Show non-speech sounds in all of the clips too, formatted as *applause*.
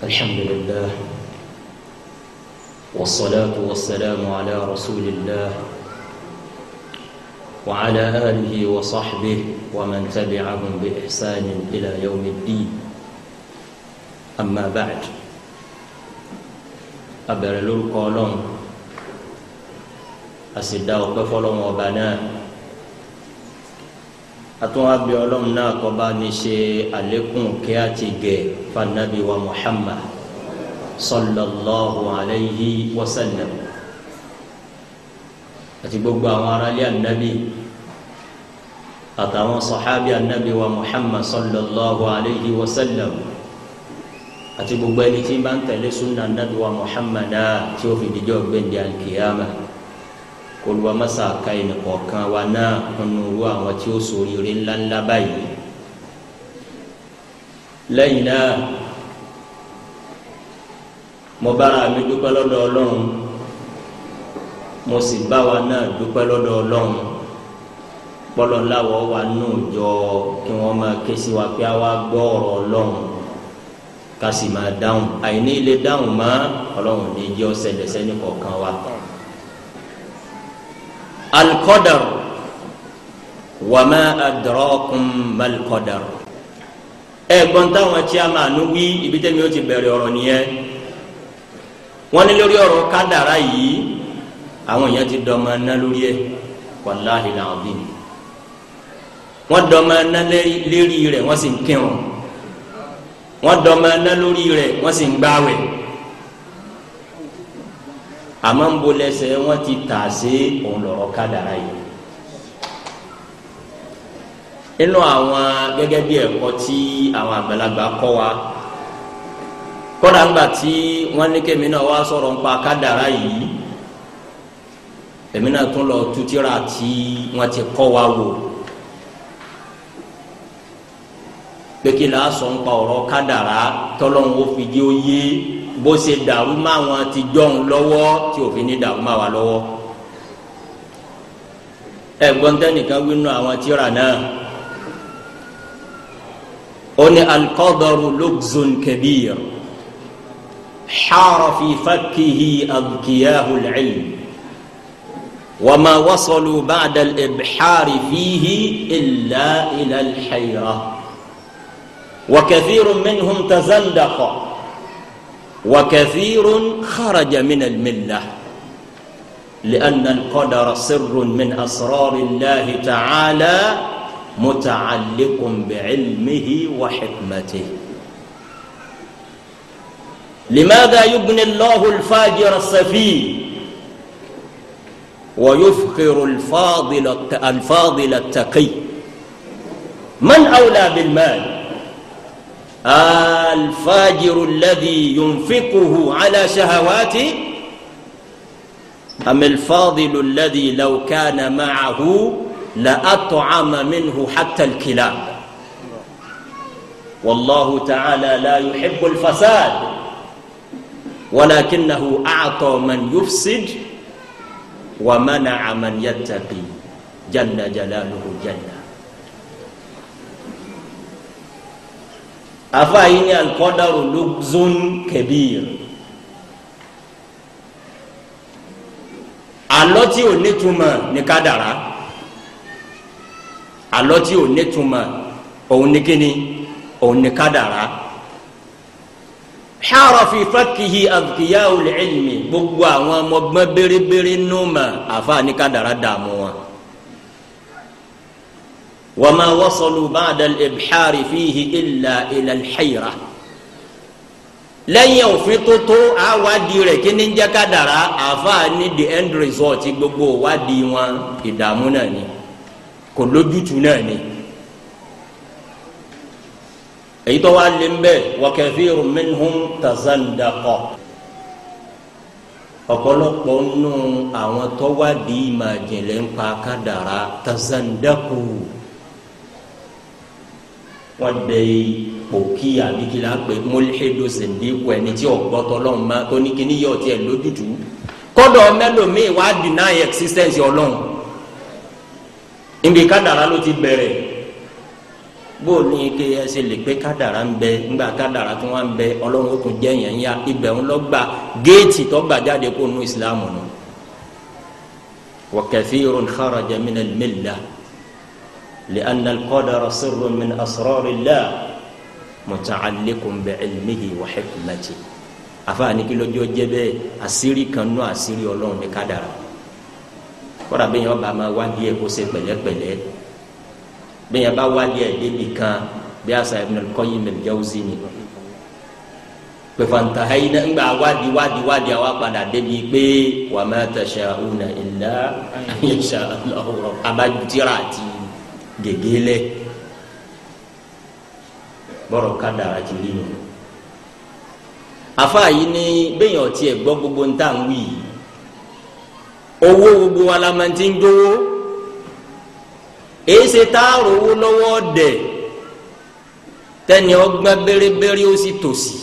الحمد لله والصلاة والسلام على رسول الله وعلى آله وصحبه ومن تبعهم بإحسان إلى يوم الدين أما بعد أبرلو القولون أسداء قفل وبنان atúnwá bí ọlọ́run náà kó bá ní ṣe àlékún kí á ti gẹ̀ fanabi wa muhammad sallallahu alayhi wa sallam àti gbogbo àwọn aráàlú ànábì àtàwọn sọ̀hábì ànábì wa muhammad sallallahu alayhi wa sallam àti gbogbo ẹni tí bá ń tẹ̀lé sunna ànábì wa muhammad náà tí ó fi dijọ́ gbẹ̀ndẹ̀ alkiyama kóluwa masa ka ẹnì kọ̀ọ̀kan wa náà kunu ru àwọn tí ó sori rí ńláńlá báyìí lẹ́yìn náà mo bára mi dúpẹ́ lọ́dọ̀ ọlọ́run mo sì bá wa náà dúpẹ́ lọ́dọ̀ ọlọ́run pọ́lọ́ láwọ̀ wa nù jọ kí wọ́n máa ké sí wa pé a wá gbọ́ ọ̀rọ̀ ọlọ́run ká sì máa dáhùn àìní ilé dáhùn mọ́ ọlọ́run ní jẹ́ ọ̀sẹ̀ lẹ́sẹ̀ ní kọ̀ọ̀kan wa alikọdar wàmẹ adarọkun malikọdar ẹ gbọ́n táwọn tí a máa nu wí ibi tẹ́mi ó ti bẹ̀rẹ̀ ọ̀rọ̀ nìyẹn wọ́n ní lórí ọ̀rọ̀ kádàrá yìí àwọn èèyàn ti dọmọ ẹná lórí ẹ̀ wàláhì làwọn bí mi wọ́n dọmọ ẹná lérí rẹ̀ wọ́n sì ń kírun wọ́n dọmọ ẹná lórí rẹ̀ wọ́n sì ń gbáwẹ̀ àmọ́ ń bo lẹ́sẹ̀ wọ́n ti tà sí òun lọ́rọ́ kádàrá yìí. nínú àwọn gẹ́gẹ́ bí ẹ̀kọ́ tí àwọn àgbàlagbà kọ́ wa kọ́dà ńgbà tí wọ́n ní kémi náà wá sọ̀rọ̀ nípa kádàrá yìí èmi náà tún lọ tutira tí wọ́n ti kọ́ wa wò pé kí la sọ nípa ọ̀rọ̀ kádàrá tọ́lọ́hún ó fi jẹ́ ó yé bó ṣe dàrú má wọn ti jọ̀hún lọ́wọ́ tí òfin ní dàrú má wa lọ́wọ́ ẹ̀gbọ́n tẹ́nìkan wínú àwọn tíra náà ó ní alqadaru lugzun kabir xaara fakihi abkiyahu al-ilm wama wasalu ba'da ibxaari fihi illa ila al-xayra wa minhum tazandaqa. وكثير خرج من المله لان القدر سر من اسرار الله تعالى متعلق بعلمه وحكمته لماذا يبني الله الفاجر السفيه ويفقر الفاضل الفاضل التقي من اولى بالمال الفاجر الذي ينفقه على شهواته أم الفاضل الذي لو كان معه لأطعم منه حتى الكلاب والله تعالى لا يحب الفساد ولكنه أعطى من يفسد ومنع من يتقي جل جلاله جلاله afa yi ni alikọdaru lugzun kabir alọ tí o nítumọ̀ ní kádàrá alọ tí o nítumọ̀ òun ní kíni òun ní kádàrá xaara fi fakihi abkiyahu lẹ́yìn gbogbo àwọn ọmọ gbọ́n bérebére nù afa ní kádàrá dààmú wọn. وما وصلوا بعد الإبحار فيه إلا إلى الحيرة lẹ́yìn òfin tó tó àwádìí rẹ̀ kí ní jẹ́ ká dára àáfàá ní the end result gbogbo ìwádìí wọn ìdààmú náà ni kò lójútu náà ni. èyí tó wá lé ń bẹ̀ wa kathirun minhum tazandaqa nù àwọn tó wádìí ń pa ká dára tazandaqu wọ́n dẹ òkì àbíkílà pé mọ́lẹ́dọ̀ sẹ̀ndékù ẹni tí ọ̀gbọ́tọ̀ lọ́hùn máa tó ní kíní yọ̀ tiẹ̀ lójútu kọ́dọ̀ mẹ́lòmíì wá deny existence ọlọ́hùn níbi kádàrá ló ti bẹ̀rẹ̀ bó ní ké ẹsẹ lè pé kádàrá ń bẹ ńgbà kádàrá tó wá ń bẹ ọlọ́run ó tún jẹ́ yẹn ya ibẹ̀ ń lọ́gbà géètì tọ́gbà jáde kó nu ìsìlámù nù wa kathirun kharaja min لأن القدر سر من أسرار الله متعلق بعلمه وحكمته àfààní kí lójú ọjẹ bẹ́ẹ̀ àṣírí kan náà àṣírí Ọlọ́run ní kádàrá kódà bẹ́ẹ̀ yẹn ọba máa wádìí ẹ kó ṣe pẹ̀lẹ́pẹ̀lẹ́ bẹ́ẹ̀ yẹn bá wádìí ẹ débi kan bí àṣà Ibn al-Qayyim al-Jawzi nínú pẹfanta ayi na ŋgbà wádìí wádìí wádìí àwa padà débi pé wa ma tasha'una illa an yasha Allahu abajutira àti. gègé lẹ bọ́rọ̀ kádàrá ti rí nu àfa yìí ni bẹ́yìn ọ̀tí ẹ̀ gbọ́ gbogbo ń tà ń wí owó gbogbo wa la máa ti ń dówó èyí ṣe tá a rówó lọ́wọ́ dẹ̀ tẹ́ni ọgbọ́n bẹ́rẹ́bẹ́rẹ́ ó sì tòsí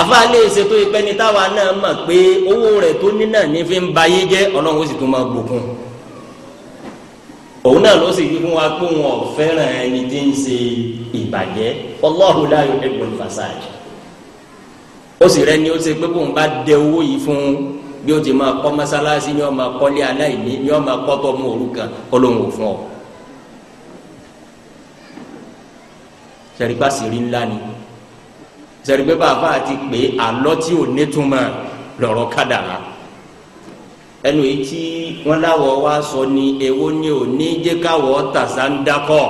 àfáà lè ṣètò ìpẹni táwa náà mọ̀ pé owó rẹ̀ tó ní náà ní fi ń bayé jẹ́ ọlọ́run ó sì tún máa gbòkun. òun náà ló sì wí fún wa pé wọn ò fẹ́ràn ẹni tí ń ṣe ìbàjẹ́ Wallahu la yuhibbul fasad ó sì rẹ ni ó ṣe pé bóun bá dẹ owó yìí fún bí ó ti máa kọ́ mọ́sálásí ni ó máa kọ́lé aláìní ni ó máa kọ́ tọ́ mú òrukàn kọ́ lóun ò fún ọ. sẹ̀rígbà sì rí ńlá ni sẹ̀rígbà bàbá àti pé àlọ́ tí ò nítumọ̀ lọ́rọ̀ kádàrá ẹnu yìí tí wọn láwọ wá sọ ni èwo ni ò ní jẹ káwọ tàṣà ń dakọ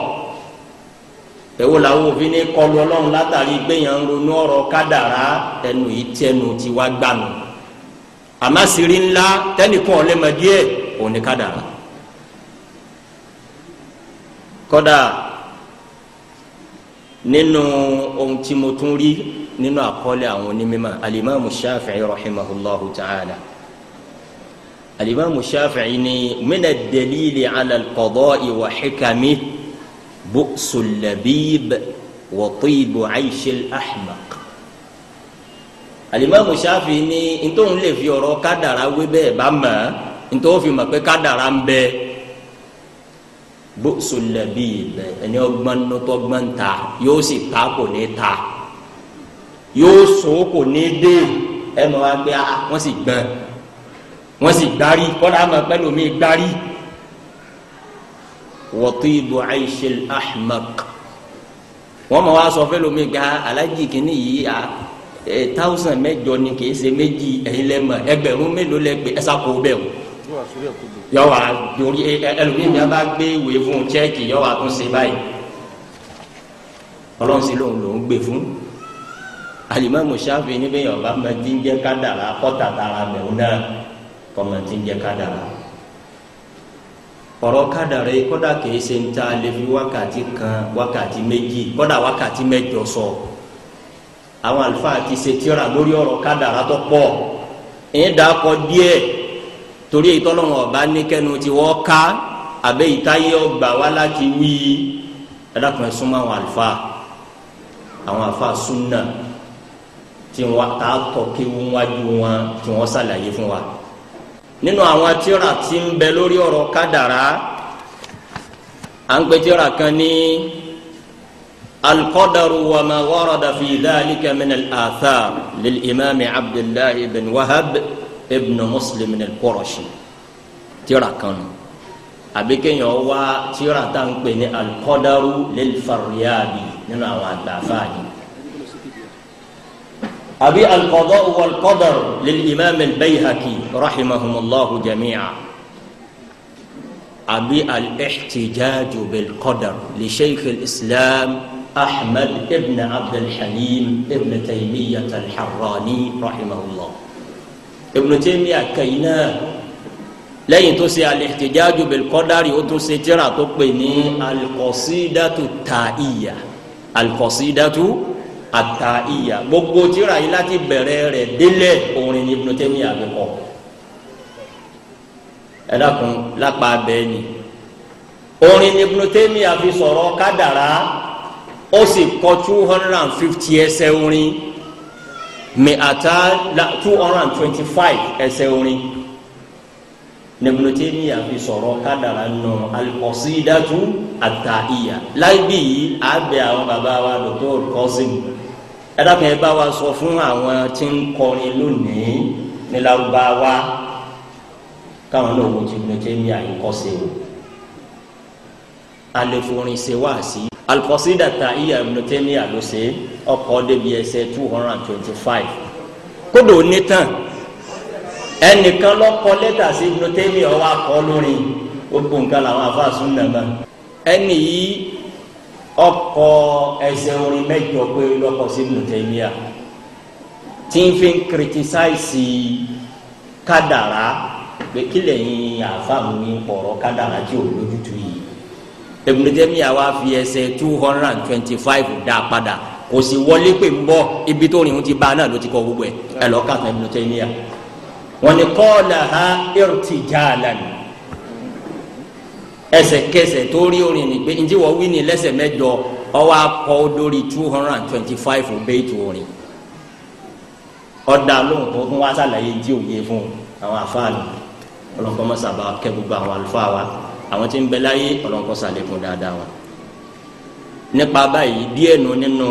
èwo làwọn òfin ní kọlu Ọlọ́run látàrí gbẹyàn ń ronú ọ̀rọ̀ kádàrá ẹnu yìí tẹnu ti wá gbànú àmásìrí ńlá tẹnìkan ọlẹmọdé òun ni kádàrá kódà nínú ohun tí mo tún rí nínú àkọọ́lẹ̀ àwọn onímọ̀ alimami Shafi'i rahimahullahu ta'ala alimami shafi'i ni mina dalili ala al-qada'i wa hikami bu'sul labib wa tibu aishil ahmaq alimami shafi'i ni ntòun lè fi ọ̀rọ̀ kádàrá wé bẹ́ẹ̀ bá mọ̀ ntòun fi mọ̀ pé kádàrá ń bẹ bu'sul labib ẹni ọgbọ́n nutọ́ gbọ́n ta yóò sì ta kò ní ta yóò sùn kò ní dé ẹ mọ̀ wá pé ah, wọ́n sì gbọ́n wọ́n sì gbárí kọ́dà máa pẹ́ lómi gbárí. wọ́tíìbù aishil ahmaq wọ́n máa wá sọ fẹ́ lómi gba alájì kìíní yìí a táwùsàn mẹ́jọ ni kì í ṣe méjì ẹ̀yin lẹ́ mọ̀ ẹgbẹ̀rún mélòó lẹ́ gbé ẹ̀sà kó bẹ̀ o. yọ wá torí ẹlòmíì mi bá gbé ìwé fún chẹ́ẹ̀kì yọ wá tún ṣe báyìí ọlọ́run sí lòun lòun gbé fún alimami Shafi níbẹ̀ yọ̀ọ́ bá máa dín náà kọ́mọ tí ń jẹ́ kádàrá ọ̀rọ̀ kádàrá yìí kọ́dà kìí ṣe ń ta lè wakati wákàtí kan wákàtí méjì kọ́dà wákàtí mẹ́jọ sọ àwọn àlùfáà ti ṣe tíọ́ra lórí ọ̀rọ̀ kádàrá tó pọ̀ ẹ̀yìn dàkọ díẹ̀ torí ìtọ́lọ́run ọ̀bá níkẹ́nu tí wọ́n ká àbẹ́ ìtayé ọgbà wá láti wí ẹ̀dàkùn ẹ̀ súnmọ́ àwọn àlùfáà àwọn àlùfáà súnà tí wọ́n ta tọ́ kéwú wájú wọn tí wọ́n ṣàlàyé fún wa. Wa nínú àwọn tíra tí ń bẹ lórí ọ̀rọ̀ kádàrá à ń pè tíra kan ní alqadaru wa ma warada fi dhalika min al-athar lil imaami abdullahi ibn wahab ibn muslim al-qurashi tíra kan nù àbí kéèyàn wá tíra tá à ń pè ní lil faryabi nínú àwọn àgbàfáà أبي القضاء والقدر للإمام البيهقي رحمهم الله جميعا أبي الاحتجاج بالقدر لشيخ الإسلام أحمد ابن عبد الحليم ابن تيمية الحراني رحمه الله ابن تيمية كينا لين تسي الاحتجاج بالقدر يتسي ترى تقبني القصيدة التائية القصيدة àtàìyà gbogbo tíra yìí láti bẹ̀rẹ̀ rẹ̀ délẹ̀ orin ní Ibn Taymiyyah àbí kọ́ ẹ dákun lápá abẹ́ ni orin ní Ibn Taymiyyah àfi sọ̀rọ̀ kádàrá ó sì kọ two hundred and fifty ẹsẹ̀ orin mi àtà two hundred and twenty five ẹsẹ̀ orin ní Ibn Taymiyyah àfi sọ̀rọ̀ kádàrá nù al-Qasidatu àtàìyà láì bí yìí àbẹ̀ àwọn bàbá wa Dr. Qasim ẹ dákun ẹ bá wa sọ fún àwọn tí ń kọrin lónìí ní Lárúbáwá káwọn náà wo jìbìlẹ tẹ mi àyíkọsẹ o alẹforin ṣe wá sí alikọsídà ta iye ẹmúlẹtẹmí àlọsẹ ọkọ débi ẹsẹ two hundred and twenty five kódò nítàn ẹnìkan lọkọ lẹ́tà sí ẹmúlẹtẹmí ọwọ akọ lórí gbogbo nǹkan làwọn afáàsùn nàmà ẹnì yìí ọkọ̀ ẹsẹ̀ orin mẹ́jọ pé lọ́kọ̀ sí nùtẹ̀yìnìyà tí n fi ń kìrìtìsáìsì kádàrá pé kí lẹ́yìn àfààní ní pọ̀rọ̀ kádàrá tí ò lójútu yìí ebùnútẹ́míyà wa fi ẹsẹ̀ two hundred and twenty five Da, padà kò sì wọlé pé ń bọ̀ ibi tó rìn ń ti ba náà ló ti kọ gbogbo ẹ̀ ẹ̀ lọ́ọ́ kàtà ebùnútẹ́míyà wọ́n ní kọ́ ọ̀là ha irtijalan ẹsẹ̀kẹsẹ̀ tó rí orin ni pé njẹ́ wọ́n wí ní lẹ́sẹ̀ mẹ́jọ ọwọ́ akọ lórí two hundred and twenty five bẹ́ẹ̀tù orin ọ̀dà lóhùn tó fún wa sàlàyé njẹ́ òye fún àwọn afáàlù ọlọ́nkọ́ mọ́sàbà àwọn àlùfáà wa àwọn tí ń bẹ láyé ọlọ́nkọ́ sàlékún dáadáa wọn. nípa báyìí díẹ̀ nù nínú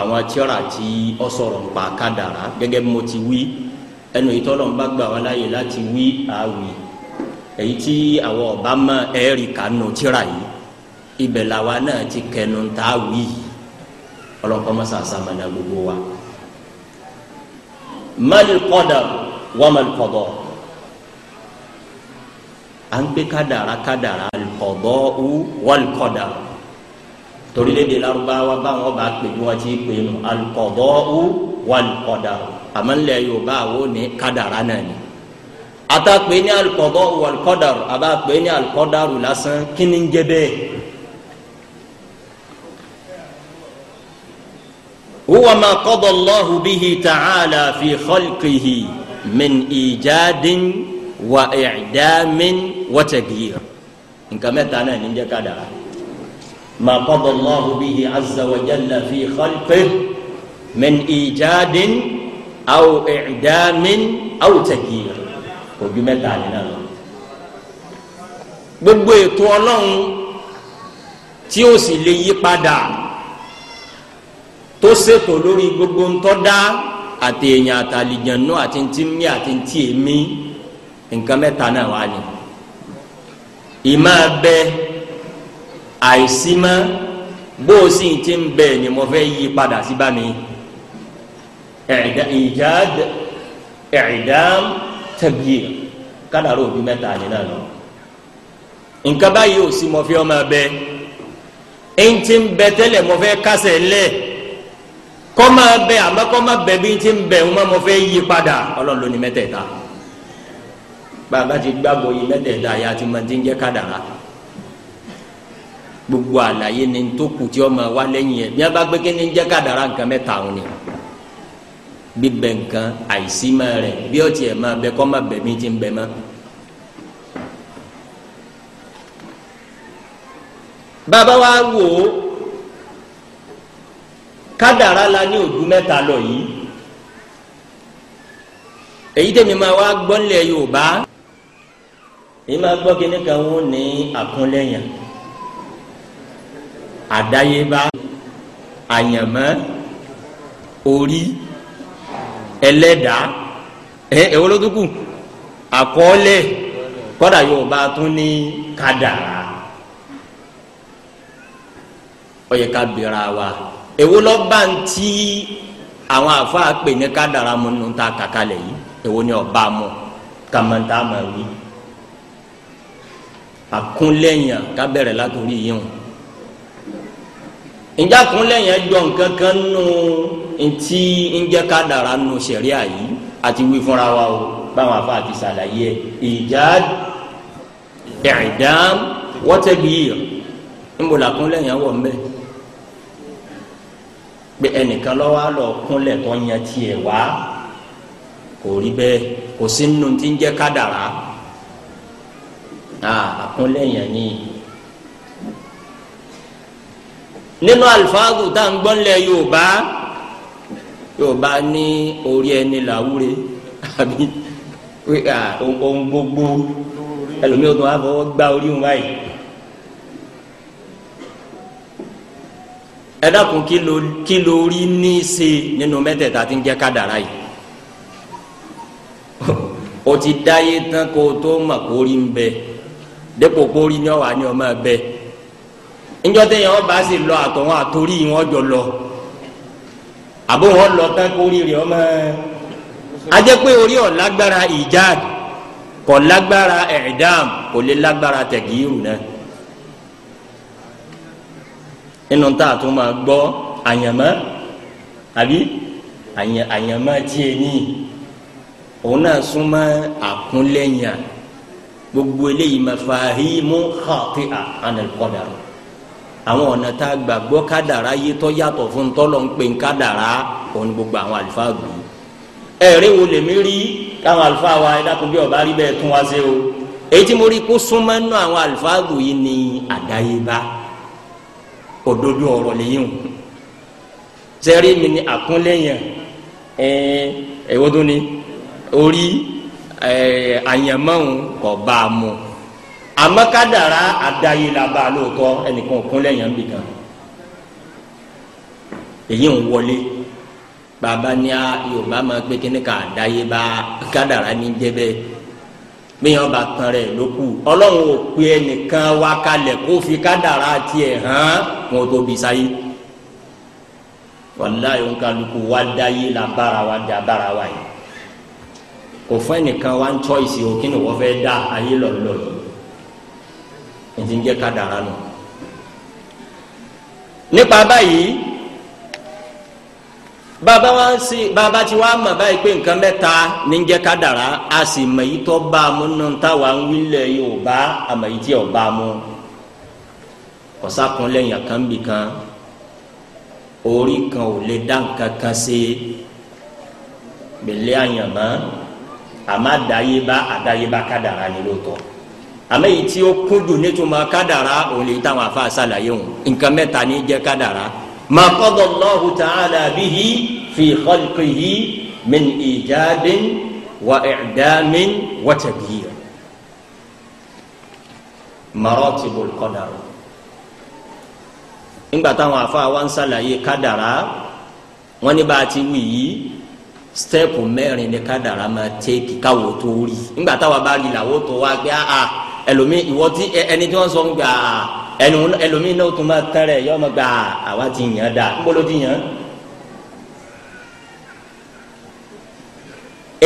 àwọn tíọ́rà tí ọ sọ̀rọ̀ nípa kádàrá gẹ́gẹ́ bí mo ti wí ẹnu ìtọ́lọ́nba gbà wá láyè láti wí àwì èyí tí àwọn ọba mọ ẹẹrì kanu tíra yìí ibẹ̀ làwa náà ti kẹnu tá a wí ọlọ́nkọ́ mọ́sá sàmánà gbogbo wa. mali qadar wa mal qada à ń gbé kádàrá kádàrá al-qada wal qadar torílẹ̀dè Lárúbáwá báwọn bá pè bí wọ́n ti pè nù al-qada wal qadar àmọ́ ńlẹ̀ Yorùbá àwọn ò ní náà ni àtàpé ní alukọ̀dọ̀ wàlùkọ̀dàrú àbàpé ní alukọ̀dàrú lásán kí ni ń jẹ bẹ́ẹ̀. huwa ma qada Allahu bihi ta'ala fi khalqihi min ijadin wa i'damin wa taghyir nǹkan mẹ́ta náà ní jẹ́ kádàrá ma qada Allahu bihi azza fi khalqihi min ijadin aw i'damin aw taghyir ojú mẹ́ta nínú lọ. gbogbo ètò ọlọ́run tí ó sì lè yí padà tó ṣètò lórí gbogbo ntọ́dá àti èèyàn àtàlìjànú àti ntí mí àti ntí èmi nǹkan mẹ́ta náà wà ní. ìmọ̀ abẹ àìsí bó o sì ti ń bẹ̀ ni mo fẹ́ yí padà sí bá mi. ìjáde ìdám tẹ̀bíyè kadaro òbí mẹ́ta ni náà lọ. nǹkan báyìí ò sí mọ fí ọmọ abẹ ẹni tí ń bẹ tẹ́lẹ̀ mọ fẹ́ kásẹ̀ lẹ̀ kọ́ máa bẹ àmọ́ kọ́ máa bẹ bí ti ń bẹ ń mọ fẹ́ yí padà ọlọ́run ló ní ti gbàgbọ́ ti máa ti gbogbo àlàyé ni tó kù wa lẹ́yìn ẹ̀ bí wọ́n bá ni ń jẹ́ kádàrá nǹkan mẹ́ta òun ni bíbẹ nǹkan àìsí máa rẹ bí ó tiẹ̀ máa bẹ kọ́ máa bẹ̀mí ti ń bẹ mọ́. bàbá wa wò ó kádàrá la ní ojú mẹ́ta lọ yìí èyí tẹ̀mí máa wá gbọ́nlẹ̀ Yorùbá èyí máa gbọ́ kí nìkan wọn ní àkúnlẹ̀yàn àdáyébá àyànmọ́ orí ẹlẹ́dàá ẹ ẹ̀wọ́ ló dúkù àkọọ́lẹ̀ kọ́dà yorùbá tún ní kádàrá ó yẹ ká bẹ̀rẹ̀ wa ẹ̀wọ́ lọ́ bá ń tí àwọn àfáà pè ní kádàrá mu nù ta kàkálẹ̀ yìí ẹ̀wọ́ ni ọba mọ̀ kàmọ́ntà máa wí àkúnlẹ̀yìn kábẹ̀rẹ̀ látòrí yìí hàn ìjà kúnlẹ̀yìn ẹjọ́ nǹkan nù. No ntí ńjẹ́ ká dara nù sẹ̀ríà yìí àti wí fúnra wa o báwọn afa àti sàlàyé ìjád i'dam wa tabiyir la kúnlẹ̀ yẹn wọ̀ mbẹ́ pé ẹnìkan lọ́wọ́ lọ kúnlẹ̀ tó yan tiẹ̀ wá kò rí bẹ́ẹ̀ kò sí nù tí ń ká dara àkúnlẹ̀ yẹn ni nínú alifáàgù tá à ń gbọ́n lẹ̀ Yorùbá. yóò ní orí ẹni làwúre àbí ohun gbogbo ẹlòmíràn tó wà fọwọ́ gbá orí òun báyìí. ẹ dákun kí ló rí ní í ṣe nínú mẹ́tẹ̀ẹ̀ta tí ń jẹ́ kádàrá yìí o ti dáyé tán kó o tó mọ̀ kó rí ń bẹ dépò kó rí ní ọ̀wá ní ọmọ bẹ ńjọ́ ọba sì lọ àtọ̀wọ́n àtòrí jọ lọ. àbó wọn lọ tán kó rírì ọmọ ajẹ́ pé orí ọ̀ lágbára ìjáàdì kò lágbára ẹ̀ẹ́dàm kò lè lágbára tẹ̀gírù náà inú tá a tún máa gbọ́ àyànmọ́ àbí àyànmọ́ tí e ní òun náà súnmọ́ àkúnlẹ̀yìn gbogbo eléyìí mafahimu khati'a anil qadar àwọn ọ̀nà tá a gbàgbọ́ kádàrá yé tọ́ yàtọ̀ fún tọ́lọ̀ ń pè ń kádàrá òun ni gbogbo àwọn àlùfáà gbù. ẹ̀rẹ́ wo lèmi rí káwọn àlùfáà wa ẹ dákun bí ọba rí bẹ́ẹ̀ tún wá sí o èyí tí mo rí kó súnmọ́ nínú àwọn àlùfáà gbù yìí ni àdáyébá òdodo ọ̀rọ̀ lẹ́yìn o sẹ́rí mi ni àkúnlẹ́yìn ẹ̀ ẹ̀ wọ́n tó ni orí ẹ̀ àyànmọ́ kọ̀ bá a mọ̀ àmọ́ kádàrá àdáyé la bá a lóòótọ́ ẹnìkan ò kún lẹ́yìn àbí kan èyí ń wọlé bàbá ní a yorùbá máa pé kíní ká àdáyé bá kádàrá ní jẹ́bẹ́ gbìyànjú bá tán rẹ̀ ló kù ọlọ́run ò pe ẹnìkan wá kalẹ̀ kó fi kádàrá tiẹ̀ hàn wọn tó bí sáyé wàláyé nkaluku wá dáyé la bára wa dá bára wa yìí kò fún ẹnìkan wá ń tọ́ ìsìn òkè ni wọ́n fẹ́ dá ayé lọ́lọ́lọ́ yìí ètí ń jẹ́ kádàrá nù. nípa báyìí bàbá wa sí bàbá tí wàá mọ̀ báyìí pé nǹkan mẹ́ta ní ń jẹ́ kádàrá a sì mọ̀ yìí tó bá a mú náà táwa ń wílẹ̀ yóò bá àmọ̀ yìí tí ò bá a mú kọ̀sákun lẹ́yìn orí kan ò lè dá nǹkan kan ṣe gbèlè àyànmọ́ àmàdáyébá àdáyébá kádàrá ni lóòótọ́ àmọ́ èyí tí ó kúndùn nítumọ̀ kádàrá òun lè táwọn afa ṣàlàyé wọn nǹkan mẹ́ta ní jẹ́ kádàrá ma qadallahu ta'ala bihi fi khalqihi min ijabin wa i'damin wa tabiyir maratibul qadar nígbà táwọn afa wa ń ṣàlàyé kádàrá wọn ní bá a ti wí yìí stẹ́ẹ̀pù mẹ́rin ní kádàrá máa tẹ́ẹ̀kì káwọ́ tó rí nígbà táwọn bá rí làwọ́ tó wá gbé a ẹlòmí ìwọ tí ẹni tí wọ́n sọ ń gbà ẹnu ẹlòmí náà tún máa tán rẹ yọọ máa gbà àwa ti yàn dá nbọlọ ti yàn.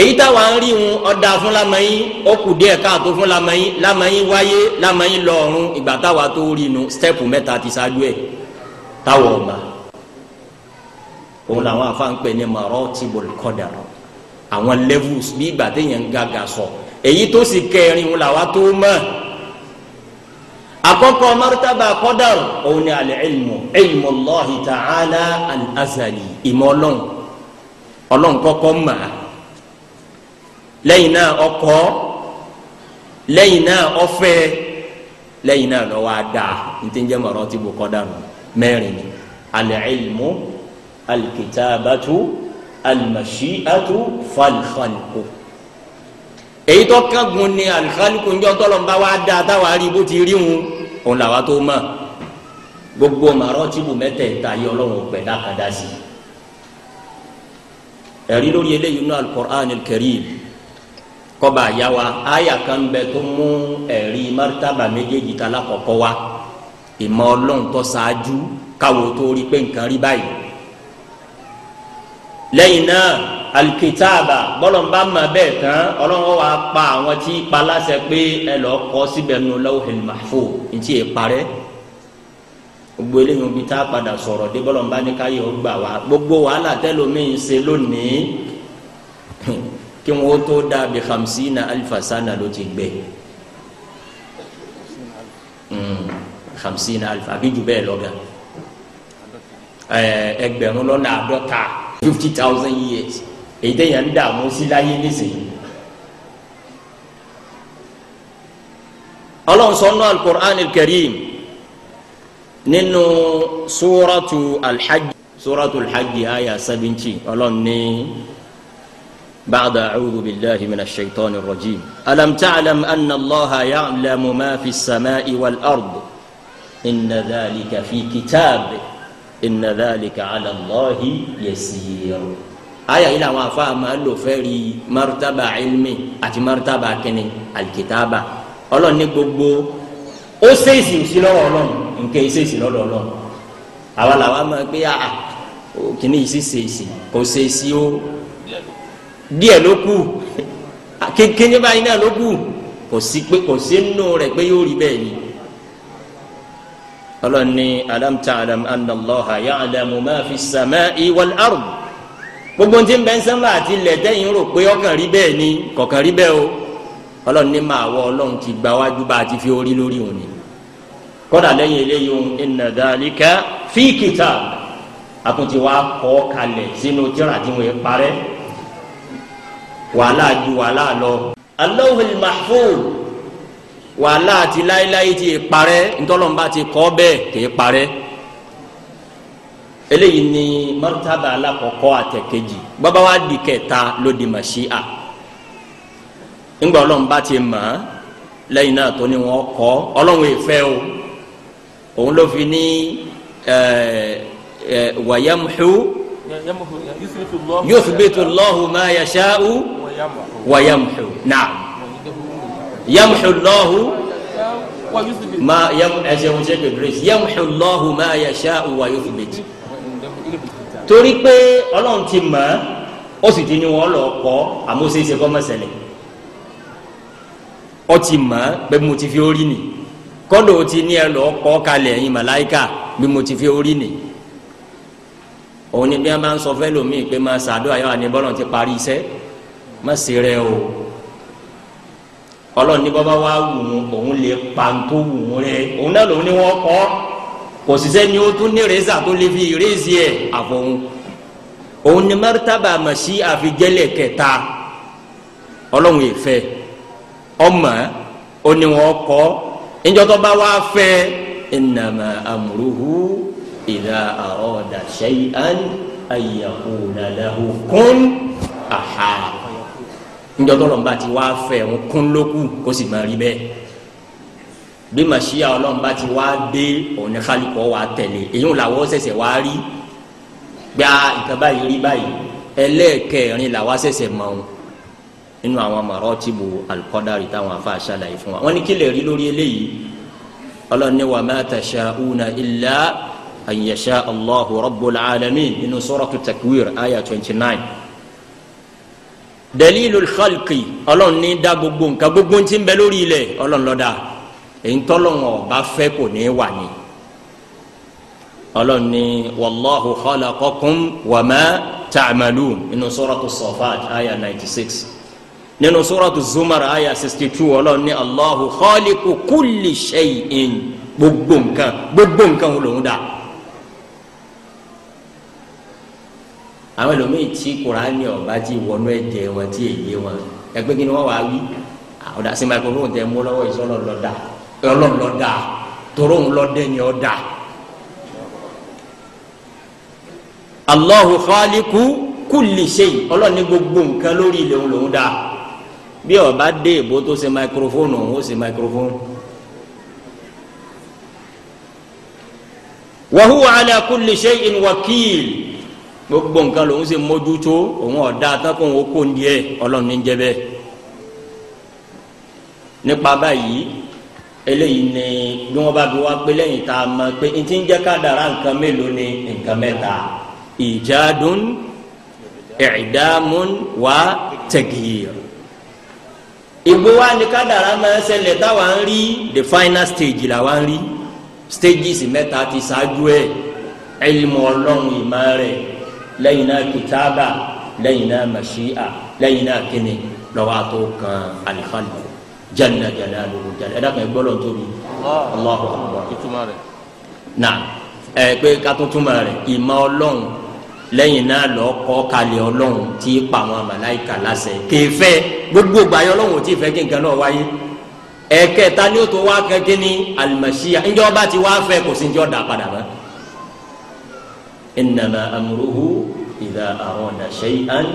èyí táwa ń rí wọn ọ̀dà fún lamẹ́yìn ó kù díẹ̀ káàtó fún lamẹ́yìn lamẹ́yìn wáyé lamẹ́yìn lọ́ọ̀rùn ìgbà táwa tó rí nu stẹ́pù mẹ́ta ti ṣáájú ẹ̀ táwa ọ̀gbà òun làwọn afa ń pè ní marotibul àwọn levels bí ìgbà téèyàn ń gàgà sọ̀rọ̀ èyí tó sì kẹrin wọn làwa tó mọ̀ àkọ́kọ́ martaba qadar òun ni al ilmu ilmu Allahi ta'ala al azali ìmọ̀ Ọlọ́run Ọlọ́run kọ́kọ́ mọ̀ lẹ́yìn náà ọkọ lẹ́yìn náà ọfẹ́ lẹ́yìn náà ti bò qadar mẹ́rin ni al ilmu al kitabatu èyí tó kángun ni alikaliku ń jọ tọlọmba wa da táwa rí bó ti rí wọn òun làwa tó mọ gbogbo màrọtìbù mẹ́tẹ̀ẹ̀ta yìí Ọlọ́run ọgbẹ dákàdá sí ẹ̀rí lórí eléyìí nínú alukur'an karim kọba àyàwá àyà kan bẹ tó mú ẹ̀rí mọtàbà méjèèjì tá lákọ̀ọ́kọ́ wa ìmọ̀ Ọlọ́run tó ṣáájú káwo tó rí pé nǹkan rí báyìí lẹ́yìn náà alikitaaba bọlọmba ma bẹ́ẹ̀ tán Ọlọ́run wa pa àwọn tí palasẹ pé ẹ lọ kọ síbẹ̀ nù lawhil mahfuz ntí yẹ parẹ́ gbogbo eléyìí bí tá a padà sọ̀rọ̀ dé bọlọmba ní ká yọ gbà wá gbogbo wàhálà tẹlómiin ṣe lónìí kí wọn tó dàbí hamsina alifasana ló ti gbẹ hmm, hamsina alifa àbí jù bẹ́ẹ̀ lọ gan ẹgbẹ̀rún lọ́nà àádọ́ta fifty thousand years. èyí téèyàn ń dààmú sí láyé nísìnyí. ọlọ́run sọ nínú alukur'an karim nínú suratu alhajj suratu alhajj aya seventy ọlọ́run ní bàdà àcúdù billahi mina shaitan rajim alam taclam anna allaha yaclamu ma fi samaa'i wal ard inna dhalika fi kitaab inna dhalika cala allahi yasiiru. aya yìí làwọn afa máa lò fẹ́ rí martaba ilmi àti martaba kẹne alikitaba ọlọ́run ní gbogbo ó ṣèṣì sí lọ́wọ́ ọlọ́run nǹkan ìṣèṣì lọ́dọ̀ ọlọ́run àwa làwa máa gbé àà kìíní yìí sì ṣèṣì kò ṣèṣì ó díẹ̀ ló kù kékeré báyìí náà ló kù kò sí pé kò sí nù rẹ̀ pé yóò rí bẹ́ẹ̀ ni ọlọ́run ní alam ta'lam anna Allaha ya'lamu ma fi as-sama'i wal gbogbo ti ń bẹ sánmà àti ilẹ̀ tẹ́yìn rò pé ọkàn rí bẹ́ẹ̀ ni kọ̀ọ̀kan rí bẹ́ẹ̀ o ọlọ́run ní máa wọ ọlọ́run ti gba wájú bá a ti fi orí lórí òun ni kọ́dà lẹ́yìn eléyìí ohun inna dhalika fi kitab àtúntì wa kọ́ kalẹ̀ sínú tíra tí wọ́n parẹ́ wàhálà ju wàhálà lọ. Allahul mahfuz wàhálà ti láéláé ti parẹ́ ntọ́lọ́mbà ti kọ́ bẹ́ẹ̀ kì í parẹ́ eléyìí ni martaba alakọ̀kọ́ àtẹ̀kejì bàbá wa di kẹta ló di màṣíà ńgbà ọlọ́run bá ti mọ̀ ọ́ lẹ́yìn náà tó ní wọn kọ́ ọlọ́run ìfẹ́ o òun ló fi ní wàyẹ̀mùhù yuthbitu Allahu ma yasha'u wàyẹ̀mùhù náà yẹ̀mùhù Allahu ma ẹ̀ṣẹ̀ wọn ṣe pé grace yẹ̀mùhù Allahu ma yasha'u wàyẹ̀mùhù. torí pé ọlọ́run ti mọ̀ ó sì ti ní wọn lọ kọ́ àmọ́ ó ti mọ̀ ọ́ pé mo ti fi orí nì kọ́dọ̀ ó ti ní ẹ lọ kọ́ kalẹ̀ ẹ̀yin màláìkà bí mo ti fi orí nì òun ni bí wọn sọ fẹ́ lómi pé máa ṣàdó o ọlọ́run ní bọ́ bá wù òun lè pa tó wù rẹ òun náà kò sì sẹ́ni ó tún ní rẹ́sà tó lè fi ìrẹ́sì ẹ̀ àfọ̀hún òun ni mẹ́rìtàbà àmọ̀sí àfijẹ́lẹ̀ kẹta ọlọ́run ìfẹ́ ọmọ òní kọ́ níjọ́tọ́ bá wá fẹ́ innama amruhu idha arada shay'an ay yaqula lahu kun aha lọ́nba ti wá fẹ́ òun kún lókù kó sì máa rí bẹ́ẹ̀ bí màṣíyà ọlọ́run bá ti wá dé òun ní kálukọ́ wa tẹ̀lé èyí ń làwọ́ ṣẹ̀ṣẹ̀ wá rí gba nǹkan báyìí rí báyìí ẹlẹ́ẹ̀kẹrin làwa ṣẹ̀ṣẹ̀ mọ̀ ọ́n nínú àwọn maratibu al-qadari táwọn afa ṣàlàyé fún wa wọn ní kí lè rí lórí eléyìí ọlọ́run ní wa ma tasha'una illa an yasha Allahu rabbul alamin nínú suratu takwir aya twenty nine dalilul khalqi ọlọ́run ní dá gbogbo nǹkan gbogbo ti ń èyí tọ́lọ́wọ̀n ọba fẹ́ kò ní wà ní. ọlọ́run ní wàlláhu khalaqakum wa ma ta'malun nínú suratu sọfàt àyà ninety six nínú suratu zumar àyà sixty two ọlọ́run ní allahu khaliqu kulli shay'in gbogbo nǹkan gbogbo nǹkan wò lòún dà. àwọn ẹlòmíì tí kùránì ọba ti wọnú ẹ̀jẹ̀ wọn tí èyí wọn ẹgbẹ́ kí ni wọ́n wá wí àwọn dàsí microphone tẹ mú lọ́wọ́ ìsọlọ lọ́dà ọlọ́run ló dá tóró ń lọ dẹ́ni ó dá. Allahu khaliqu kulli shay ọlọ́run ní gbogbo nǹkan lórí ilẹ̀ òun lòún dá bí ó bá dé ìbò tó ṣe máikrófóònù òun ó ṣe máikrófóònù. wa huwa kulli shay'in wakil gbogbo nǹkan lòun ṣe mójútó òun ọ̀dá atákùn òun kò ní ẹ ọlọ́run ní jẹ́ bẹ́ẹ̀ nípa báyìí eléyìí ni bí wọn bá bí wá pé lẹ́yìn tá a mọ̀ pé n ti ń jẹ kádàrá nǹkan mélòó ni nǹkan mẹ́ta ìjádùn ìdámùn wá tẹgìyìr ìgbé wa ni kádàrá máa ṣẹlẹ̀ táwa ń rí the final stage la wa ń rí stages mẹ́ta ti ṣáájú ẹ ẹlìmọ Ọlọ́run ìmọ̀ rẹ̀ lẹ́yìn náà kìtàbà lẹ́yìn náà màṣíà lẹ́yìn náà kíni lọ́wọ́ àtọkàn àlìkàlù jana jana lóru jana ẹ̀dá kan gbọ́dọ̀ tóbi Allahu Akbar na ẹ pé katuntuma rẹ ìmọ̀ Ọlọ́run lẹ́yìn náà lọ kọ́ kalẹ̀ Ọlọ́run tí pa àwọn màláìka láṣẹ kéfẹ́ gbogbo gbàyẹ Ọlọ́run tí ì fẹ́ náà wáyé ẹ̀kẹta ni ó tó wá kankan ní alimasiya ǹjẹ́ ọba ti wá fẹ́ kò sí ǹjẹ́ ọ̀dà padà mọ́ innama amruhu idha arada shay'an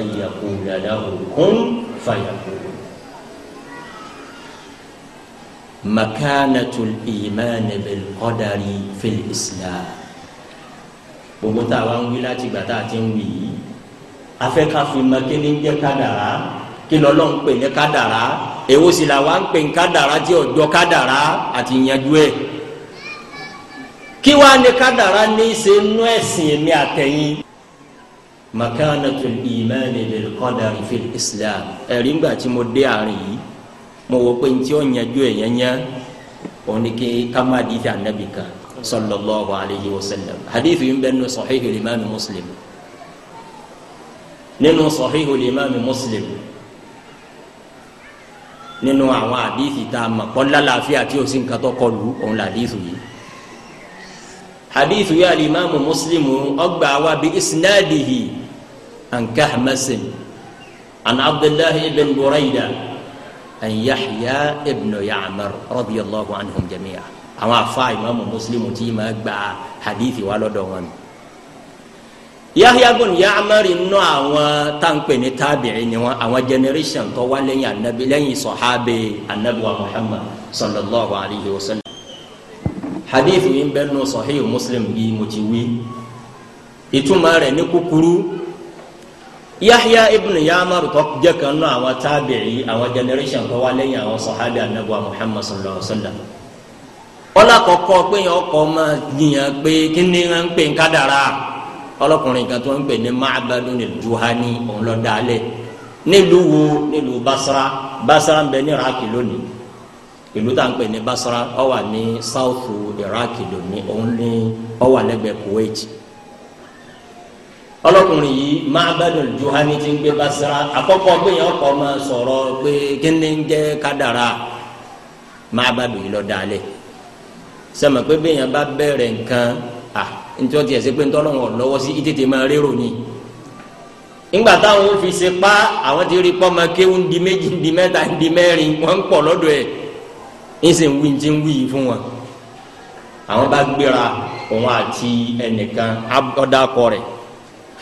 an yaqula lahu kun fayakun. makanatul imani bil qadari fil islam gbogbo tá a wá ń wí láti ìgbà tá a ti ń wí yìí afẹ́ ká fi mọ kí ni ń jẹ́ kádàrá kí lọ́lọ́ ń pè ní kádàrá èwo sì là wá ń pè ní kádàrá tí ọjọ́ kádàrá àti yanjú ẹ̀ kí wá ní kádàrá ní í ṣe nú ẹ̀sìn èmi àtẹ̀yìn makanatul imani bil qadari fil islam ẹ̀rí ńgbà tí mo dé àárín yìí mo wò pé ntí ó yanjú ẹ̀ yẹnyẹ òní ké ká má di fi anabi kan sallallahu alayhi wa sallam hadithi yìí ń bẹ nínú sahihu limami muslim nínú sahihu limami muslim nínú àwọn hadithi tá a mọ̀ kọ́lá làáfíà tí o sì ń katọ́ kọlu òun là hadithi yìí hadithu ya alimamu muslimu ọgbà wa bi isnadihi an kahmasin an abdullahi ibn buraida Yahya ibn Ya'mar radiyallahu anhum jami'a àwọn afa imaamu muslimu tí ma gba hadithi wa lọ́dọ̀ wọn. Yahya ibn Ya'mar nù àwọn táǹpẹ̀ ní tábìrì ni wọn àwọn generation tó wá lẹ́yìn anabi lẹ́yìn sọ̀hábẹ́ anabi wa Muhammad sallallahu alayhi wa sallam. hadith yìí bẹ́ẹ̀ nù sahih muslim bíi mo ti wí ìtumọ̀ rẹ̀ ní kúkúrú yahya ibn yamaru tó jẹ́ kan náà àwọn tábìrì àwọn generation tó wá lẹ́yìn àwọn sọ̀hábì anabuwa muhammad sallallahu alayhi wa sallam ọlọ́kọ̀ọ́kọ́ pé yẹn ọkọ̀ máa yìnyín pé kí ni wọ́n ń pè ń kádàrá ọlọ́kùnrin kan tó ń pè ní maabadu ní juhani òun lọ dálẹ̀ nílùú wo nílùú basra basra ń bẹ ní iraki lónìí ìlú tá à ń pè ní basra ó wà ní south iraki lónìí òun ní ó wà lẹ́gbẹ̀ẹ́ kuwait ọlọ́kùnrin yìí Ma'badul Juhani ti ń gbé Basra àkọ́kọ́ pé yẹn ọkọ̀ máa sọ̀rọ̀ pé kíni ń jẹ́ kádàrà Ma'badul yìí lọ dalẹ̀ sẹ́mi pé bí yẹn bá bẹ̀rẹ̀ nǹkan à ntí wọ́n ti ẹ̀sẹ̀ pé ntọ́lọ́wọ̀n lọ́wọ́ sí ìtètè máa rérò ni ńgbà táwọn ò fi ṣe pa àwọn ti rí pọ́mọ kéwù ń di méjì ń di mẹ́ta ń di mẹ́rin wọ́n ń pọ̀ lọ́dọ̀ ẹ̀ ti ń yìí fún wọn àwọn bá gbéra òun àti ẹnìkan ọ̀dà akọ rẹ̀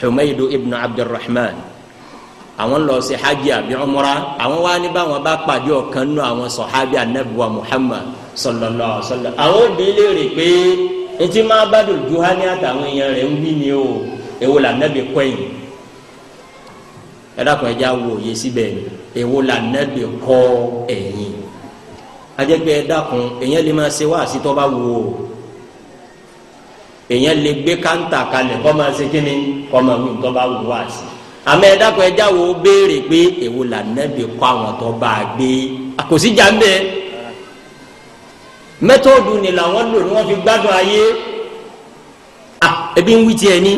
Humaydu ibn Abdurrahman àwọn lọ sí hajj àbí umra àwọn wá ní báwọn bá pàdé ọ̀kan nù àwọn sọ̀hábì anabuwa Muhammad sallallahu alaihi wasallam àwọn òbí léèrè pé etí máa bá dùn ju hání àtàwọn èèyàn rẹ̀ ń wí ni o èwo là nẹ́bi kọ́yìn ẹ dákun ẹ já wo òye síbẹ̀ èwo là nẹ́bi kọ́ ẹ̀yìn ajẹ́gbẹ́ ẹ dákun èèyàn lè máa ṣe wá àsìtọ́ bá wo o èèyàn lè gbé káńtà kalẹ̀ kọ́ máa ṣe kíni kọ́ máa wí nǹkan bá wù wá sí i àmọ́ ẹ dákun ẹja wo béèrè pé èwo là nẹ́bi kọ́ àwọn tó bá a gbé kò sí jàmbẹ́ mẹ́tọ́ọ̀dù ni làwọn lò ní wọ́n fi gbádùn ayé ebi ń wí tiẹ̀ ní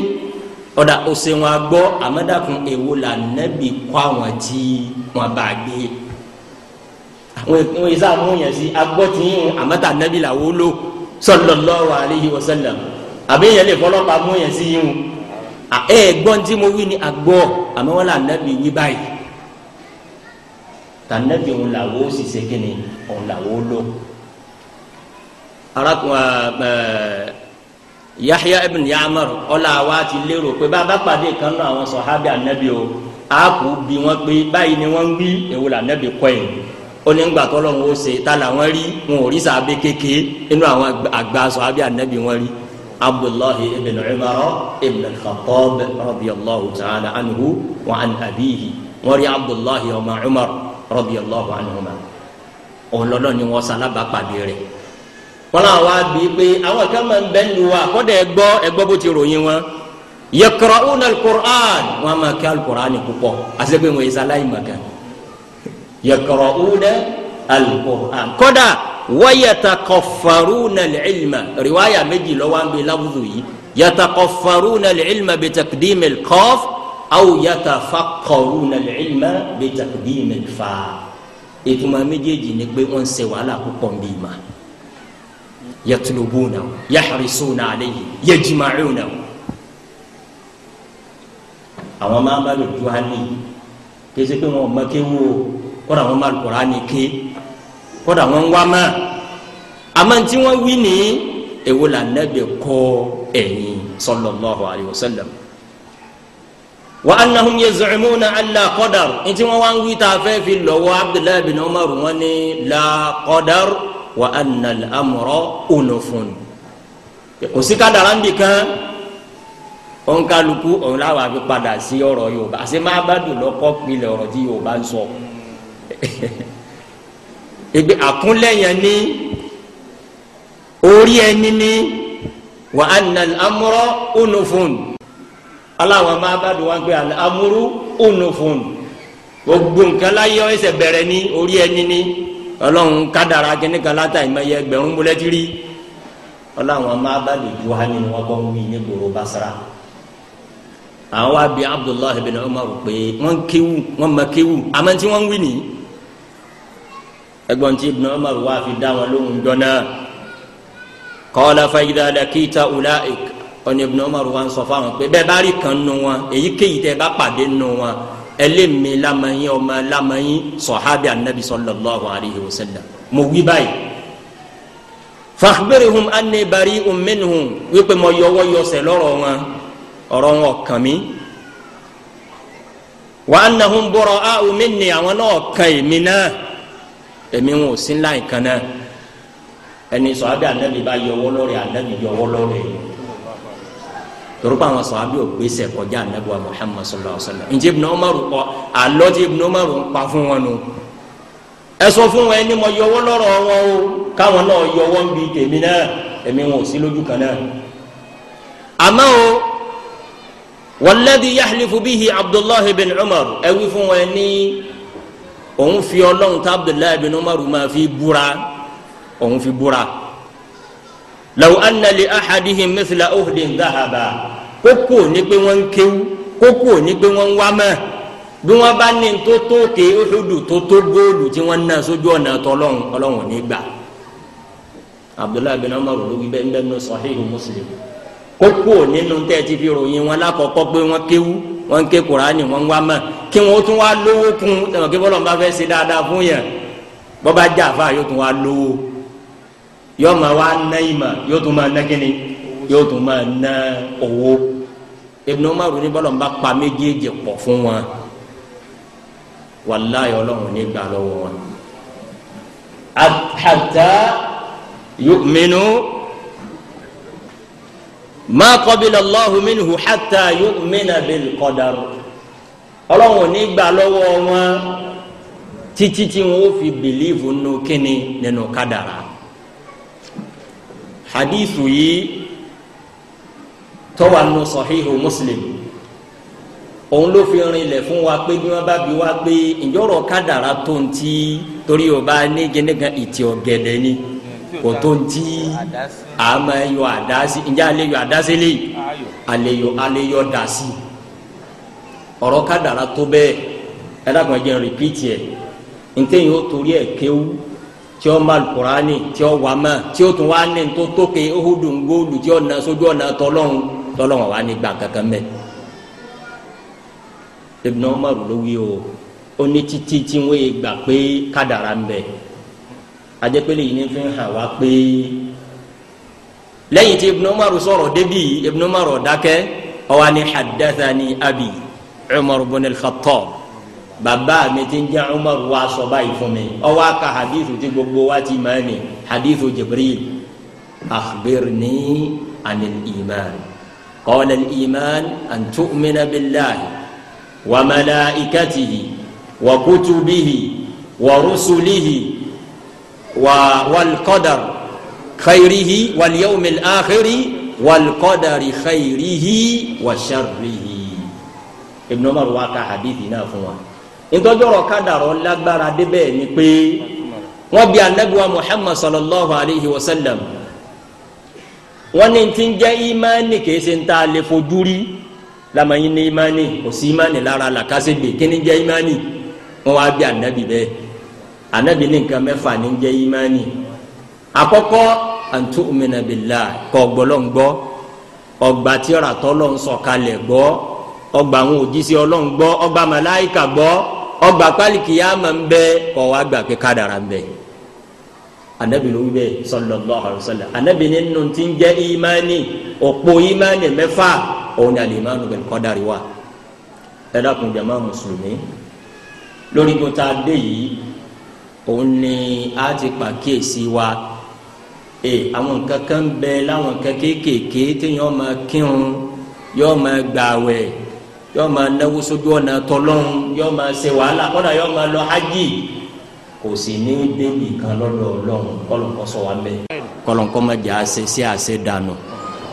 ọ̀dà òsèwọ̀n àgbọ̀ àmọ́ dákun èwo là nẹ́bi kọ́ àwọn tí wọ́n bá a gbé àwọn ìsàmúyàn sí agbọ́tìyìn àmọ́tà nẹ́bi làwọn lò sallallahu alaihi wasallam àbí yẹn lè fọlọ́pàá mú yẹn sí yín o ẹ gbọ́n tí mo wí ni àgbọ̀ àmọ́ wọn là nẹ́bi wí báyìí tànẹ́bi òun làwọ́ ó sì ṣe kíni òun làwọ́ ó lò arákùnrin ẹ Yahya ibn Ya'mar ọlá wa ti lérò pé bàbá pàdé kan náà àwọn sọ̀hábì ànẹ́bi o àákú bí wọ́n pé báyìí ni wọ́n ń wí èwo là nẹ́bi kọ́ ẹ̀ ó ní gbà tọ́lọ́run ó ṣe ta làwọn rí wọn ò rí sàbẹ̀ kékeré inú àwọn àgbà sọ̀hábì ànẹ́bi wọn rí abdullahi ibn umar ibn al-khattab radiyallahu ta'ala anhu wa an abihi wọ́n rí abdullahi ọmọ umar radiyallahu anhuma òun lọ́dọ̀ ni wọ́n sálábà pàdé rẹ̀ wọ́n náà wá bí i pé àwọn kan máa ń bẹ́ lu wa kọ́dà ẹgbọ́ ẹgbọ́ bó ti ròyìn wọn yaqra'una al-Qur'an wọn máa kí al púpọ̀ àṣepé wọn ìsàlàyé màkà yaqra'una al-Qur'an kọ́dà. ويتقفرون العلم رواية مجي لوان بلفظه يتقفرون العلم بتقديم القاف أو يتفقرون العلم بتقديم الفاء ìtumọ̀ méjèèjì ni pé wọ́n ń ṣe wàhálà púpọ̀ ń bí ma yatlubuna yahrisuna alayhi yajma'una àwọn máa ń bá lò ju hali kí ẹ ṣe pé wọn ò mọ kéwò kọ́ra wọn máa lò kọ́ra ni ké kódà wọn wá mọ́ àmọ́ tí wọ́n wí ní èwo là nẹ́bi kọ́ ẹ̀yìn sallallahu alayhi wa sallam wa annahum yaz'umuna alla qadar ntí wọ́n wá ń wí tá a fẹ́ fi lọ́wọ́ abdullahi bin umar wọ́n ní la qadar wa anna al unufun kò sí kádàrá ń bì kan òun kálukú òun láwa fi padà sí ọ̀rọ̀ yorùbá àti má bá dùn lọ́kọ́ pilẹ̀ ọ̀rọ̀ tí yorùbá ń sọ *laughs* ebi àkúnlẹ̀yàn ní orí ẹni ní wa anna al-amra unufun aláwọn máa bá dùn wá pé al-amru unufun gbogbo nǹkan láyé ẹsẹ̀ bẹ̀rẹ̀ ní orí ẹni ní ọlọ́run kádàrá kínníkan látàrí ma yẹ ẹgbẹ̀rún búlẹ́tìrì ọlọ́run máa bá dùn ju hali ni wọ́n bọ́ wí ní gbòòrò Basra àwọn wa Abdullahi bin Umar pé wọ́n kéwù wọ́n ma kéwù àmọ́ tí wọ́n wí nìyí ẹgbọn tí ibùnà Umar wà fi dá wọn lóhùn jọ́nà qala fa idha lakita ulaik ọ̀nà ibùnà Umar wà ń sọ fáwọn pé bẹ́ẹ̀ bá rí kan nù wọn èyíkéyìí tẹ́ bá pàdé nù wọn ẹlẹ́mi lamẹ́yìn ọmọ lamẹ́yìn sọ̀hábì anabi sallallahu alayhi wa sallam mo wí báyìí fàkbẹ́rẹ̀hùn anni bari'un minhum wípé mo yọwọ́ yọsẹ̀ lọ́rọ̀ wọn ọ̀rọ̀ wọn kàn mí wa annahum bura'u minni àwọn náà kàn mí náà ẹ̀mí wọn ò sí ńlá nǹkan náà ẹni sọ abẹ́ anabi bá yọ ọwọ́ lọ́rẹ̀ anabi yọ ọwọ́ lọ́rẹ̀ toruba àwọn sàbí ò gbèsè kọjá anabi wa muhammad sallallahu alaihi wa sallam njẹ ibùnà ọmọrù kọ àlọ tí ibùnà ọmọrù ń pa fún wọn nù ẹ sọ fún wọn ẹni mo yọ ọwọ́ lọ́rọ̀ wọn o káwọn náà yọ ọwọ́ ń bi tèmi náà ẹ̀mí wọn ò sí lójú kan náà àmọ́ o walladhi yahlifu bihi abdullahi bin umar ẹ wí fún wọn ẹni òun fi ọlọ́run tá abdullahi bin umar máa fi búra òun fi búra law anna li ahadihim mithla uhdin dhahaba kókó ní pé wọ́n ń kéwú kókó ní pé wọ́n ń wá mọ́ bí wọ́n bá ní tó tó ké uhudu tó tó góòlù tí wọ́n ná sójú ọ̀nà tọ́lọ́run ọlọ́run ní gbà abdullahi bin umar ló gbé bẹ́ẹ̀ nínú sahihu muslim kókó nínú tẹ́ẹ̀ fi ròyìn wọn lákọ̀ọ́kọ́ pé wọ́n kéwú wọ́n ń ké kuraani wọ́n ń wá mọ̀ kí wọ́n tún wá lówó kún tẹ̀wọ̀n kí bọ́lọ̀ ń bá fẹ́ ṣe dáadáa fún yẹn bọ́ba jà fà yóò tún wá lówó yóò máa wá ná ìmọ̀ yóò tún máa ná kíni yóò tún máa ná owó Ibn Umar ní bọ́lọ̀ ń bá pa méjèèjì pọ̀ fún wọn wàláyé ọlọ́run ní gbà lọ́wọ́ wọn hatta yu'minu ma qabila Allahu minhu hatta yu'mina bil qadar ọlọ́run ò ní gbà lọ́wọ́ wọn títí tí wọn ó fi bìlíìfù nù kíni nínú kádàrá hadithu yìí tọ́wà nù sahihu muslim òun ló fi rinlẹ̀ fún wa pé bí wọ́n bá bi wá pé ìjọ́rọ̀ kádàrá tó ń ti torí o bá ní gẹ́gẹ́ ìtì ọ̀gẹ̀dẹ̀ ni. Gine, kò tó ń tí a máa yọ àdásí ǹjẹ́ alẹ́ yọ àdásí lé alẹ́ yọ alẹ́ yọ dásí ọ̀rọ̀ kádàrá tó bẹ́ẹ̀ ẹ dàgbọ́n jẹ́ rìpíìtì ẹ̀ ntẹ́yìn ó torí ẹ̀ kéwú tí ó ma lukurani tí ó wà mọ́ tí ó tún wà ní tó tókè ehudu tí ó na sójú ọ̀nà tọ́lọ́hún tọ́lọ́hún wà ní gbà kankan mẹ́. Ibn Umar ló wí o ó ní títí tí wọ́n yé gbà pé kádàrá ń bẹ ajẹpẹlẹ yìí ní fi hàn wá pé lẹ́yìn tí ibùdó márùn sọ̀rọ̀ débi ibùdó márùn dákẹ́ ọwọ ni hadathani abi umar bin al-khattab bàbá mi ti ń jẹ umar wa sọ báyìí fún mi ọwọ aka hadithu ti gbogbo wa ti máa ní hadithu jibril akhbirni anil iman qala iman an tu'mina billahi wa malaikatihi wa kutubihi wa rusulihi. والقدر خيره واليوم الآخر والقدر خيره وشره Ibn Umar wá ka hadithi náà fún wa ntọ́jọ́rọ̀ kádàrọ̀ lágbára débẹ̀ ni pé wọ́n bi anabiwa Muhammad sallallahu alayhi wa sallam wọ́n ní ti ń jẹ́ ìmánì kìí ṣe ń ta lè fojú rí lamẹ́yìn ní ìmánì kò sí ìmánì lára làkàṣẹ́gbè kí ni jẹ́ bi anabi bẹ́ẹ̀ anabi ní nǹkan mẹ́fà ní jẹ́ ìmánì àkọ́kọ́ an tu'mina billah kó gbọ́lọ́ ń gbọ́ ọgbà tí ọ̀rà tọ́lọ́ ń sọ̀kalẹ̀ gbọ́ ọgbà àwọn òjíṣẹ́ Ọlọ́run gbọ́ ọgbà màláìkà gbọ́ ọgbà pálíkìyàmà ń bẹ kó wá gbà pé ń bẹ anabi ló wí bẹ́ẹ̀ sallallahu alaihi wasallam anabi nínú tí ń jẹ́ imani òpó ìmánì mẹ́fà òun ni al-imanu bil qadari wa ẹ dákun jàmá mùsùlùmí lórí gbọ́ta dé yìí òun ni a ti pàkíyèsí wa ẹ àwọn nǹkan kan ń bẹ láwọn nǹkan kéékèèké téèyàn máa kírun yóò máa gbààwẹ̀ yóò máa náwó sójú ọ̀nà tọlọ́run yóò máa ṣe wàhálà kọ́nà yóò máa lọ hajj kò sì ní débi kan lọ́dọ̀ ọlọ́run kọ́lọ́nkọ́ sọ wa mẹ́. kọ́lọ́nkọ́ má jẹ́ àṣẹ sí àṣẹ dànù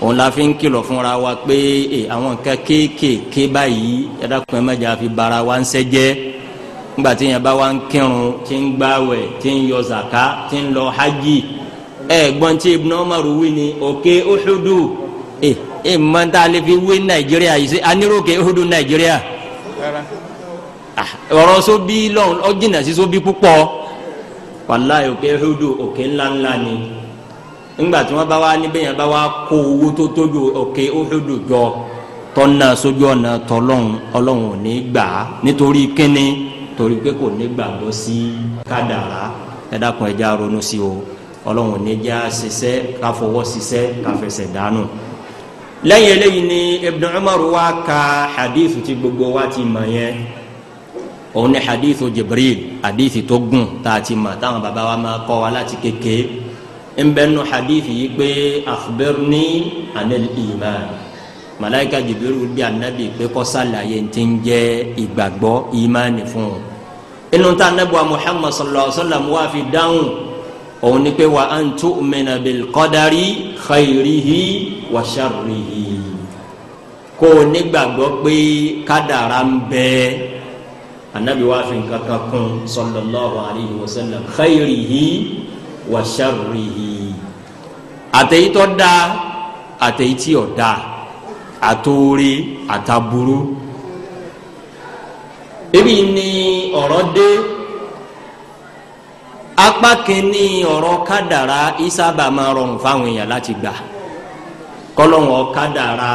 òun la fi ń kìlọ̀ fúnra wa pé àwọn nǹkan báyìí ẹ dákun ẹ jẹ́ àfi bara wa ń ṣẹ́jẹ́ ngba ti yẹn bá wá ń kírun tí ń gbàwẹ̀ ti ń yọ zaka ti ń lọ hajj ẹ gbọ́n tí Ibn Umar wí ni òkè Uhudu ẹ ẹ mọ tá fi Nàìjíríà yìí sí aniròkè Uhudu Nàìjíríà ah, ọ̀rọ̀ sí púpọ̀ wàláyé òkè òkè ńláńlá ni bá níbẹ̀ yẹn bá kó owó tó tójú òkè jọ tọ́ná torí pé kò ní gbàgbọ́ sí kádàrá ẹ dákun ẹ já ronú sí o ọlọ́run ní já ṣiṣẹ́ ká fọwọ́ ṣiṣẹ́ ká fẹsẹ̀ dànù. lẹ́yìn eléyìí ni ibn umar wa ka hadith tí gbogbo wa ti mọ̀ yẹn òun ni hadith jibril hadith tó gùn tá a ti mọ̀ táwọn bàbá wa máa kọ́ wa láti kékeré ń bẹ nù hadithi yìí pé akhbirni anil iman malaika jibril bi anabi pé kó ṣàlàyé ti ń jẹ́ ìgbàgbọ́ imani fún un inú ta anabuwa muhammad sallallahu alaihi wa sallam wá fi dáhùn òun ni pé wa an tu'mina bil qadari khairihi wa sharrihi kó o nígbàgbọ́ pé kádàrá ń bẹ anabi wá fi nǹkan kan kún sallallahu alaihi wa sallam khairihi wa sharrihi àtẹ̀yítọ́ da àtẹ̀yítí ọ̀ da àtòrí àtàbúrú ebi ni ọ̀rọ̀ dé apá kìíní ọ̀rọ̀ kádàrá ìsábà máa rọrùn fáwọn èèyàn láti gbà kọlọ́wọ́ kádàrá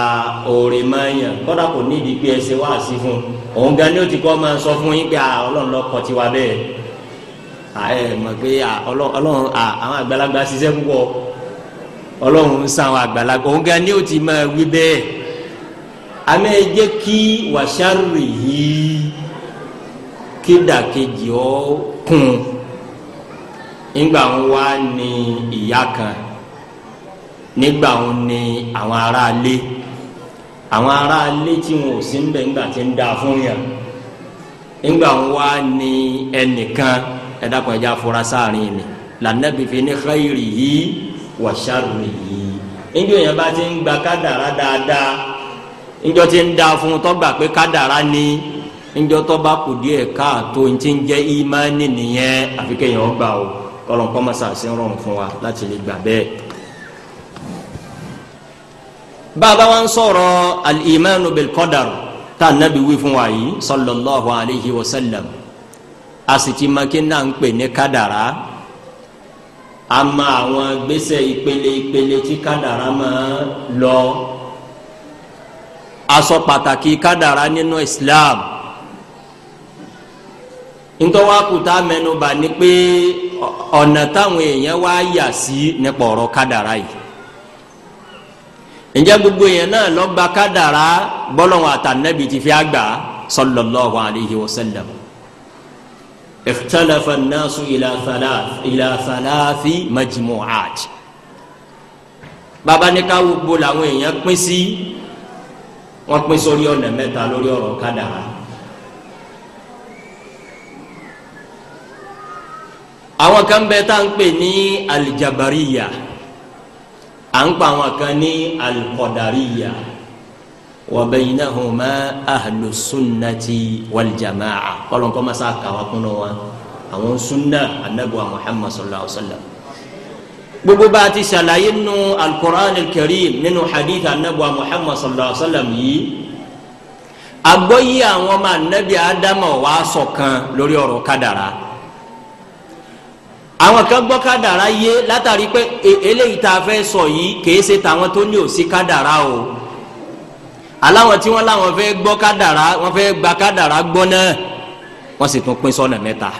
oore máa yàn kọ́dà kò ní ìdí pé ẹsẹ̀ wá sí fún òun gan ni ó ti kọ́ máa sọ fún yín pé ọlọ́run lọ́kọ̀ tiwa bẹ́ẹ̀ ẹ mọ̀ pé ọlọ́run àwọn àgbàlagbà ṣiṣẹ́ púpọ̀ ọlọ́run ń àgbàlagbà òun gan ni ó ti máa wí bẹ́ẹ̀ àmẹ́ jẹ́ kí wàṣárì yìí kídàkejì ọ kún nígbà ń wá ní ìyá kan nígbà ń ní àwọn aráalé àwọn aráalé tí wọn ò sí ń bẹ nígbà tí ń da fún yàn nígbà ń wá ní ẹnìkan ẹ dákun ẹ já mi lànàbí ní xeyìrì yìí wà yìí níjọ́ yẹn bá ti ń gba kádàrá dáadáa níjọ́ ti ń da fún tọ́gbà pé kádàrá ni ńjọ́ tó bá kù díẹ̀ káàtó ń ti ń jẹ́ ìmánì nìyẹn àfi kéèyàn ó gbà o kọ́lọ́n kọ́ mọ́sá sí fún wa láti lè gbà bẹ́ẹ̀. bàbá wa ń sọ̀rọ̀ al-imanu bil-qadar tá fún wa yìí sallallahu alayhi wa sallam a sì ti máa kí náà ń àwọn gbèsè ìpele ìpele tí kádàrá máa lọ a pàtàkì kádàrá nínú Islam. No ntọ́wákùtà mẹ́nuba ni pé ọ̀nà táwọn èèyàn wá yà sí nípa ọ̀rọ̀ kádàrá yìí ǹjẹ́ gbogbo èèyàn náà ló gba kádàrá gbọ́lọ́wọ́n àtànẹ́bì ti fi àgbà sallallahu alayhi wa sallam ikhtalafa an-nasu ila thalath ila baba ní ká gbogbo làwọn èèyàn pín sí wọ́n pín sórí ọ̀nà mẹ́ta lórí ọ̀rọ̀ kádàrá. àwọn kan bẹ tá à ń pè ní alijabariya à ń pa àwọn kan ní alikọdariya wa baynahuma ahlu sunnati wal jamaa kọlọńkọ masa kàwá kúnnú wa àwọn sunna anabuwa muhammad sallallahu alaihi wa sallam gbogbo bá a ti ṣàlàyé nínú alukur'an karim nínú hadith anabuwa muhammad sallallahu alaihi wa sallam yìí agbóyè àwọn ọmọ anabi adama wàá ṣọ̀kan lórí ọ̀rọ̀ kádàrá àwọn kan gbọ́ kádàrá yé látàrí pé e, eléyìí tá a fẹ́ sọ yìí kìí ṣe tàwọn tó ní òsí kádàrá o aláwọn tí wọ́n láwọn fẹ́ gbọ́ kádàrá wọ́n fẹ́ gba kádàrá gbọ́ náà wọ́n sì tún pín sọ́nà mẹ́ta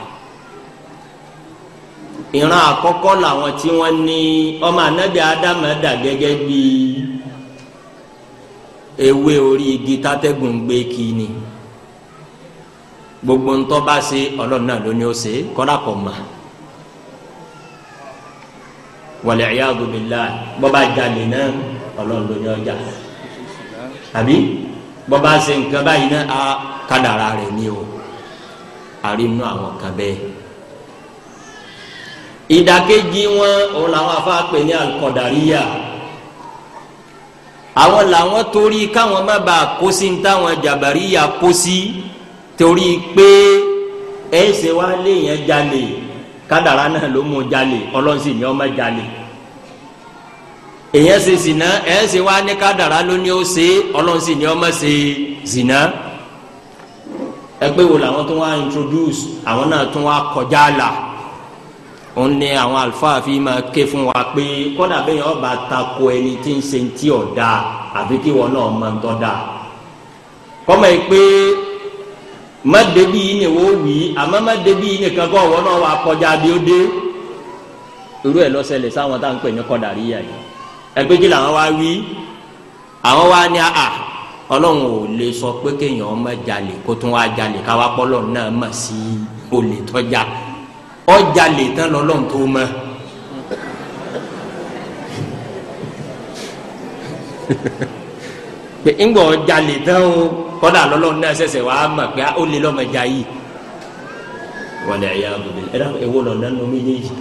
ìran àkọ́kọ́ làwọn tí wọ́n ní ọmọ anábì ádámù dà gẹ́gẹ́ bí ewé orí igi tátẹ́gùn gbé kí ni gbogbo ńtọ́ bá ṣe ọlọ́run náà ló ní ó ṣe kọ́lá kọ̀ máa wàlẹ̀ ẹ̀yàdù bìlá bọ́ba jalè náà ọlọ́run ló ní ọjà àbí bọ́ba ṣe nǹkan báyìí náà á kádàrà rẹ̀ ní o àrínú àwọn kan bẹ́ẹ̀. ìdàkejì wọn òun làwọn afáàpè ní alukọ̀dàríyà àwọn làwọn torí káwọn má bàa kó sí ní táwọn jàbáríyà kó sí torí pé ẹ̀ ṣe wá léèyàn jalè kádàrá náà ló mú jalè ọlọ́run sì ní ọmọ jalè èyàn ṣe zina ẹ̀ ṣe wá ní kádàrá ló ní ó ṣe ọlọ́run sì ní ọmọ ṣe zina ẹ pé wo làwọn tó wá introduce àwọn náà tó wá kọjá là òun ni àwọn àlùfáà fi máa ké fún wa pé kọ́dà bẹ́ẹ̀ yẹn ọba tako ẹni tí ń ṣe ti ọ̀dà àbí kí wọn náà mọ̀ ń tọ́ da kọ́mọ̀ yìí pé má débi yìí ni wọ́n wì í àmọ́ má débi yìí nìkan kọ́ ọ̀wọ́ náà wà kọjá bí ó dé irú ẹ̀ lọ́sẹ̀lẹ̀ sáwọn tá à ń pè ní kọ́dàríyà yìí ẹgbẹ́ kí làwọn wá wí àwọn wá ní àà ọlọ́run ò lè sọ pé kéèyàn má jalè kó tún wá jalè káwá pọ́lọ́ náà mà sí olè tọ́já ọjà lè tán lọ́lọ́run tó mọ́ *laughs* pé ńgbọ̀ ọjà lè tán o kọ́dà lọ́lọ́run náà ṣẹ̀ṣẹ̀ wàá mọ̀ pé ó lè lọ́mọ ẹja yìí wọ́n lè ẹ̀yà àbùdè ẹ̀dá ewo lọ́nà nínú méjèèjì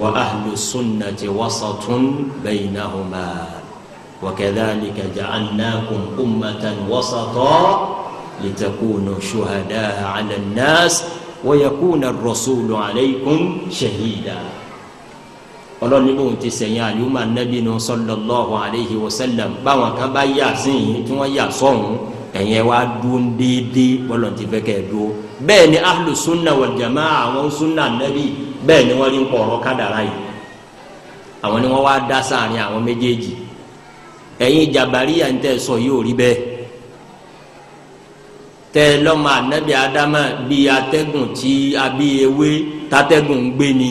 wa ahlu sunnati wasatun baynahuma wa kadhalika ja'alnakum ummatan wasata litakunu shuhada'a 'ala an-nas wa yakuna ar-rasulu 'alaykum shahida ọlọ́ni bóun ti sẹ̀yìn àlùmá nẹ́bí nu sallallahu alayhi wa sallam báwọn kan bá yà síyìn tí wọ́n yà sọ́hún ẹ̀yẹn wá dún déédéé bọ́lọ̀ ti fẹ́ kẹ́ ẹ dúró bẹ́ẹ̀ ni ahlu sunna wal jamaa àwọn sunna nẹ́bí bẹ́ẹ̀ ni wọ́n rí ń pọ̀rọ̀ kádàrá yìí àwọn ni wọ́n wá dá sáàrin àwọn méjèèjì ẹ̀yin jabariya ń tẹ̀ sọ yóò rí bẹ́ẹ̀ tẹ lọ́mọ ànábì adama bíi atẹ́gùn tí abíyewé tatẹ́gùn ń gbé ni.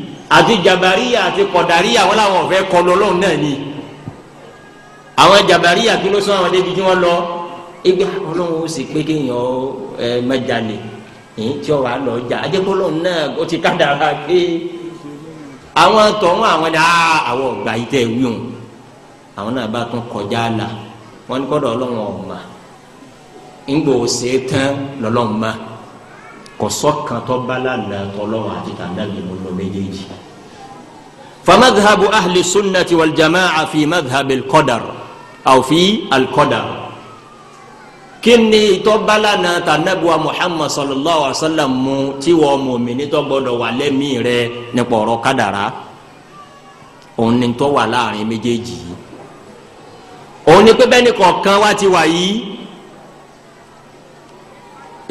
àti jabariya àti kọdariya wọn làwọn fẹ́ kọ lọ lọhùn náà ni àwọn jabariya kí ló sọ àwọn débi tí wọn lọ igbe Ọlọ́run ó sì pé kéèyàn ẹ mẹjalè èyí tí ọwọ àlọ jà ajẹkọlọ náà ó ti ká dára pé àwọn tọ̀hún àwọn dá àwọn ọgbà yìí tẹ wíwọn àwọn náà bá tún kọjá la wọn ní kọdọ Ọlọ́run ọmọ ńgbò ṣe tán lọlọrun ma kọsọ kan tó bá lànà tọlọ́run àti tàdánù ìmúlò méjèèjì. فمذهب أهل السنة والجماعة في مذهب القدر أو في القدر fi al-qadar kíni tó balana ta nabuwa muhammad sallallahu alaihi wa sallam mu tí wọ́n mùmínì tó gbọ́dọ̀ wà lẹ́mìí rẹ̀ nípa ọ̀rọ̀ kádàrá òun ni tó wà láàrin méjèèjì yìí ti wà yìí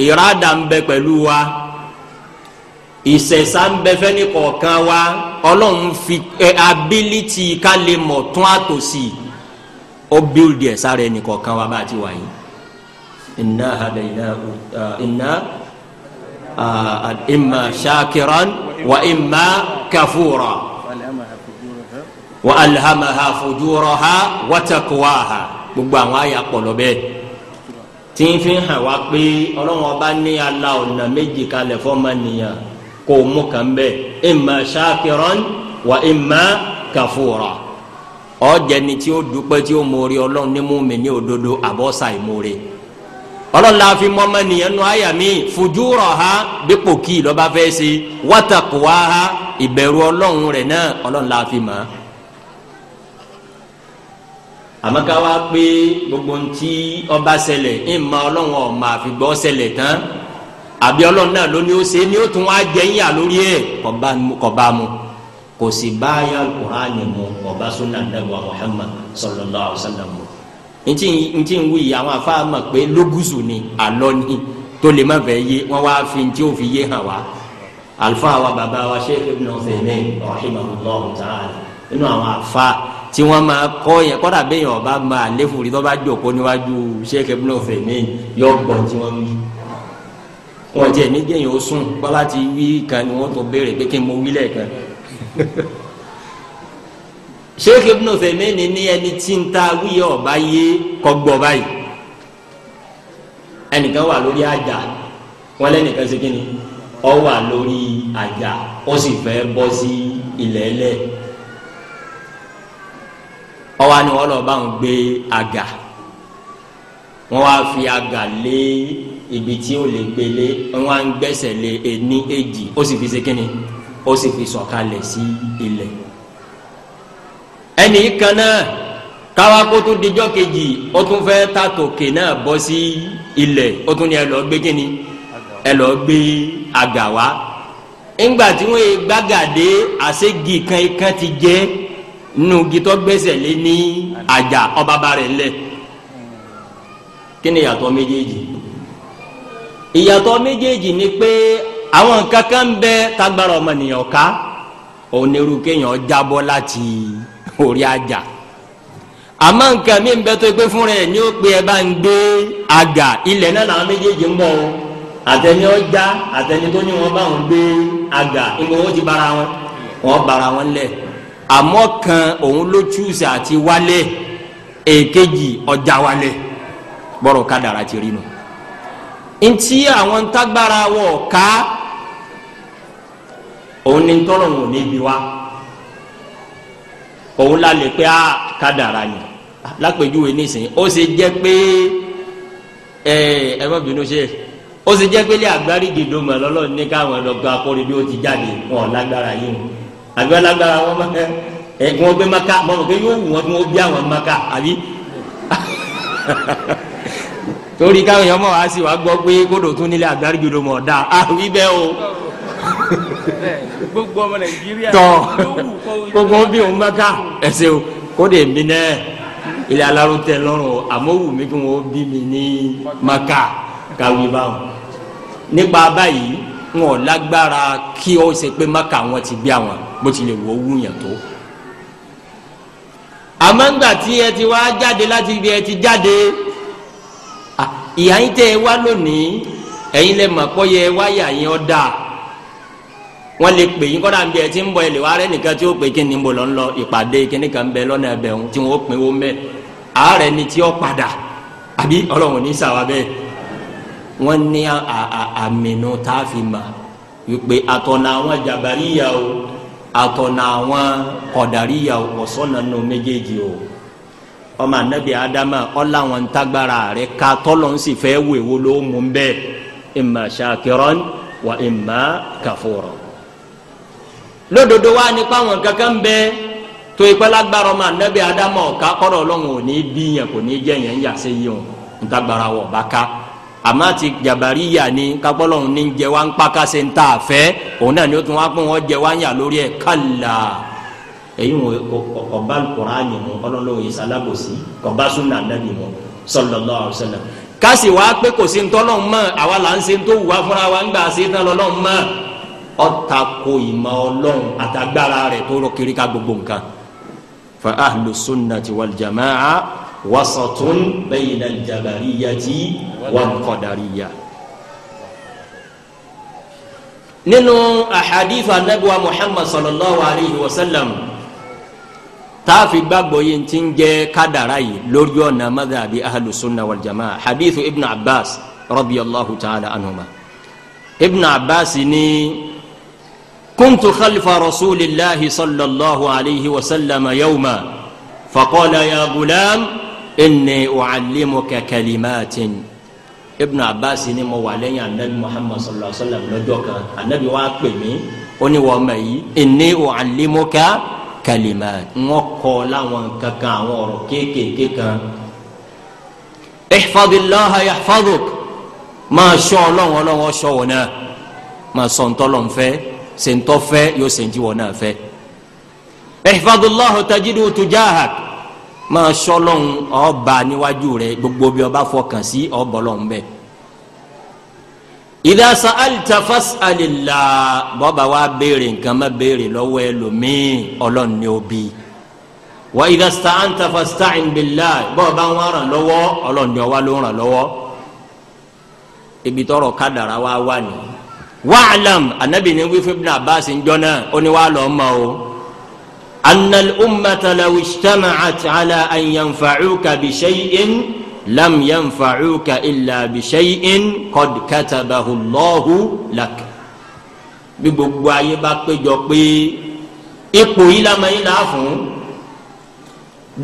ìrádà ń bẹ wa ìṣẹ̀ṣà ń bẹ fẹ́ wa ọlọ́run fi ẹ ability ká lè mọ̀ tún àtòsí ó build ẹ̀ sára ẹnì kọ̀ọ̀kan wa bá a ti wà yìí inna hadaynahu inna imma shakiran wa imma kafura wa alhamaha ha watakuwa ha gbogbo àwọn àyà pọ̀lọ́ bẹ́ẹ̀ tí n fi hàn wá pé ọlọ́run ọba ní ala ọ̀nà méjì kalẹ̀ fọ́ ọmọ nìyàn kó o mú kàn bẹ́ẹ̀ imma shakiran wa imma kafura ọ̀jẹ̀ni tí ó dúpẹ́ tí ó mórí ọlọ́run ní múmi ní òdodo àbọ̀sà ìmúre ọlọ́run la fi mọ́ ọmọ nìyẹn nu àyà mi fujúrọ̀ ha dípò kí lọ́ba fẹ́ ṣe wátàkùwá ha ìbẹ̀rù ọlọ́run rẹ̀ náà ọlọ́run la fi mọ́ àmọ́ pé gbogbo ntí ọba ṣẹlẹ̀ ìmọ̀ ọlọ́run ọ̀ma àfigbọ́ ṣẹlẹ̀ tán àbí ọlọ́run náà ló ní ó ṣe ni ó tún wá jẹ yín à lórí ẹ̀ kọba mu kò sì bá yà kùránì mu ọba sunna nàbà Muhammad sallallahu alaihi wasallam mu ntí ntí ń wuyi àwọn afáàmà pé lógùsù ni àlọ́ ni tó lè má fẹ́ yé wọ́n wá fi ntí ó fi yé hàn wá alfa wa baba wa sheikh ibn Uthaymeen rahimahullah ta'ala inú àwọn afa tí wọ́n máa kọ́ yẹn kọ́dà bẹ́ẹ̀ ọba máa léfùrí tó bá jókòó níwájú sheikh ibn Uthaymeen yọ gbọ́n tí wọ́n mú wọn tiẹ̀ ní jẹ́yìn o sùn bọ́lá ti wí kan ni wọ́n tó béèrè pé kí n mo wí lẹ́ẹ̀kan. *laughs* Sheikh Ibn Uthaymeen ní ẹni tí ń ta wíyẹ ọba yé kọgbọ báyìí ẹnìkan wà lórí àjà wọn lẹ́nìkan ṣe kíni ọ wà lórí àjà ó sì fẹ́ bọ́ sí ilẹ̀ ẹlẹ́ ọ wá ní wọn lọ bá ń gbé àga wọn wá fi àga lé ibi tí ó lè gbélé wọn á ń gbẹ́sẹ̀ lé ẹni e èjì ó sì fi ṣe kínni ó sì fi sọ̀kalẹ̀ sí ilẹ̀ ẹnì kan náà káwa kó tún dijọ́ kejì ó tún fẹ́ tàtòkè náà bọ́ sí ilẹ̀ ó tún ní ẹ lọ gbé kínni ẹ lọ gbé àgà wá ńgbà tí wọ́n yé gbàgàdé àṣegi kan ikan ti jẹ́ nù gitọ́ gbẹ́sẹ̀ lé ní àjà ọba bá rẹ̀ lẹ̀ kí ni yàtọ̀ méjèèjì. ìyàtọ̀ méjèèjì ni pé àwọn nǹkan kan bẹ tagbara ọmọnìyàn ká onírú kéèyàn jábọ́ láti orí àjà àmọ́ nǹkan mi bẹ tó pé fúnra ní pe ẹ bá ń gbé àga ilẹ̀ náà làwọn méjèèjì ń bọ̀ o àtẹni ọjà àtẹni wọn bá wọn gbé àga ìgbà wọn kan òun ló chúùsì àti wálé èkejì ọjà wálé ntí àwọn ntagbara wọ ká òun ni ntọ́lọ̀ wọn níbi wa òun la lè pé a kádàrá ni lápèjúwe nísìnyí ó ṣe jẹ́ pé ẹ ẹ má bínú ṣe ó ṣe jẹ́ pé ilé àgbárígì dòmọ̀ lọ́lọ́ọ̀ ní káwọn ẹlọ́gbọ́n akọ́rin bí ó ti jáde wọn lágbára yìí wọn àgbẹ̀ lágbára wọn má ẹ wọn gbé maka mọ̀ wọn yóò wù wọn kí wọn bí àwọn maka àbí. *laughs* torí káwọn èèyàn mọ̀ wá sí wa gbọ́ pé kódò tún nílé àgbárí jùlọ mọ̀ dáa a wí bẹ́ẹ̀ o. gbogbo ọmọ nàìjíríà tọ gbogbo bí òun mẹ́ka ẹ̀sẹ̀ o kódò èmi náà ilé aláró tẹ lọ́rùn àmọ́ wù mí kí wọ́n bí mi ní mẹ́ka káwé báwọn. nípa báyìí wọn ò lágbára kí ó ṣe pé mẹ́ka wọn ti gbé àwọn bó tilẹ̀ wọ́ wúyàn tó àmọ́ ńgbà tí ẹ ti wá jáde láti ibi ẹ ti jáde ìyá yín tẹ́ ẹ wá lónìí ẹ̀yin lẹ mọ̀ kọ́ yẹ wáyà yín ọ́ dà wọ́n lè pè yín kọ́dà bí ẹ ti ń bọ̀ ẹ lè wá nìkan tí ó pè kí ni mo lọ ń lọ ìpàdé kí ni kan bẹ lọ́nà ẹbẹ̀ ń tí wọ́n pè wọ́n mẹ́ ààrẹ ni tí ó padà àbí ọlọ́run ní sàwà bẹ́ẹ̀ wọ́n ní àmìnú tá a fi mà wípé àtọ̀nà àwọn jàbáríyà o àtọ̀nà àwọn kọ̀dàríyà o ọ̀sọ́nà nù méjèèjì o ọmọ anabi adama ọláwọn ntagbara rẹ ká tọ́lọ̀ ń sì fẹ́ wèwo ló mú un bẹ́ẹ̀ imma shakiran wa imma kafura. lódodo wa nípa àwọn kankan bẹ tó ìpẹ́lágbára ọmọ anabi adama ọ̀ka kọ́rọ̀ ọlọ́run ò bí yẹn kò ní jẹ́ yẹn yà sí yìí o ntagbara wọ̀ bá ká àmọ́ àti jabari yà ni kápọ́lọ́hún ní jẹ́ wá ń pa ká ṣe ń tà fẹ́ òun náà ni ó tún wá pọ́n wọ́n jẹ́ wá ń yà lórí ẹ̀ kálá èyí wọn ọba Kùránì mu ọlọ́lọ́wọ́ yìí sálábòsí ọba súnà nàbì mu sallallahu alaihi wasallam kásì wá pé kò sí ntọ́lọ́ mọ́ àwa là ń ṣe tó wù wá fúnra wa ń gbà ṣe tán lọ́lọ́ mọ́ ọ̀tàkò ìmọ̀ ọlọ́run àtàgbára rẹ̀ tó kiri ká gbogbo nǹkan fa ahlu sunnati wal jamaa wasatun bayna al jabariyati wal qadariyya nínú ahadifa anabiwa muhammad sallallahu alayhi wa sallam taafi gbàgbọ́ yìí ti ń jẹ́ kádàrá yìí lórí ọ̀nà madhabi ahlu sunna wal jamaa hadithu ibn abbas radiyallahu ta'ala anhuma ibn abbas ni kuntu khalfa rasulillahi sallallahu alayhi wa sallam yawma faqala ya gulam inni u'allimuka kalimatin ibn abbas ni mo wà lẹ́yìn anabi muhammad sallallahu alayhi wa sallam lọ́jọ́ kan anabi wa pè mí ó ní wọ́n mọ̀ inni u'allimuka kalimatin kẹlẹmà wọn kọ láwọn kankan àwọn ọ̀rọ̀ kéékèèké kan ihfadillaha yahfaduk máa sọ Ọlọ́run Ọlọ́run sọ wọn náà máa sọ ntọ́lọ́n fẹ́ ṣe ntọ́ fẹ́ yóò ṣe ntí tajidu tujahak máa sọ Ọlọ́run ó bá níwájú gbogbo bí ó bá fọkàn sí ó bá idha sa'alta fas'alillah bọ́ba wa béèrè nǹkan má béèrè lọ́wọ́ ẹlòmíì ọlọ́run ni ó bí wa idha sta'anta fasta'in billah bọ́ba wa ràn lọ́wọ́ ọlọ́run ni ó wá ló ràn lọ́wọ́ ibi tọrọ kádàrá wa wà ní. wa'lam anabi ni wífẹ́ ibn abbas ń jọ náà ó ní o. anna al-ummata law ala an yanfa'uka bi shay'in lam yanfa'uka illa bi shay'in qad katabahu Allahu lak bí gbogbo ayé bá péjọ pé ipò yìí la máa ń la fún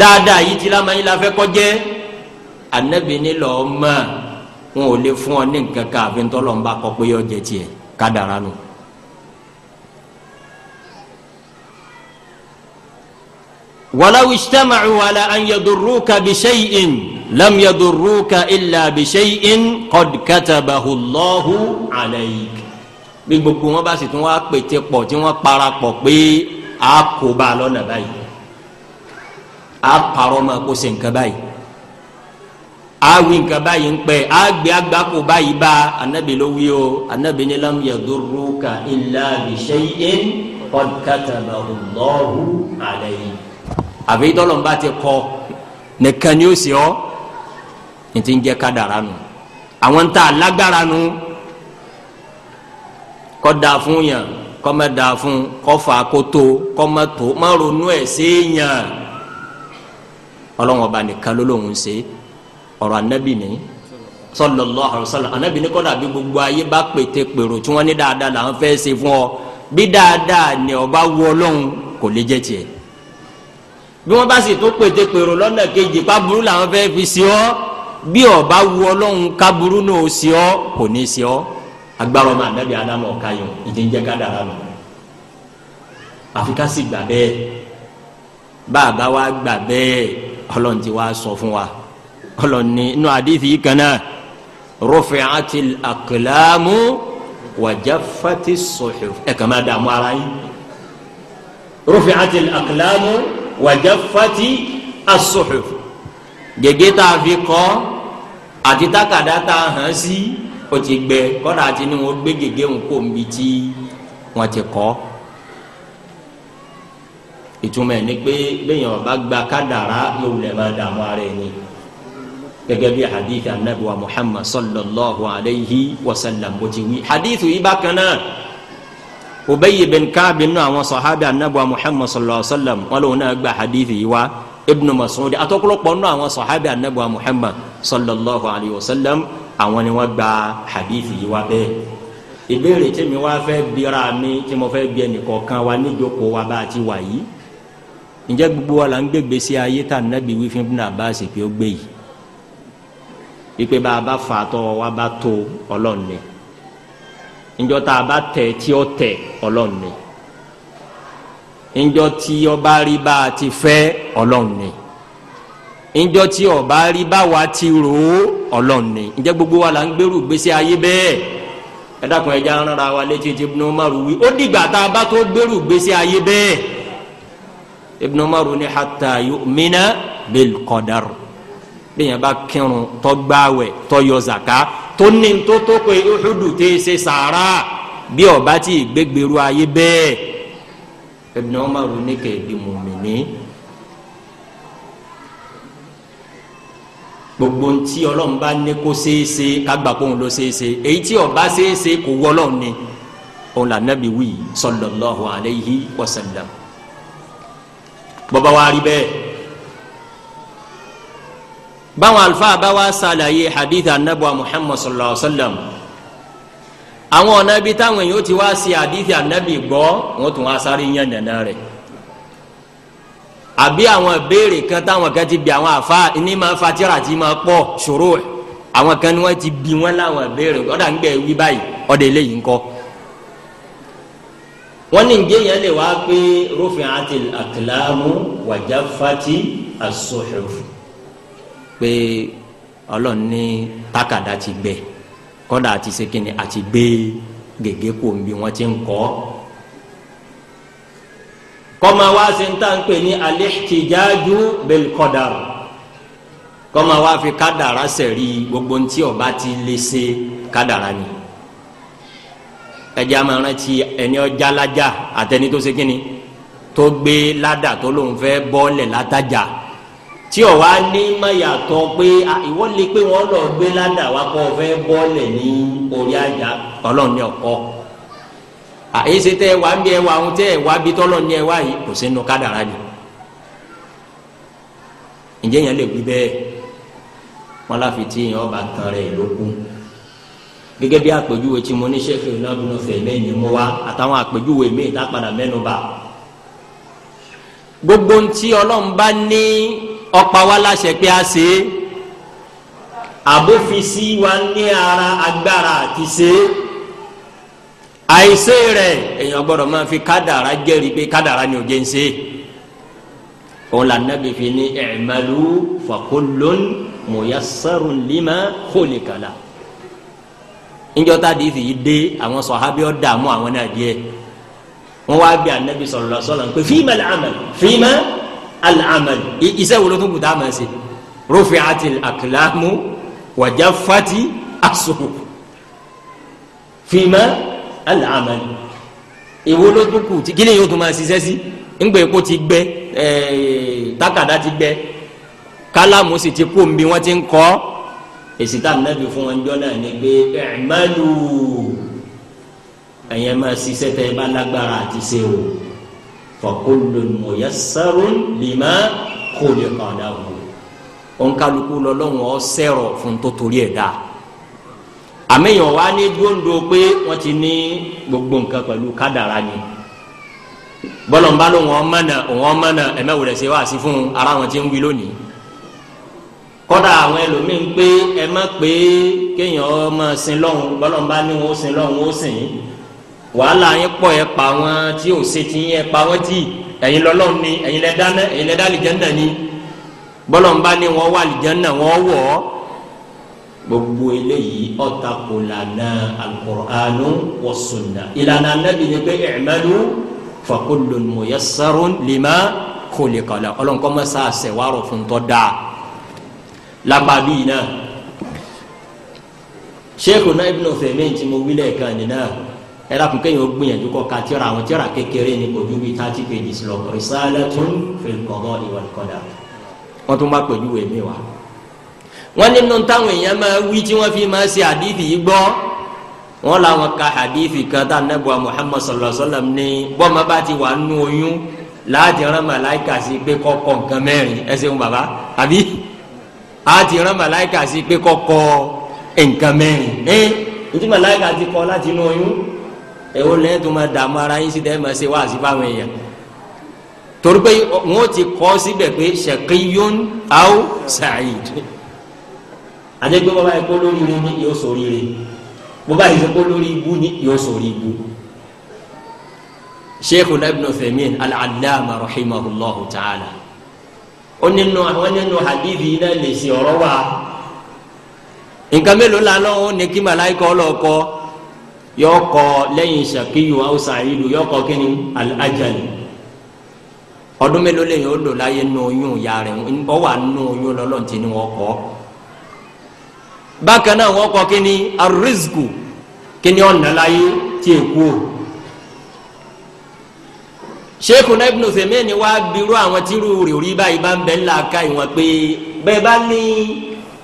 dáadáa yìí ti la máa ń la fẹ́ kọjẹ́ anabi ni lọ́ọ́ mọ̀ wọn ò lè fún ọ ní nǹkan kan àfi ń tọ́lọ́ ń bá pé yọ jẹ tiẹ̀ kádàrá nù. No ولو اجتمعوا على أن yadurruka bi لم lam إلا illa قد كتبه الله عليك. Allahu alayk bí gbogbo wọn bá sì tún wá pété pọ̀ tí wọ́n parapọ̀ pé a kò bá a lọ́nà báyìí a parọ́ ma kó ṣe nǹkan báyìí a wí nǹkan báyìí ń pẹ́ a gbé agbáko báyìí bá anabi ló wí o anabi ní lam yadurruka illa bi shay'in qad katabahu Allahu alayk àfi tọ́lọ́mùbá ti kọ nìkan ni ó sì ọ́ ní ti ń jẹ́ kádàrá nu àwọn ń ta alágbára nu kọ́ da fún yàn kọ́ mẹ́ da fún kọ́ fà kó tó kọ́ mẹ́ tó má ronú ẹ̀ sí yàn ọlọ́wọ́n ọba nìkan ló lóun ṣe ọ̀rọ̀ anábì ni sallallahu alaihi wasallam anábì ní kọ́dà bí gbogbo ayé bá pètè pèrò tí wọ́n ní dáadáa làwọn fẹ́ ṣe fún ọ bí dáadáa ni ọba wọ ọlọ́run kò lè jẹ́ tiẹ̀ bí wọ́n bá sì tún pète pèrò lọ́nà kejì káburú làwọn fẹ́ẹ́ fi sí ọ bí ọba wu Ọlọ́run káburú náà ó sí ọ kò ní sí ọ agbára ọmọ ànábì adamu ọka yìí ìdíjẹ kádàrá nù àfi ká sì gbà bẹ́ẹ̀ bàbá wa gbà bẹ́ẹ̀ Ọlọ́run ti wá sọ fún wa Ọlọ́run ní inú àdìsí yìí kan náà rufi'atil aqlamu wa jaffatis suhuf ẹ kàn máa dààmú ara yín rufi'atil aqlamu wàjáfàtì as-suhuf gègé tá a fi kọ́ àti tákàdá tá a hàn sí o ti gbẹ kọ́dà àti ni wọ́n gbé gègé ń kó nbí tí wọ́n ti kọ́ ìtumọ̀ ẹ̀ ni pé lẹ́yìn ọba gba kádàrá yóò lè máa dààmú ara ẹ̀ ni gẹ́gẹ́ bí hadith anabiwa muhammad sallallahu alayhi wa sallam bó ti wí hadith yìí bákan náà ubayi bin kaabi nínú àwọn sahabi anabu muhammad sallallahu alaihi wa sallam wọn lòun náà gba hadithi yìí wá ibnu mas'ud atọ́kùlọ́pọ̀ nínú àwọn sahabi anabu muhammad sallallahu alaihi wa sallam àwọn ni wọ́n gba hadithi yìí wá bẹ́ẹ̀. ìbéèrè tí mi wá fẹ́ bira mi tí mo fẹ́ bí ẹnìkọ̀ọ̀kan wa níjókòó wa bá a ti wà yìí ǹjẹ́ gbogbo wa la ń gbégbé sí ayé tá nàbí wífín bí nàbá àsìkò gbé yìí ìpè bá a bá fa tọ́ wa bá tó ọlọ́ọ̀ni njọ́ tá a bá tẹ̀ tí ó tẹ̀ ọlọ́run ni njọ́ tí ọba rí bá a ti fẹ́ ọlọ́run ni njọ́ tí ọba rí bá wa ti rò ó ọlọ́run ni njẹ́ gbogbo wa la ń gbèrú gbèsè ayé bẹ́ẹ̀ ẹ dákun ẹja ń wa létí tí Ibn Umar wí ó dìgbà tá a bá tó gbèrú gbèsè ayé bẹ́ẹ̀ Ibn Umar ní hatta yu'mina bil qadar bí yẹn bá kírun tó gbààwẹ̀ tó zaka tó ní tó tó pé uhudu tẹ ṣe sàárà bí ọba tí ìgbégbèrú ayé bẹ́ẹ̀ Ibn Umar ní kẹ̀ẹ́dì mùmìnì. gbogbo ntí ọlọ́run bá ní kó ṣeéṣe kágbà kó ń lọ ṣeéṣe èyí tí ọba ṣeéṣe kò wọ́ ni òun là nàbí wí sallallahu alayhi wa sallam bọ́ba wa rí bẹ́ẹ̀ báwọn alfa bá wá sàlàyé hadith anabuwa muhammad sallallahu alaihi wa sallam àwọn ọ̀nà ibi táwọn èèyàn ti wá sí hadith anabi gbọ́ wọn tún wá sáré yẹn nàná rẹ̀ àbí àwọn ìbéèrè kan táwọn kan ti bi àwọn àfa ní ma fatira ti ma pọ̀ ṣòro ẹ̀ àwọn kan ni wọ́n ti bi wọ́n láwọn ìbéèrè ọ̀dà ń gbẹ wí báyìí ọ̀dà eléyìí ń kọ́ wọ́n ní njẹ́ yẹn lè wá pé rufin àti àkìlámù wàjà fati as pé ọlọ́run ní tákàdá ti gbẹ kọ́dà àti sekini àti gbé gègé kò ń bi wọ́n ti ń kọ́ kọ́má wá sí ń tà ń pè ní al-ihtijaju bil-qadar kọ́má wá fi kádàrá sẹ̀rí gbogbo ntí ọba ti lé se kádàrá ni ẹja máa rántí ẹni ọjà lájà àtẹni tó sekini tó gbé ládà tó lóun fẹ́ bọ́ọ̀lẹ̀ látajà. La tí o wá ní mayàtọ̀ pé ìwọ lè pé wọn lọ gbé ládàá wa kọ́ fẹ́ bọ́ọ̀lẹ̀ ní orí àjà ọlọ́run ní ọkọ àyè ṣe tẹ́ ẹ wá ń bí ẹ wá ohun tẹ́ ẹ bí tọ́lọ̀ ní ẹ wá yìí kò sínú kádàrá ni ǹjẹ́ yẹn lè wí bẹ́ẹ̀ wọn láfi tí yẹn ọba tán rẹ̀ lókun gẹ́gẹ́ bí àpèjúwe tí mo ní sẹ́fẹ̀ onábùnú fẹ̀mẹ́ ni mo wá àtàwọn àpèjúwe míì tá mẹ́nu bá gbogbo ntí ọlọ́run bá ní ọ̀pá wa láṣẹ pé a ṣe é àbófisí wa ní ara agbára àti ṣe é àìṣe rẹ̀ èèyàn gbọ́dọ̀ máa fi kádàrá jẹ́rìí pé kádàrá ni ò jẹ́ ń ṣe é òun là nàbì fi ní i'malu fa kullun muyassarun lima khuliqa fi dé àwọn sọ̀hábí ọ̀dààmú àwọn náà díẹ̀ wọ́n wá bí anabi sallallahu alaihi pé fima al-amal al-amal iṣẹ́ wo ló tún kù tá a máa ṣe rufi'ati al-aqlamu wa jaffati as-suhuf fima al-amal ìwo ló tún kù kí ni yóò tún máa ṣiṣẹ́ sí ńgbà èkó ti gbẹ eh, takada ti gbẹ kálámù sì ti kó nbí wọn ti ń kọ èsì tá nàbì fún wọn náà ni pé ẹ̀ẹ́mẹ́lú ẹ̀yẹ́ ṣiṣẹ́ tẹ́ ẹ bá lágbára àti ṣe o fọkúlù mọ̀yẹ́sẹ̀rún lima kóde kọ́dà wò ònkálukú lọ́lọ́wọ́ sẹ́rọ̀ fún tó torí ẹ̀ dá àmẹ́yàn wa ní gbóńdó pé wọ́n ti ní gbogbo nǹkan pẹ̀lú kádàrá ni bọ́lọ̀nba ló wọ́n mọ̀nà wọ́n mọ̀nà ẹ̀mẹ́wòlẹ̀ ṣe wá sí fún ara wọn ti ń wí lónìí kọ́dà àwọn ẹlòmíín pé ẹ pé kéèyàn ọmọ sin lọ́hùn bọ́lọ̀nba wọn ó sin sìn wàhálà yẹn pọ̀ ẹ pa wọn tí ò ṣe ti yẹn pa wọn tí ẹ̀yin lọ́lọ́run ni ẹ̀yin lẹ dáná ẹ̀yin lẹ dá àlìjánná ni bọ́lọ̀nba ni wọ́n wà àlìjánná wọ́n wọ̀ ọ́ gbogbo eléyìí ọ̀tà kò lànà alukọ̀rọ̀ánú wa sunna ìlànà anábì ni pé i'malu fa kullun muyassarun lima khuliqa la ọlọ́nkọ́ mọ́ sáà sẹ̀wárọ̀ fún tọ́ dáa lápàbí náà Sheikhuna Ibn Uthaymeen tí mo wílẹ̀ kan ní ẹ dákun kéèyàn ó gbìyànjú kọ ká tíọ́ra àwọn tíọ́ra kékeré ní kò ju bíi thirty pages lọ risalatun fil qada'i wal qadar wọ́n tún bá pẹ̀lú èmi wa. wọ́n nínú táwọn èèyàn máa wí tí wọ́n fi máa ṣe àdìsí yìí gbọ́ wọ́n làwọn ka àdìsí kan tá anábọ̀ Muhammad sallallahu alayhi wa sallam ní bọ́mọ bá ti wà nù oyún láti rán màláìka sí pé kọ́kọ́ nǹkan mẹ́rin ẹ ṣeun bàbá àbí àti rán màláìka sí pé kọ́kọ́ nǹkan mẹ́rin ẹ ètò màláìka ti kọ́ láti nù oyún èwo lẹ́yìn tó máa dààmú ara yín sí tẹ́ máa ṣe wáàsí fáwọn èèyàn torí pé wọ́n ti kọ́ síbẹ̀ pé ṣèkíyón aw sa'id àdégbé bàbá yìí kó lórí ire ni yóò sọ ríire bàbá yìí lórí ibu ni yóò sọ rí ibu Sheikhul Ibn Uthaymeen al-Allama ta'ala ó nínú àwọn nínú hadithi náà lè ṣe ọ̀rọ̀ wa nǹkan mélòó la lọ́wọ́ ní kí màláìkọ́ lọ́ọ́ kọ́ yọkọ lẹ́yìn ṣakiyu aw sa'idu yọkọ kini al-ajal ọdún mélòó lẹ́yìn o láyé nùyún ya rẹ ọwà nùyún lọlọ tí ni kọ bákan náà wọn kọ kini ar-rizqu kini ọ̀nà láyé tí e kú o sẹ́kùn náà ibùdó fèmí ni wàá àwọn tírú rèé báyìí bá ń bẹ́ẹ̀ ńlá ká ìwọ̀n pé bá ní.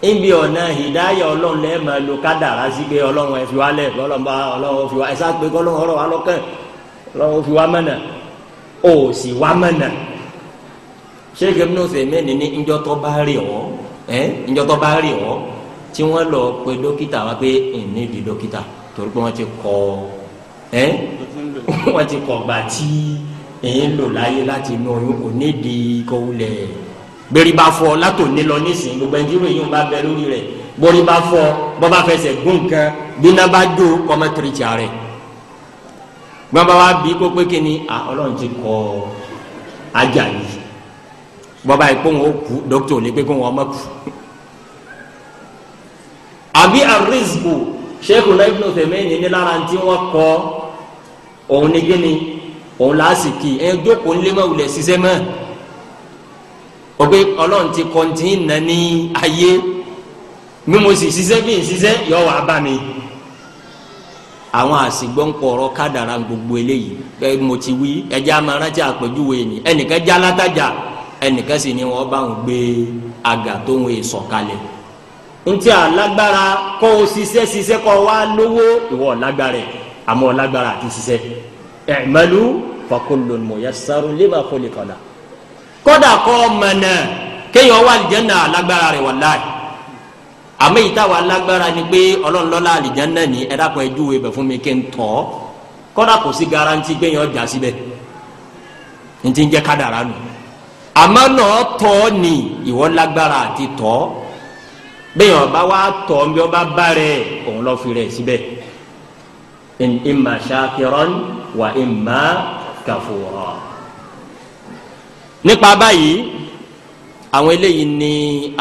níbi ọ̀nà ìdáyà ọlọ́run lẹ́ẹ̀ máa lo kádàrá sí pé ọlọ́run ẹ̀ fi wá lẹ̀ ọlọ́run bá ọlọ́run fi wá ẹ̀ sáà pé kọ́lọ́run ọ̀rọ̀ wa lọ́kàn ọlọ́run fi wá mọ̀nà ó sì wá mọ̀nà. ṣéèkì Ibn Uthaymeen ní ńjọ́ tó bá rí ọ́ ẹ́ ńjọ́ tó bá rí ọ́ tí wọ́n lọ pe dókítà wá pé ẹ̀ní di dókítà torí pé wọ́n ti kọ́ ẹ́ wọ́n ti kọ̀ gbà tí èyí lò láyé láti inú oyún kò ní bẹ́ẹ̀rì bá fọ látò ní lọ nísìnyí gbogbo ẹni tí ìwé yìí ń bá bẹ lórí rẹ̀ bọ́ọ̀rì bá fọ bọ́ bá fẹsẹ̀ gún nǹkan bíná bá dó kọ́mọ tìrìtì ààrẹ gbọ́nba wa bí kó pé kíni à ọlọ́run ti kọ́ ajá yìí bọ́ba yìí kó wọn kú dókítà ò ní pé kó wọn ọmọ kú àbí àrísìkò sẹ́kù náà ibùdó fẹ̀mẹ́ ní ní lára tí wọ́n kọ́ òun ní gíní òun láásìkì ẹ̀ jókòó ńlẹ́mọ̀ wulẹ̀ ṣiṣẹ́ o pé ọlọ́run ti kọ́ntì nà ní ayé bí mo sì ṣiṣẹ́ bí n ṣiṣẹ́ yọ wà bá mi àwọn àsìgbọ́npọ̀ ọ̀rọ̀ kádàrà gbogbo eléyìí ẹ mo ti wí ẹja máa àpèjúwe ni ẹnìkan já látajà ẹnìkan sì ni wọn bá ń gbé àga tó ń sọ kalẹ̀ ntí alágbára kọ́ o ṣiṣẹ́ ṣiṣẹ́ kọ́ wa lówó ìwọ lágbára ẹ̀ àmọ́ lágbára àti ṣiṣẹ́ i'malu fa kullun muyassarun lima kọ́dà kọ́ mọ̀nà kéèyàn wà àlìjẹ́nà alágbára rẹ̀ wàláhì àmọ́ èyí táwa alágbára ni pé ọlọ́run lọ́la àlìjẹ́nà ni ẹ dákun ẹjú wẹ̀ fún mi kí n tọ́ kọ́dà kò sí garanti kéèyàn jà síbẹ̀ n ti ń jẹ́ kádàrá nù àmọ́ náà tọ́ ni ìwọ lágbára àti tọ́ bẹ́ẹ̀ ọba wa tọ́ bí ọba bá rẹ̀ òun lọ́ọ́ fi rẹ̀ síbẹ̀ imma shakiran wa imma kafura nípa báyìí àwọn eléyìí ni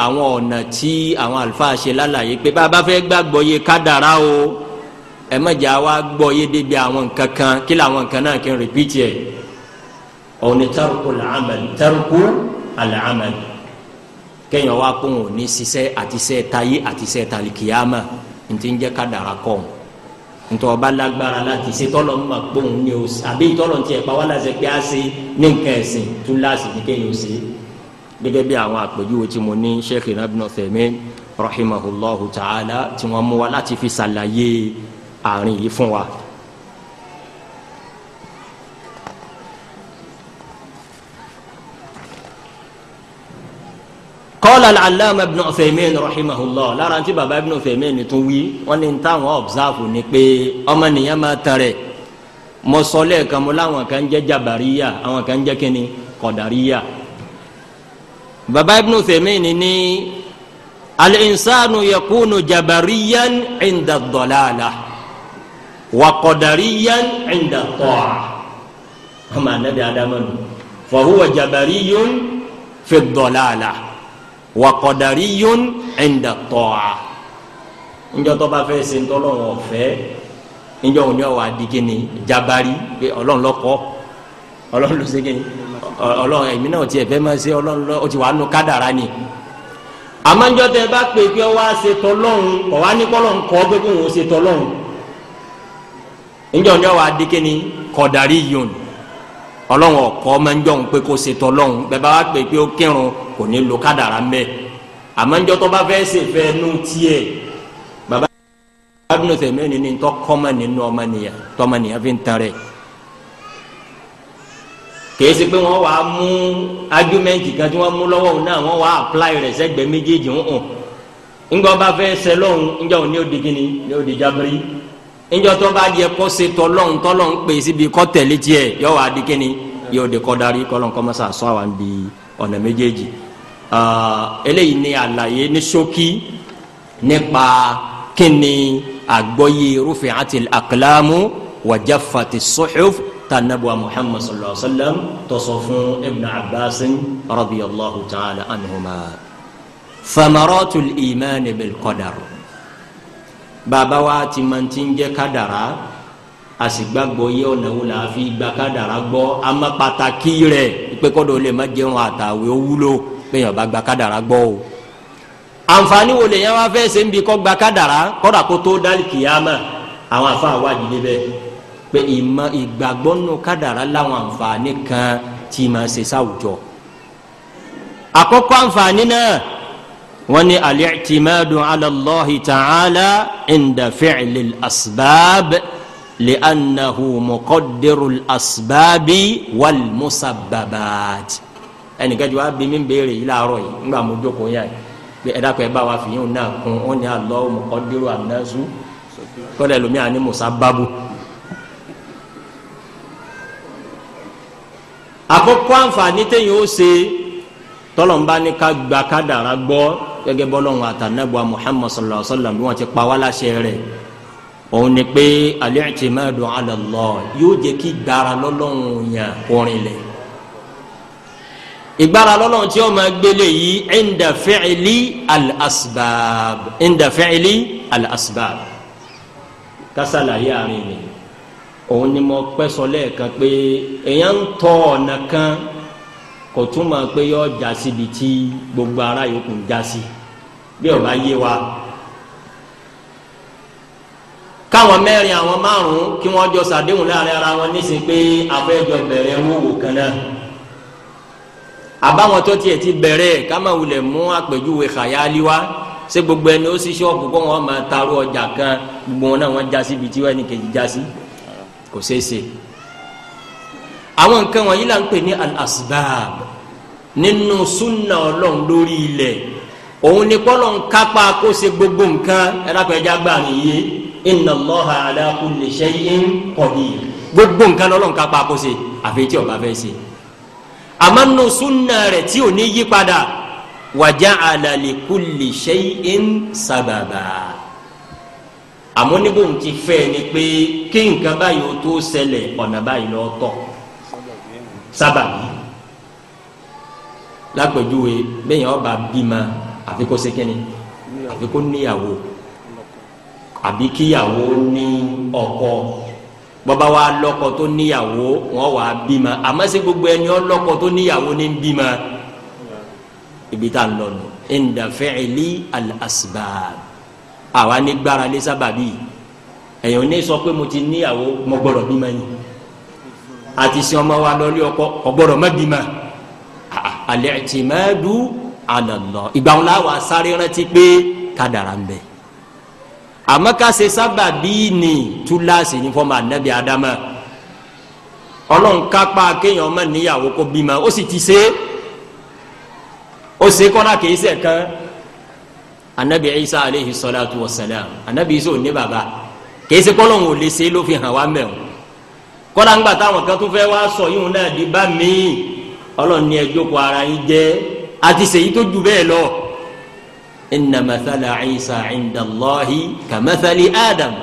àwọn ọ̀nà tí àwọn àlùfáà ṣe lálàyé pé bá a bá fẹ́ gbàgbọ́ yé kádàrá o ẹ mọ̀jà wa gbọ́ yé débi àwọn nǹkan kan kí làwọn nǹkan náà kí n rìpíìtì ẹ̀ òun ni tẹ́rùkù làámẹ̀lì tẹ́rùkù àlàámẹ̀lì kéèyàn wá pé ní ṣiṣẹ́ àtisẹ́ tayé àtisẹ́ tàlìkìyàmà ntí ń jẹ́ kádàrá kọ́ ọ̀hún ntọ́ ọba lágbára láti ṣe tọ́lọ̀ ń ma gbóhùn ní o àbí tọ́lọ̀ ń tiẹ̀ pa wá láti pé a ṣe ní nǹkan ẹ̀sìn tún láàṣì ní kéèyàn ṣe. gẹ́gẹ́ bí àwọn àpèjúwe tí mo ní Sheikh ibn Uthaymeen rahimahullahu ta'ala tí wọ́n mú wa láti fi ṣàlàyé àárín yìí fún wa. kọ́lá aláàmà ibn Uthaymin rahimahullah lára tí baba ibn Uthaymin tó wí wọ́n ní táwọn ọ̀bùsáfù ni pé ọmọnìyàn máa tán rẹ̀ mo sọ lẹ́ẹ̀kan mo láwọn kan jẹ́ jabariya àwọn kan jẹ́ kíni kọ̀dàríya baba ibn Uthaymin ní al-insanu yakunu jabariyan inda ad-dalala wa qadariyan ọmọ anabi adamu fahuwa jabariyun fi ad wa qadariyun inda ta'a ńjọ́ tó bá fẹ́ ṣe ń tọ́lọ́run ọ̀fẹ́ ńjọ́ òun ni jabari pé ọlọ́run lọ́kọ́ ọlọ́run ló ṣe kíni ọlọ́run ẹ̀mí náà tiẹ̀ fẹ́ máa ṣe ọlọ́run lọ́ ti wà nu kádàrá ni amanjọ tẹ bá pè pé ọwọ asetọ lọhùn ọwọ anikọlọ nkọ gbẹgbẹ òun setọ lọhùn njọ wa adike ni kọdari yòn ọlọ́run ọ̀kọ́ máa ń jọ̀hún pé kó ṣe tọ́lọ́hún bẹ́ẹ̀ bá wá pè pé ó kírun kò ní lo kádàrá ń bẹ́ẹ̀ àmọ́ ń jọ́ tó bá fẹ́ ṣe fẹ́ nú tiẹ̀ bàbá abúlé tẹ̀mẹ́ni ní tọ́ kọ́mọ nínú ọmọnìyàn tọmọnìyàn fi ń tan rẹ̀ kìí ṣe pé wọ́n wàá mú ájúmẹ́ǹtì kan tí wọ́n mú lọ́wọ́ òun náà wọ́n wàá apply rẹ̀ sẹ́gbẹ̀ẹ́ méjèèjì ń hàn ńgbọ́ bá fẹ́ ṣẹlọ́hún ńjọ́ òun ní òdìgínní ní òdìjábírí níjọ́ tó bá yẹ kó ṣe tọlọ́hún tọlọ́hún pè síbi kọ́ tẹ̀lé tiẹ̀ yóò wá di kíni yóò di kọ́ darí kọ́lọ́n kọ́ mọ́sá sọ àwọn bí ọ̀nà méjèèjì eléyìí ni àlàyé ní ṣókí nípa kíni àgbọ́yé rúfin àti àkàlámù wàjáfàtì sọ́xúf tànàbùwà muhammad sallallahu alayhi wa sallam tọ́sọ̀ fún ibn abbas radiyallahu ta'ala anhuma famaratul iman bil qadar bàbá wa ti máa ti ń jẹ́ kádàrá a sì gbàgbọ́ yé ọ̀nà wo la fi gba kádàrá gbọ́ àmọ́ pàtàkì rẹ̀ pé kọ́dọ̀ lè má jẹun àtàwé ó wúlò pé yàn bá gba kádàrá gbọ́ o àǹfààní wo lèyàn wá fẹ́ ṣe ń bi kọ́ gba kádàrá kọ́dà kó tó dálì kìyàmà àwọn àfa àwádìí níbẹ̀ pé ìmọ̀ ìgbàgbọ́ nù kádàrá láwọn àǹfààní kan tí máa ṣe sáwùjọ àkọ́kọ́ àǹfààní náà wọ́n ní al-i'timadu ala Allahi ta'ala inda fi'li al-asbab li'annahu muqaddiru al-asbabi wal-musabbabat ẹnìkan jù wá bí mi béèrè yìí láàárọ̀ yìí ńgbà mo jókòó yá yìí pé ẹ̀dá kan ẹ bá wa fìyìn náà kún ó ní Allahu muqaddiru an-nasu lómi àní musabbabu. àkọ́kọ́ àǹfààní téèyàn ó ṣe tọ́lọ́mbá ní ká gba kádàrá gbọ́ gẹ́gẹ́ bọ́lọ́run àtànẹ́bùa Muhammad sallallahu alayhi wa sallam bí wọ́n ti pa wá láṣẹ rẹ̀ òun ni pé al-i'timadu ala Allah yóò jẹ́ kí gbára lọ́lọ́run yàn kọrin lẹ̀ ìgbára lọ́lọ́run tí ó máa gbélé yìí inda fi'li al-asbab inda fi'li al-asbab kásálàyé àárín òun ni mo pẹ́ sọ lẹ́ẹ̀kan pé èèyàn ń tọ ọ̀nà kan kò túmọ̀ pé yọ já síbi tí gbogbo ara yòókù já sí bí ó bá yé wa. káwọn mẹ́rin àwọn márùn-ún kí wọ́n jọ sàdéhùn láàrin ara wọn nísìnyí pé afẹ́jọ bẹ̀rẹ̀ wòwò kan náà àbáwọn tó tiẹ̀ ti bẹ̀rẹ̀ ká máa wulẹ̀ mú àpèjúwe khayali wa ṣé gbogbo ẹni ó sì ṣọ́ọ̀bù kó wọn máa taarú ọjà kan gbogbo wọn náà wọn já síbi tí wọn ẹnì kejì já sí kò ṣeé ṣe àwọn nǹkan wọ̀nyí là ń pè ní al-asbab nínú sunna ọlọ́run lórí ilẹ̀ òun ni kọ́ ló ń kápá kó ṣe gbogbo nǹkan ẹ̀dàpẹ̀já gbà mí yé inna Allaha ala kulli shay'in qadir gbogbo nǹkan lọ́lọ́run kápá kó ṣe àfi tí ó fẹ́ ṣe àmọ́ nínú sunna rẹ̀ tí ò ní yí padà wa ja'ala li kulli shay'in sababa àmọ́ níbo ń ti fẹ́ ni pé kí nǹkan báyìí ó tó ṣẹlẹ̀ ọ̀nà báyìí lọ́ọ́ sábàbí lápẹjúwe bẹ́ẹ̀ yẹn ọba bímọ àfi kó sekínì àfi kó níyàwó àbí kíyàwó ní ọkọ bọ́ba wa lọ́kọ tó níyàwó wọ́n wà á bímọ àmọ́ sí gbogbo ẹni ọlọ́kọ tó níyàwó ní bímọ ibi tá a lọ nù inda fi'li àwa ní gbára lé sábàbí ẹ̀yàn ní sọ pé mo ti níyàwó mo gbọ́dọ̀ bímọ yìí àti sin ọmọ wa lọ́lé ọkọ ọgbọ́dọ̀ mẹ́bìmá alẹ́ ti mẹ́ẹ́dú àlọ́lọ́ ìgbà wọn láwa sáré rántí pé kádàrá ń bẹ àmọ́ ká ṣe sábà bíi ní túláàsì ní fọmọ ànábì ádámà ọlọ́run kápá kéèyàn ọmọ níyàwó kó bímọ ó sì ti ṣe ó ṣe kọ́lá kìí ṣe kan anabi isa aleyhi salatu wa salam anabi isa ò ní baba kìí ṣe kọ́lọ́hún ò lè ṣe ló fi hàn wá mẹ́wọ̀n kọ́lá ńgbà táwọn kan tún fẹ́ wá sọ yíwọn náà di bá mi ọlọ́run ní ẹjọ́ kó ara yín jẹ́ àti sèyí tó ju bẹ́ẹ̀ lọ. inna mathala isa inda allahi ka mathali adam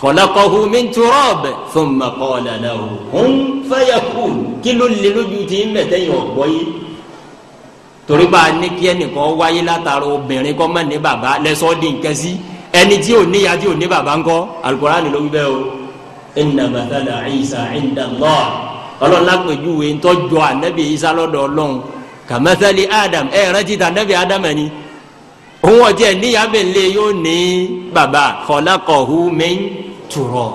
khalaqahu min turab thumma qala lahu kun fayakun kí ló lè lójú tí ń mẹ̀tẹ́yìn ọ̀gbọ́ yìí torí bá a ní kí ẹnìkan wáyé látara obìnrin kọ́ mọ̀ ní bàbá lẹ́sọ̀ọ́ ẹni tí ò níyà tí ò ní bàbá ńkọ́ Al-Qur'ani ló wí bẹ́ẹ̀ o inna mathala Isa inda Allah ọlọ́run lápèjúwe ntọ́jọ́ anabi Isa lọ́dọ̀ ọlọ́run ka Adam ẹ̀ rántí ta anabi Adam ẹni òun ọ̀jẹ̀ níyàbẹ̀ ńlẹ̀ yóò ní baba khalaqahu min turab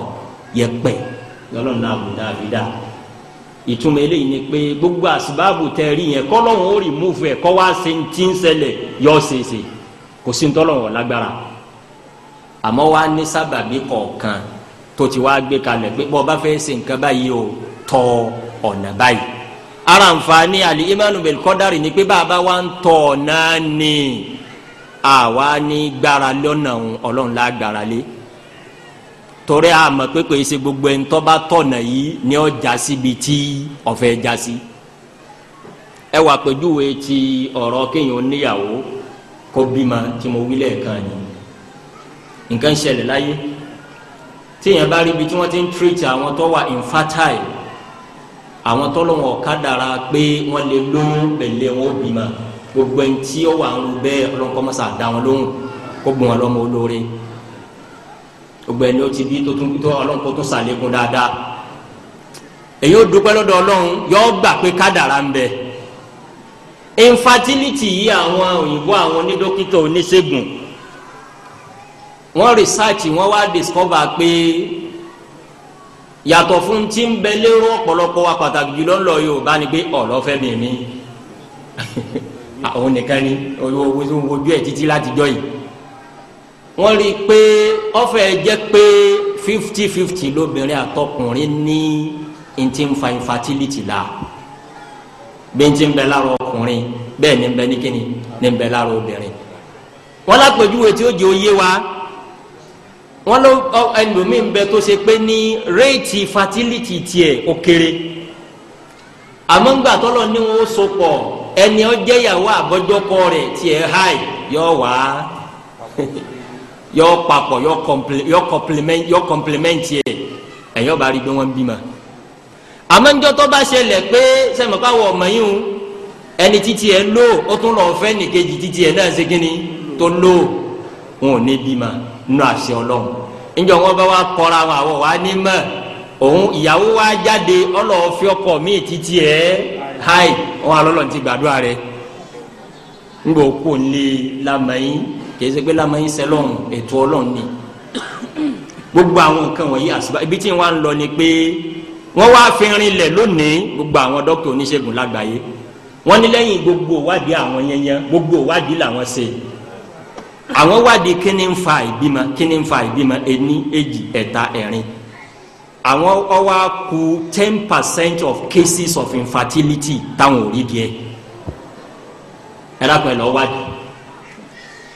yẹpẹ̀ lọ́lọ́run náà bù dáadáa ìtumọ̀ eléyìí ni pé gbogbo àsìbáàbù tẹ̀rí yẹn kọ́lọ́hún ó rí múfù ẹ̀ kọ́ wá ṣe ń tí ń ṣẹlẹ̀ yọ ṣèṣe kò sí ń tọ́lọ̀wọ̀ àmọ́ wá ní sábàbí kọ̀ọ̀kan tó ti wá gbé kalẹ̀ pé bọ́ bá fẹ́ ṣe nǹkan báyìí o tọ ọ̀nà báyìí ara nfaani àlè imanu bẹ̀rẹ̀ kọ́dárì ni pé bàbá wa ń tọ̀ náà ni àwa ní gbára lọ́nà ọlọ́run la gbára lé torí a mọ̀ pé kò ṣe gbogbo ẹni tó bá tọ̀nà yìí ni ó já síbi tí ọ̀fẹ́ já sí ẹ wà pẹ̀júwe ti ọ̀rọ̀ kéèyàn níyàwó kó bímọ tí mo wí lẹ́ẹ̀kan yìí nǹkan ṣẹlẹ̀ láyé téèyàn bá rí ibi tí wọ́n ti ń treat àwọn tó wà infertile àwọn tó lọ́wọ́ kádàrá pé wọ́n lè lóyún pẹ̀lẹ́ wọn ó bímọ gbogbo ẹni tí ó wà ń lu bẹ́ẹ̀ ọlọ́nkọ́ mọ́sá dá wọn lóhùn kó gbọ́n wọn lọ́mọ olóore gbogbo ẹni ó ti bí tó tún tó ọlọ́nkọ́ tún sàlékún dáadáa èyí ó dúpẹ́ lọ́dọ̀ ọlọ́run yọ gbà pé kádàrá ń bẹ infertility yìí àwọn òyìnbó àwọn onídókítà oníṣègùn wọ́n research wọ́n wá discover pé yàtọ̀ fún tí ń bẹ lérò ọ̀pọ̀lọpọ̀ wa pàtàkì jùlọ lọ Yorùbá ni pé ọ̀lọ́fẹ́ mi mi *laughs* àwọn nìkan ni ojú ẹ̀ títí láti jọ yìí wọ́n rí i pé ọ̀fẹ́ jẹ́ pé fifty fifty lóbìnrin àtọkùnrin ní ntí ń fa infertility la bí ntí ń bẹ lára ọkùnrin bẹ́ẹ̀ ni ń bẹ ní kíni ni ń bẹ lára obìnrin wọ́n lápèjúwe tí ó jẹ́ òye wa wọn ló ẹlòmíín bẹ tó ṣe pé ní réètì fatiliti tiẹ̀ ó kéré àmọ́ ńgbà tọ́lọ̀ ní wọn ó so pọ̀ ẹni ọjẹ́ ìyàwó àbọ́jọ́kọ rẹ̀ tiẹ̀ háì yọ wá *laughs* yọ papọ̀ yọ kọ̀mplimẹ́ntì ẹ̀ ẹ̀yọ́ bá rí bí wọ́n bímọ. àmọ́ ńjọ́ tó bá ṣẹlẹ̀ pé sẹ́mi káwọ̀ ọmọ yìí ń ẹni títí ẹ̀ lò ó tún lọ́ọ́ fẹ́ nìkejì títí ẹ̀ náà ṣe kínní tó lò wọn ní bímọ. nù asi Ọlọ́run níjọ wọn bá wa kọra wọn àwọn wa ní mọ òun ìyàwó wa jáde ọlọfi mi títí ẹ háì wọn alọlọ ti gbàdúrà rẹ ńgbọ kò ní lamẹyìn kì pé lamẹyìn ètò ni gbogbo àwọn nǹkan wọ̀nyí ibi tí wọn lọ ni pé wọn wá lónìí gbogbo àwọn oníṣègùn lágbàáyé wọn ni gbogbo àwọn gbogbo làwọn se. àwọn wádìí kíni ń fa ìbímọ kíni ń fa ìbímọ ẹni èjì ẹ̀ta ẹ̀rin àwọn ọwọ́ ku ten percent of cases of infertility táwọn ò rí díẹ̀ ẹ dákun ẹ lọ wádìí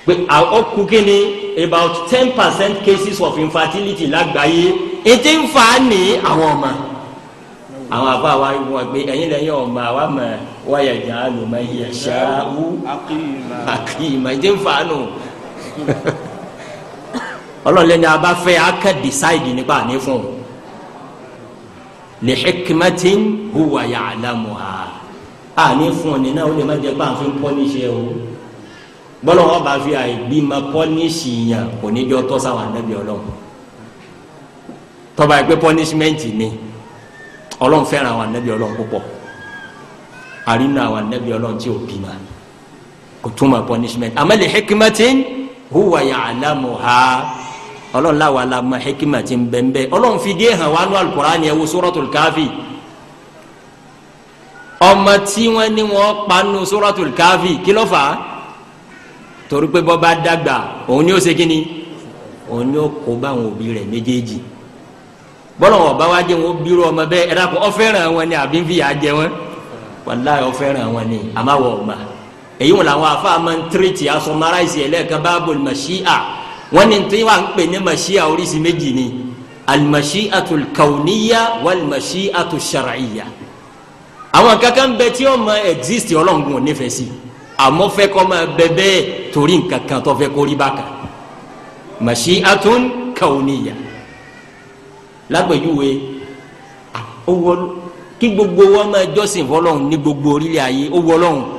pé àwọn ku kíni about ten percent cases of infertility lágbàáyé ètè ń fa ní àwọn ọmọ àwọn àbá wa wọ́n gbé ẹ̀yin lẹ́yìn ọmọ àwa mọ̀ wáyà ìjà àlùmọ̀ yẹ̀ ṣáà wú àkìmọ̀ ètè ń fa nù. No ọlọ́run lẹ́ni a bá decide nípa àní fún o li hikmatin huwa ya'lamuha àní fún ọ nínú àwọn ènìyàn jẹ́ pé à ń fi pọ́níṣe o bọ́lá wọn bá fi àìgbìmọ̀ pọ́níṣì yàn kò ní jọ tọ́ sáwọn ànábì ọlọ́run tọ́ba ẹ̀ pé ni ọlọ́run fẹ́ràn àwọn ànábì ọlọ́run púpọ̀ àrínà àwọn ànábì ọlọ́run tí ò bímọ kò túmọ̀ punishment àmọ́ li hikmatin huwa ya'lamuha ọlọ́run láwa la mọ hekima ti ń bẹ́ńbẹ́ ọlọ́run fi dé hàn wá ní alukur'an yẹn wo suratul káfí ọmọ tí wọ́n ní wọ́n panu suratul káfí kí ló torí pé bọ́ dàgbà òun ni ó ṣe kíni òun ni ó kó bá àwọn òbí rẹ̀ méjèèjì bọ́lọ̀ wọn bá wá jẹ́ wọn bírú ọmọ bẹ́ẹ̀ ẹ̀dá kan ó wọn ni àbí ń fìyà jẹ wọn wàláhì ó wọn ni àmàwọ̀ ọ̀gbà èyí wọn làwọn afa máa ń tírètì asọmaraisi ẹlẹ́ẹ̀kan báàbòl màṣíà wọn ni tí wọn pè ní màṣíà oríṣi méjì ni alimàṣíà tó kàwéníyà wàlìmàṣíà tó sàràyà àwọn kankan bẹ tí wọn máa exist ọlọ́ngun ò nífẹ̀ẹ́ sí àmọ́ fẹ́ kọ́ máa bẹ bẹ́ẹ̀ torí nǹkan kan tó fẹ́ kórí bá kan màṣíà tó kàwéníyà lágbèjúwe owó ah, kí gbogbo wọn máa jọ́sìn fọlọ́hún ní gbogbo orílẹ̀ ayé owó ọlọ́hún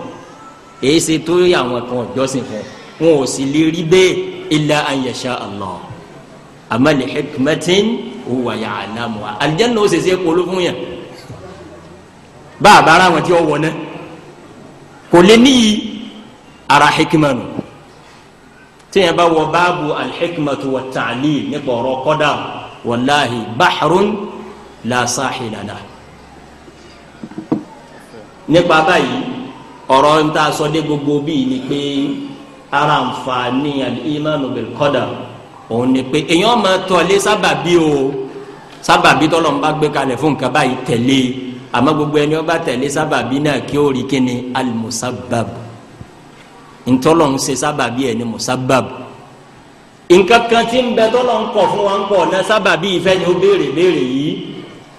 èyí ṣe tó yà àwọn kan ọjọ́sìn fún wọn ò sì lè rí bẹ́ẹ̀ illa an yasha Allah àmọ́ li hikmatin huwa ya'lamuha àlìjáná ó ṣèṣe kó ló fún yàn bá a bára àwọn tí ó wọ náà ara hikima nù tíyẹn bá wọ báàbù alhikmatu wa ta'lil nípa ọ̀rọ̀ kọ́dà wàláhi bahrun la sahila lahu nípa báyìí ọ̀rọ̀ ń tà sọ dé gbogbo bíi ni pé ara àǹfààní al-imanu bil qadar òun ni pé èèyàn máa tọ̀lé sábàbí o sábàbí tọ́lọ̀ ń bá gbé kalẹ̀ fún nǹkan báyìí tẹ̀lé àmọ́ gbogbo ẹni ó bá tẹ̀lé sábàbí náà kí ó rí kíni al ntọ́lọ̀ ń ṣe sábàbí ẹ̀ ni musabbab nǹkan kan tí ń bẹ tọ́lọ̀ ń kọ̀ fún wa ń kọ̀ ọ̀nà sábàbí ìfẹ́ ni ó béèrè béèrè yìí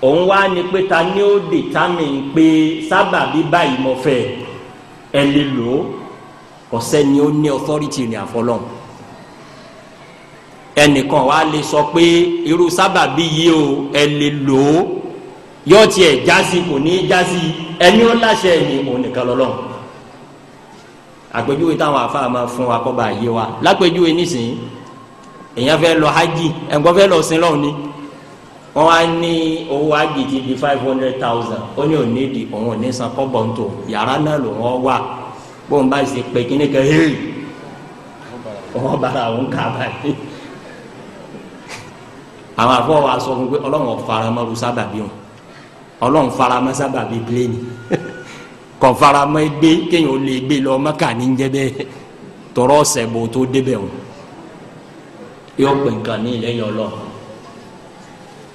òun wá ni pé ta ni ó determine pé sábàbí báyìí mo fẹ́ ẹ lè lò ó ọ̀sẹ̀ ni ó ní authority ní àfọlọ́n ẹnìkan wa lè sọ pé irú sábàbí yìí o ẹ lè lò ó yóò tiẹ̀ jásí kò ní jásí ẹni ó láṣẹ ẹ̀yìn òun nìkan àpèjúwe táwọn afa máa fún wa kọ́ wa lápèjúwe nísìnyí èèyàn fẹ́ lọ hajj ẹ̀ńkọ́ fẹ́ lọ sin lọ́hùn ni wọn wá ní owó agidi di five hundred thousand ó ní òní di òun òní san kọ́bọ̀ ń tò yàrá náà ló wọ́n wà bóun bá ṣe pé kíní kan hey wọ́n bára òun kà báyìí àwọn àfọwọ́ aṣọ fún pé ọlọ́run ọ̀faramọ́ ru sábàbí wọn ọlọ́run faramọ́ sábàbí pléènì *laughs* kò faramọ́ gbé kéèyàn ó lè gbé lọ mọ́kà ní jẹ́ tọrọ ọ̀sẹ̀ bò tó débẹ̀ wọn yóò pè nǹkan ní ìlẹ́yìn ọlọ́run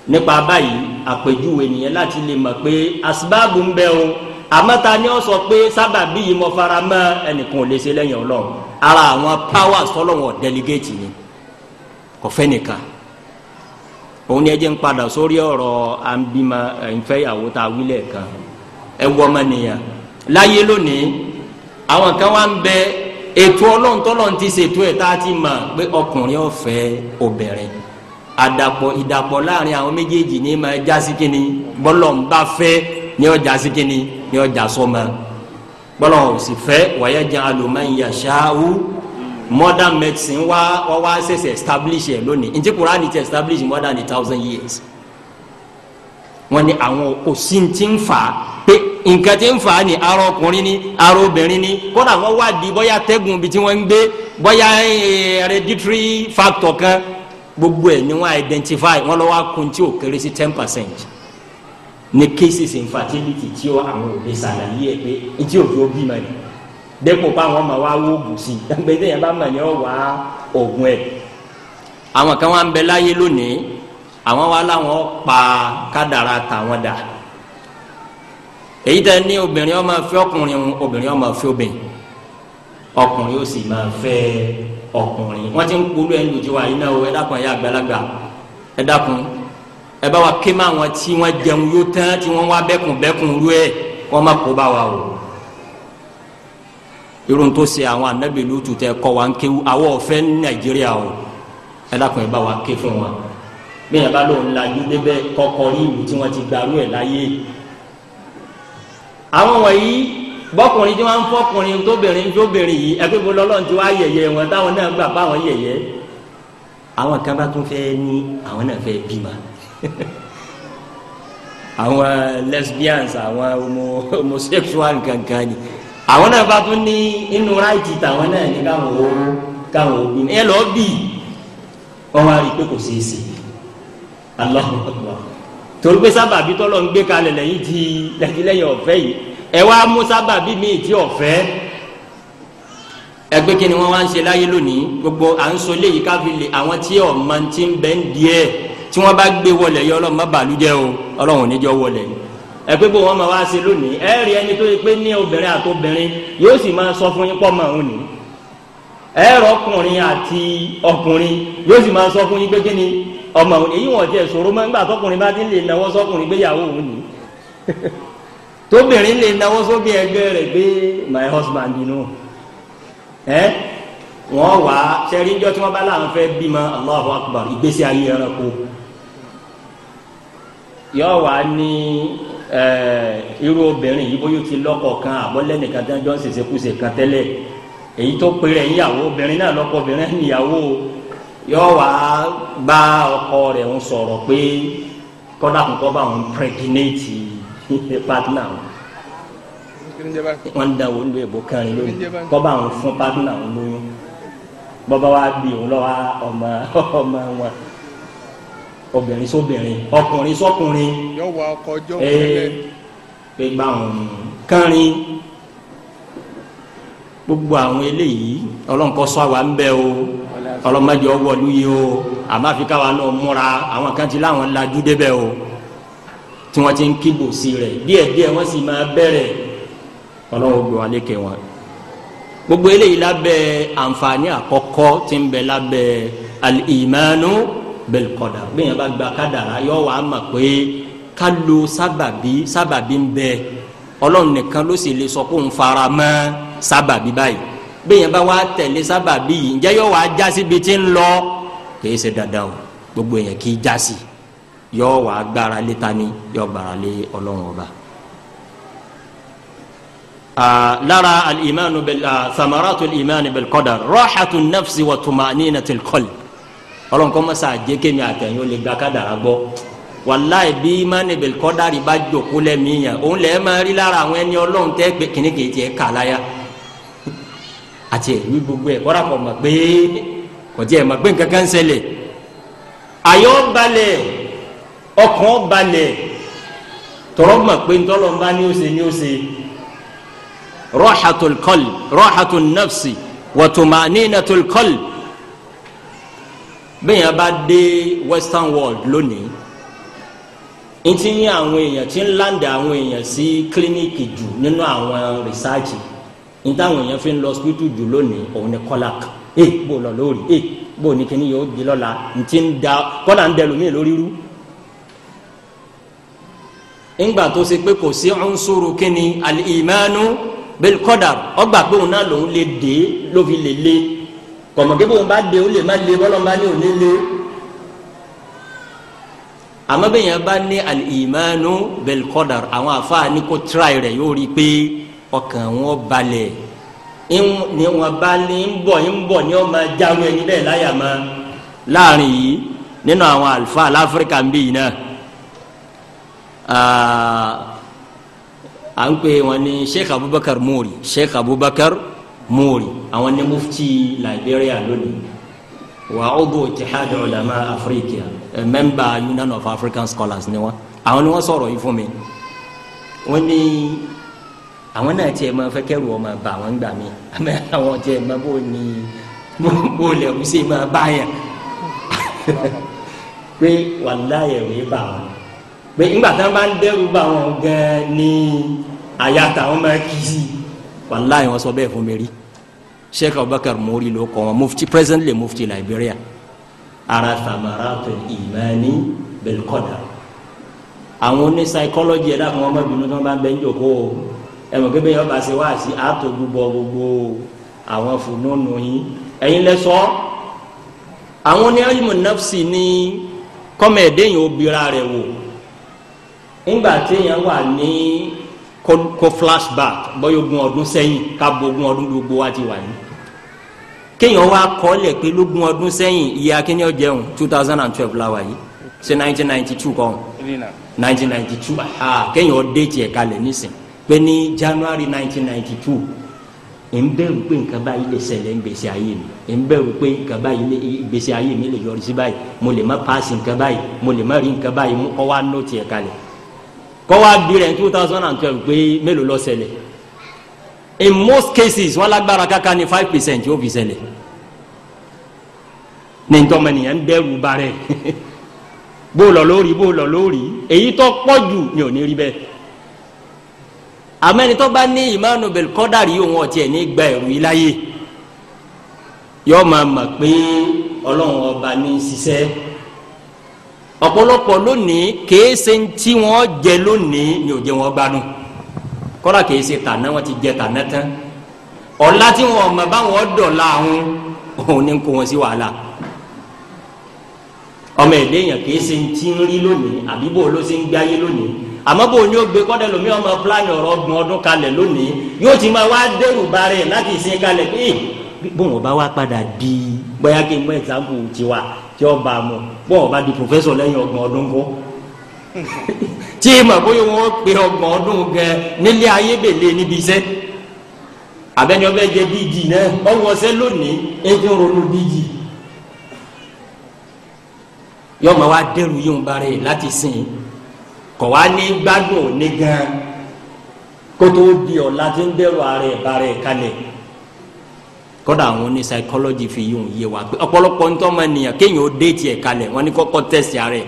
nípa báyìí àpèjúwe nìyẹn láti lè mọ̀ pé asibáàbù ń bẹ o àmọ́ ta ni ó sọ pé sábàbí yìí mo fara mọ́ ẹnìkan ò lè ṣe lẹ́yìn ọlọ́run ara àwọn powers tọ́lọ́wọ̀n delegate ni kò fẹ́ nìkan òun ni ẹ jẹ́ ń padà sórí ọ̀rọ̀ àǹbímọ ìfẹ́yàwó ta wílẹ̀ kan ẹ wọ ọmọ nìyẹn láyé lónìí àwọn kan wá ń bẹ ètò ọlọ́run tọ́lọ́run ti ṣètò ẹ̀ tá a ti mọ̀ pé ọkùnrin ó obìnrin àdàpọ̀ ìdàpọ̀ láàrin àwọn méjèèjì ní ma já sí kínní bọ́lọ̀ ń bá fẹ́ ní ọjà sí kínní ní ọjà sọmọ bọ́lọ̀ ò sì fẹ́ wayaj'alu man yasha'u modern medicine wá wá wá ṣẹ̀ṣẹ̀ establish ẹ̀ lónìí ǹjẹ́ Kùránì ti establish more than a thousand years wọ́n ní àwọn òsì ti ń fà á pé nǹkan ti ń fà á ní arọ ọkùnrin ní arọ obìnrin ní kódà wọ́n wá di bóyá tẹ́gùn bí tí wọ́n ń gbé bóyá eh, hereditary factor kan gbogbo ẹ̀ ni wọ́n identify wọ́n lọ́wọ́ kun tí ó kéré sí ten percent ní cases infertility tí ó àwọn òbí sàlàyé ẹ pé tí òbí ó bímọ ni dẹ́kun pa àwọn ọmọ wa wóògùn sí i *laughs* ẹgbẹ́ tẹ̀yẹ̀ bá mọ̀ ní ọ̀ wá oògùn ẹ̀ àwọn kan wá ń bẹ láyé lónìí àwọn wa láwọn pa kádàrá tàwọn dà èyí tẹ ní obìnrin ó máa ọkùnrin obìnrin ó máa obìnrin ọkùnrin ó sì máa fẹ́ ẹ ọkùnrin wọ́n ti ń polú ẹnu jù wá iná o ẹ dákun ẹ̀yà àgbàlagbà ẹ wa ké má wọn tí wọ́n jẹun yó tán tí wọ́n wá bẹ́kùn bẹ́kùn rú ẹ̀ kọ́ má kó bá wa o irun tó ṣe àwọn anabi lótú tẹ kọ́ wa ń kéwu àwọn ọ̀fẹ́ ní nàìjíríà o ẹ dákun ẹ bá wa ké fún wa bí ẹ bá lóun lajú débẹ̀ kọ́kọ́ rí ìlú tí wọ́n ti gbàrú ẹ̀ láyé àwọn wọ̀nyí bọ́kùnrin tí wọ́n ń fọkùnrin tóbìnrin tóbìnrin yìí ẹgbẹ́ bó lọ́lọ́run ti wá yẹ̀yẹ́ wọn táwọn náà gbà fáwọn yẹ̀yẹ́ àwọn kan bá tún fẹ́ ní àwọn náà fẹ́ bímọ *laughs* àwọn lesbians àwọn homosexual kankan ni àwọn náà bá tún ní inú ráìtì tàwọn náà ní káwọn ò káwọn ò bímọ ẹ lọ bí wọn wá rí i pé kò ṣeé ṣe Allahu Akbar torí pé sábàbí tọ́lọ́ ń gbé kalẹ̀ lẹ́yìn tí lẹ́yìn ọ̀fẹ́ yìí ẹ wá mú sábàbí mi tí ọ̀fẹ́ ẹgbẹ́ kí ni wọ́n wá ń ṣe láyé lónìí gbogbo à ń sọ léyìí ká fi lè àwọn tí ọ̀mọ ti ń bẹ́ ń díẹ̀ tí wọ́n bá gbé wọlé yọ ọlọ́run má bàlújẹ́ o ọlọ́run ò ní jọ wọlé ẹgbẹ́ gbogbo wọn máa wá ṣe lónìí ẹ rí ẹni tó yẹ pé ní obìnrin àtobìnrin yóò sì máa sọ fún yín pọ́ mọ́ òun nìyí ẹ̀rọ ọkùnrin àti ọkùnrin yóò sì máa sọ fún yín pé kí ni ọmọ òun èyí wọn ti ẹ̀sọ́rọ́ máa ń gbà tọkùnrin bá ti lè náwó sọkùnrin gbéyàwó òun ni *laughs* tóbìnrin lè náwó sóbi ẹgbẹ́ rẹ̀ pé my husband you know ẹ wọ́n wà á sẹ́ríńjọ́ tí wọ́n bá láwọn fẹ́ bímọ Allahu Akbar ìgbésí ayé ẹranko yọ wà ní irú obìnrin yìí ti lọ́kọ̀ kan ń kan tẹ́lẹ̀ èyí tó rẹ̀ obìnrin náà lọ́kọ̀ obìnrin níyàwó yọ ọkọ partner wọn wọn da wọn lu èbó kan lónìí kọba àwọn fún partner wọn lóyún bọba wa bí òun lọ wa ọmọ ọmọ wọn obìnrin sóbìnrin ọkùnrin sọkùnrin ee pé gba àwọn kánrin gbogbo àwọn eléyìí ọlọ́nkọ́ sọ àwa ń bẹ o ọlọ́mọdé ọwọ́ lu yìí o àmọ́ àfi káwa náà múra àwọn kan ti láwọn lajú débẹ̀ o tí wọ́n ti ń kíbò sí rẹ̀ díẹ̀díẹ̀ wọ́n sì máa bẹ̀rẹ̀ ọlọ́run gbọ́ alékè wọn. gbogbo eléyìí lábẹ́ àǹfààní àkọ́kọ́ tí ń bẹ lábẹ́ al-imanu bil-qadar gbìyànjú bá gba kádàrá yọ wàá mọ̀ pé ká lo sábàbí sábàbí ń bẹ ọlọ́run nìkan ló sì lè sọ kó ń fara mọ́ sábàbí báyìí gbìyànjú bá wàá tẹ̀lé sábàbí yìí ǹjẹ́ yọ wàá já síbi tí ń lọ kì í ṣe dandan o gbogbo èèyàn kì í já yọ wà gbára lé tani yọ gbára lé ọlọ́run ọba. lára al-imanu bil samaratu al-imani bil qadar rahatu nafsi wa tuma'ninatil qalb ọlọ́run kọ́ mọ́sá àjẹkẹ́mi àtẹ̀yìn ó lè gba kádàrá gbọ́ wàláì bí imáni bẹ̀rẹ̀ kọ́dárì bá jòkó lẹ́mìí òun lẹ́ẹ̀ máa rí lára àwọn ẹni ọlọ́run tẹ́ pé kìnnìkì tiẹ̀ kà láyà àti ẹ̀rí gbogbo ẹ̀ kọ́ra kọ̀ mọ̀ pé kò tiẹ̀ mọ̀ pé nǹkan kan ń ọkàn balẹ̀ tọrọ mọ̀ pé ntọ́lọ́mbá ni ó ṣe ni ó ṣe rọ́ḥàtul kọ́l rọ́ḥàtul nafsi wàtúmánínàtul kọ́l bẹ́ẹ̀ bá dé western world lónìí ntí ní àwọn èèyàn tí ń láǹdà àwọn èèyàn sí kílíníkì jù nínú àwọn rìsáàjì ntáwọn èèyàn fi ń lọ hospital jù lónìí òun ni kọ́lák ẹ eh, bó lọ lórí ẹ eh, bó ní kíní yóò di lọ́la ntí ń da kọ́lá ń dẹlu mí lórí rú. ngba tó ṣe pé kò sí ọ̀nṣúrù kínní alìmánu belkodar qadar ọgbà pé òun náà lòun lè dé ló fi lè lé kọ̀mọ̀kẹ́ bóun bá dé ó lè má lé bọ́lọ́mbá ní òun lé lé àmọ́ bẹ́ẹ̀ yẹn bá ní alìmánu bil qadar àwọn àfáà ní kó tíráì i pé ọkàn wọn balẹ̀ ni wọn bá ní ń bọ̀ ni wọn máa jáwé ẹni bẹ́ẹ̀ láyà máa láàrin yìí nínú àwọn àlùfáà láfíríkà à ń pè wọn ní sheikh abubakar mori sheikh abubakar mori àwọn ní mufti liberia lónìí wà ọgbọ ittihad ulama africa eh, mẹ́mbà union of african scholars ni wọn àwọn ni wọn sọ̀rọ̀ yìí fún mi wọn ní àwọn náà tiẹ̀ máa fẹ́ kẹ́rù ọmọ bá àwọn gbà mí àmọ́ àwọn tiẹ̀ máa bò ní bò lẹ́rù sí máa bá yẹn *laughs* pé wàláyẹ̀ rèé bá wọn pé ńgbà tí wọn bá ń dẹrù bá wọn gan ni àyà táwọn máa kì sí wàláyé wọn sọ bẹ́ẹ̀ fún mi rí sheikh abubakar mori ló kọ wọn mufti presently mufti liberia ara samaratu imani belkoda àwọn oní psychology ẹ̀ dàpọ̀ wọn bá bínú tí wọn bá ń bẹ ń jòkó o ẹ mọ̀ kébé yọba ṣe wá sí àtò gbogbo gbogbo àwọn fúnúnú yín ẹ̀yin lẹ́sọ́ àwọn oní ayé mọ̀ nọ́ọ̀sì kọ́mẹ̀ẹ́dẹ́yìn obìnrin rẹ̀ wò ńgbà téèyàn wà ní kó flashback bóyá ogún ọdún sẹ́yìn káàbọ̀ ogún ọdún gbogbo wa ti wà ní. kéèyàn wá kọ́lẹ̀ pé lógún ọdún sẹ́yìn ìyá kíní ọ̀jẹun two thousand and twelve la wà yìí ṣe nineteen ninety two kọ́ nineteen ninety two kéèyàn ọdẹ tiẹ̀ kalẹ̀ nísìn pé ní january nineteen ninety two ń bẹ̀rù pé nǹkan báyìí lè ṣẹlẹ̀ ń gbèsè ayé mi ń bẹ̀rù pé nǹkan báyìí lè gbèsè ayé mi lè yọrí sí báyìí mo lè má paasi nǹkan báyìí mo lè má rí nǹkan báyìí mo kọ́ wa nọ́ọ̀tì ẹ̀ kalẹ̀ kọ́ wa bí rẹ̀ two thousand and twelve pé mélòó lọ ṣẹlẹ̀ in most cases wọn lágbára kaka ni five percent yóò fi ṣẹlẹ̀ ní ntọ́mọnìyàn bẹ̀rù ba rẹ̀ *laughs* bó lọ lórí bó lọ lórí èyí tó pọ̀ jù ni ò ní rí bẹ́ẹ̀ amẹ́nitọ́ bá ní ìmánu bẹ̀rẹ̀ kọ́dàrí òun ọ̀tí ẹ̀ ní gba ẹ̀rù yìí láyé yọ máa mọ̀ pé ọlọ́run ọba ní ṣiṣẹ́ ọ̀pọ̀lọpọ̀ lónìí kèé ṣe ń jẹ lónìí ni ò jẹ wọ́n gbanú kọ́ra kèé ṣe tàná wọ́n ti jẹ tàná tán ọ̀la tí wọn ọ̀mọ̀ báwọn dọ̀la àwọn òun ní kó wọn sí wàhálà ọmọ ẹ̀ léèyàn kèé ṣe ń tí ń rí lónìí àbí bò ló ṣe ń gbé ayé lónìí àmọ́ bò ní ó gbé kọ́dẹ̀ lómi ọmọ pílánì ọ̀rọ̀ ọgbọ̀n ọdún kalẹ̀ lónìí yóò ti máa wá dẹ́rù ba rẹ̀ láti ìsìn kalẹ̀ pé bóun ọba wa padà di bóyá kí n mú ẹ̀sáàmù tí ó bá mu bọ́ ọ bá di professor lẹ́yìn ọgbọ̀n ọdún kó tí mà bóyá wọn pe ọgbọ̀n ọdún gẹ nílé ayé bèlè níbi iṣẹ́ abẹ́ni ọbẹ̀ jẹ díjì náà ọwọ́sẹ́ lónìí ẹ̀jẹ̀ ń ronú díjì yọmọ wa dẹrù yìí ń bari láti sìn kọ wa ní gbádùn ní gan kótó di ọ láti ń dẹrù ara ẹ bari kalẹ̀ kọ́dà àwọn ní psychology fi yóò yé wa pé ọ̀pọ̀lọpọ̀ ń tọ́mọ ènìyàn kéèyàn ó déètì ẹ̀ kalẹ̀ wọ́n ní kọ́kọ́ tẹ̀sí ara ẹ̀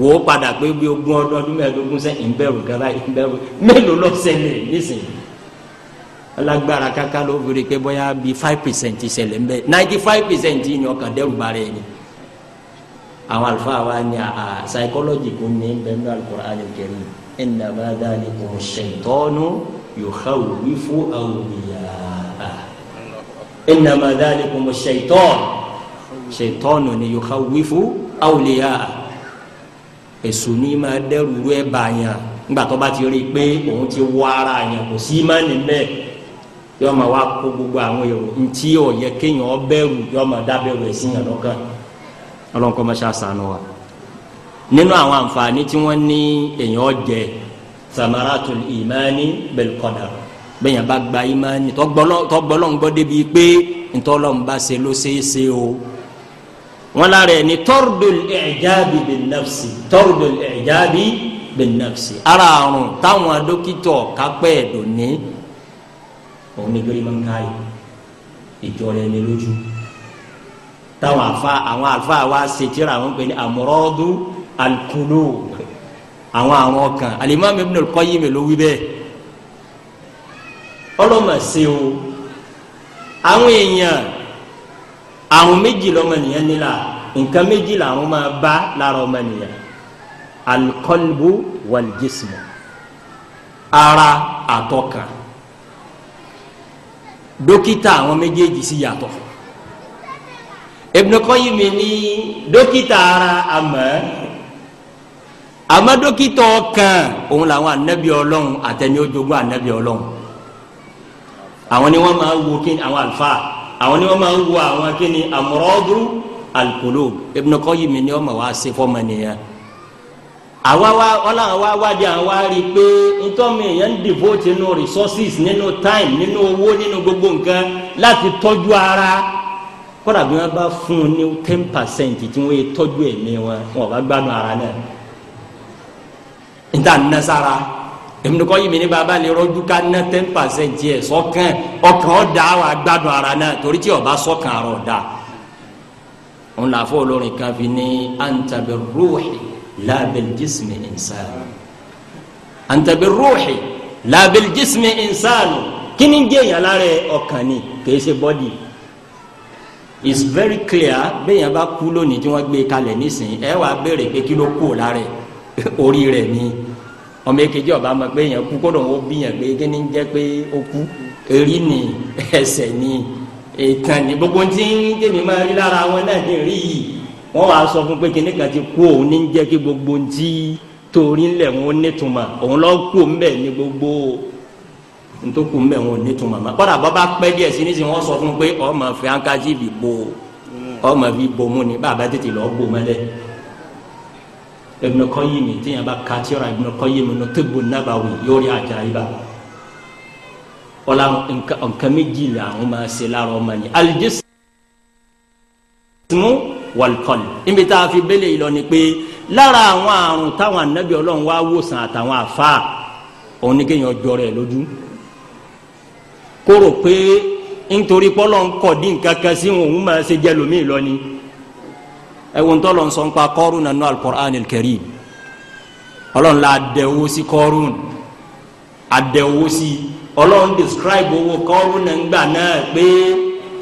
wò ó padà pé bí ogún ọdún ọdún mẹ́ẹ̀ẹ́dógún sẹ́ ìbẹ̀rù gara ìbẹ̀rù mélòó lọ ṣẹlẹ̀ nísìnyí alágbára kaka ló fi rí pé bóyá bí five percent ṣẹlẹ̀ ńbẹ ninety five percent ni ọkàn dẹ́rù ba rẹ̀ ni àwọn àlùfáà wa ni a psychology kò ní bẹ́ẹ̀ ní al-Qur'an al-Karim innama dhalikum ash-shaytanu yukhawwifu awliya innama dhalikum shaitan shaitan ni yukhawwifu awliya èṣù ni máa dẹ́rù rú ẹ̀ bàyàn nígbà tó bá ti rí i pé òun ti wọ ara yẹn kò sí má ní bẹ́ẹ̀ yọ ma wá kó gbogbo àwọn èrò ntí ò yẹ kéèyàn bẹ̀rù yọ ma dábẹ̀rù ẹ̀ sí yàn ọlọ́nkọ́ ma ṣe àṣà nù wa nínú àwọn àǹfààní tí wọ́n ní èèyàn jẹ samaratul imani bil qadar bẹ́ẹ̀ yẹn bá gba ìmánì tọ́gbọ́lọ́ ń gbọ́ débi pé ntọ́lọ́ ń bá ṣe ló ṣeé ṣe o wọn lára ẹ̀ ní tọ́rọ̀dọ̀lì ẹ̀jáàbí bin nafsi tọ́rọ̀dọ̀lì ẹ̀jáàbí bin nafsi ara àrùn táwọn dókítọ̀ kápẹ́ ẹ̀dọ̀ ní òun ni gbẹ́rẹ́ máa ń káyè ìjọ rẹ̀ ní lójú táwọn àfa àwọn àfa wa ṣe tíra àwọn pè àmúrọ́dún alukulu àwọn àwọn kan alimami ibn al-Qayyim ló wí bẹ́ẹ̀ ọlọ́mọ ṣe o àwọn èèyàn àwọn méjì lọ́mọnìyàn nílà nǹkan méjì làwọn máa bá lára ọmọnìyàn alikọlbu walijisimu ara àtọkàn dókítà àwọn méjèèjì sì yàtọ̀ Ibn Qayyim ní dókítà ara àmọ́ àmọ́ dókítà ọkàn òun làwọn anabi Ọlọ́run àtẹni anabi Ọlọ́run. àwọn ni wọn máa ń wo kíni àwọn àlùfáà àwọn ni wọn máa ń wo àwọn kíni àmúrọ́dù alqulub Ibn Qayyim ni wọ́n máa wá nìyẹn awa wa ọlá àwa pé ntọ́mi èèyàn ń devote nínú resources nínú time owó nínú gbogbo nkan láti tọ́jú ara fún ten percent wọn wọn ara Ibn Qayyim ní baba lè rọ́jú ká ná ten percent yẹ sọ́kàn ọkàn ọ̀dà wà gbádùn ara náà torí tí ọba sọ́kàn ara ọ̀dà òun là fọ olórin kan fi ní anta birruhi la bil jismi insan anta birruhi la bil jismi insan kíni jẹ́ ìyàlá rẹ̀ ọkàn ni kìí ṣe bọ́dì is very clear bẹ́ẹ̀ yẹn bá kú lónìí tí wọ́n gbé kalẹ̀ nísìnyí ẹ wàá béèrè pé kí ló kú lára *laughs* orí rẹ̀ ni ọmọ èkejì ọba mọ̀ pé èèyàn kú kódò wọn bí yàn pé kíni jẹ́ pé ó kú èrí ni ẹsẹ̀ ni ìtàn ni gbogbo tí ń tèmi máa rí lára wọn náà ní rí yìí wọn wàá sọ fún pé kíní kan ti kú òun ní jẹ́ kí gbogbo tí torí ńlẹ̀ wọn nítumọ̀ òun lọ kú ńbẹ̀ ní gbogbo ntòkù ńbẹ̀ wọn nítumọ̀ mọ́ kọ́dà bọ́ bá pẹ́ díẹ̀ sí nísìnyí wọ́n sọ fún pé ọmọ fi ankaji bì bo ọmọ fi bomú ni bàbá tètè lọ́ọ́ bomú lẹ́yìn Ibn Qayyim tíyẹn bá ka tírà Ibn Qayyim nínú Tibbu Nabawi yóò rí àjàyíba wala nǹkan méjì la àwọn máa ṣe lára ọmọ ni alijismu walqalb ibi tá a fi bẹ́lẹ̀ yìí lọ ni pé lára àwọn àrùn táwọn anabi ọlọ́run wá wòsàn àtàwọn àfa òun ni kéèyàn jọ rẹ̀ lójú kó pé nítorí pé Ọlọ́run kò dín nǹkan kan sí òun máa ṣe jẹ́ lómi lọ ni ẹ̀wọ̀n tó lọ sọ ń pa kọ́rùn nínú al-Qur'an al-Karim ọlọ́run la dẹ̀wó sí kọ́rùn àdẹ̀wó sí ọlọ́run describe owó kọ́rùn náà ńgbà náà pé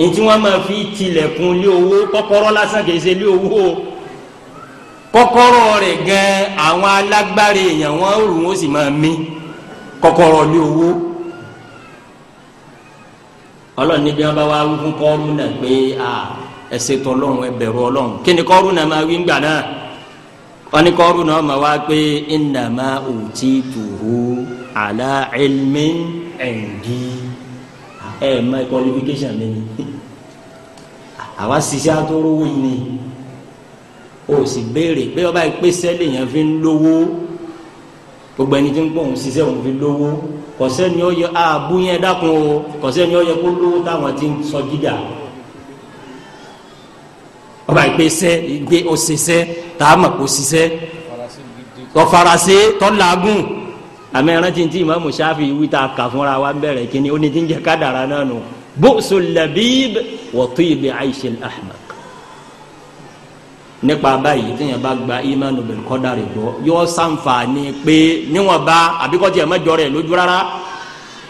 ntí wọ́n máa fi tilẹ̀kùn lé owó kọ́kọ́rọ́ lásán kìí ṣe lé owó kọ́kọ́rọ́ rẹ̀ gan àwọn alágbára èèyàn wọ́n rù wọ́n sì máa mí kọ́kọ́rọ́ lé owó ọlọ́run níbi wọn bá wá wí fún kọ́rùn náà pé a. Ah, ẹ ṣe tọlọ́run ẹ bẹ̀rù Ọlọ́run kí ni Kọ́rúnà máa wí ńgbà náà wọ́n ní Kọ́rúnà máa wá pé innama utituhu ala ilmin indi ẹ mọ qualification mi ni *laughs* àwa ṣiṣẹ́ atórówó ni o sì béèrè pé ọba ìpè sẹ́lẹ̀ yẹn fi ń lówó gbogbo ẹni tí ń pọ̀ ń ṣiṣẹ́ òun fi lówó kọ̀sẹ́ni ó yẹ ààbú dákun o kọ̀sẹ́ni ó yẹ kó lówó táwọn ti ń sọ jíjà. So ọba ìgbésẹ ìgbé òṣìṣẹ tààmà kò ṣiṣẹ tọfarasẹ tọlagun àmì ẹrántí tí ìmáàmù sáfì wí tá a kà fúnra wa bẹ̀rẹ̀ kínní ó ní tí ń jẹ kádàrá náà nù bóso labib wọ́tí ibi aisha ahmed nípa báyìí tíyẹn bá gba imanu bil qadari gbọ́ yọ sànfààní pé níwọ̀n bá àbíkọ́tì ẹ̀ mẹ́jọ rẹ̀ lójú rárá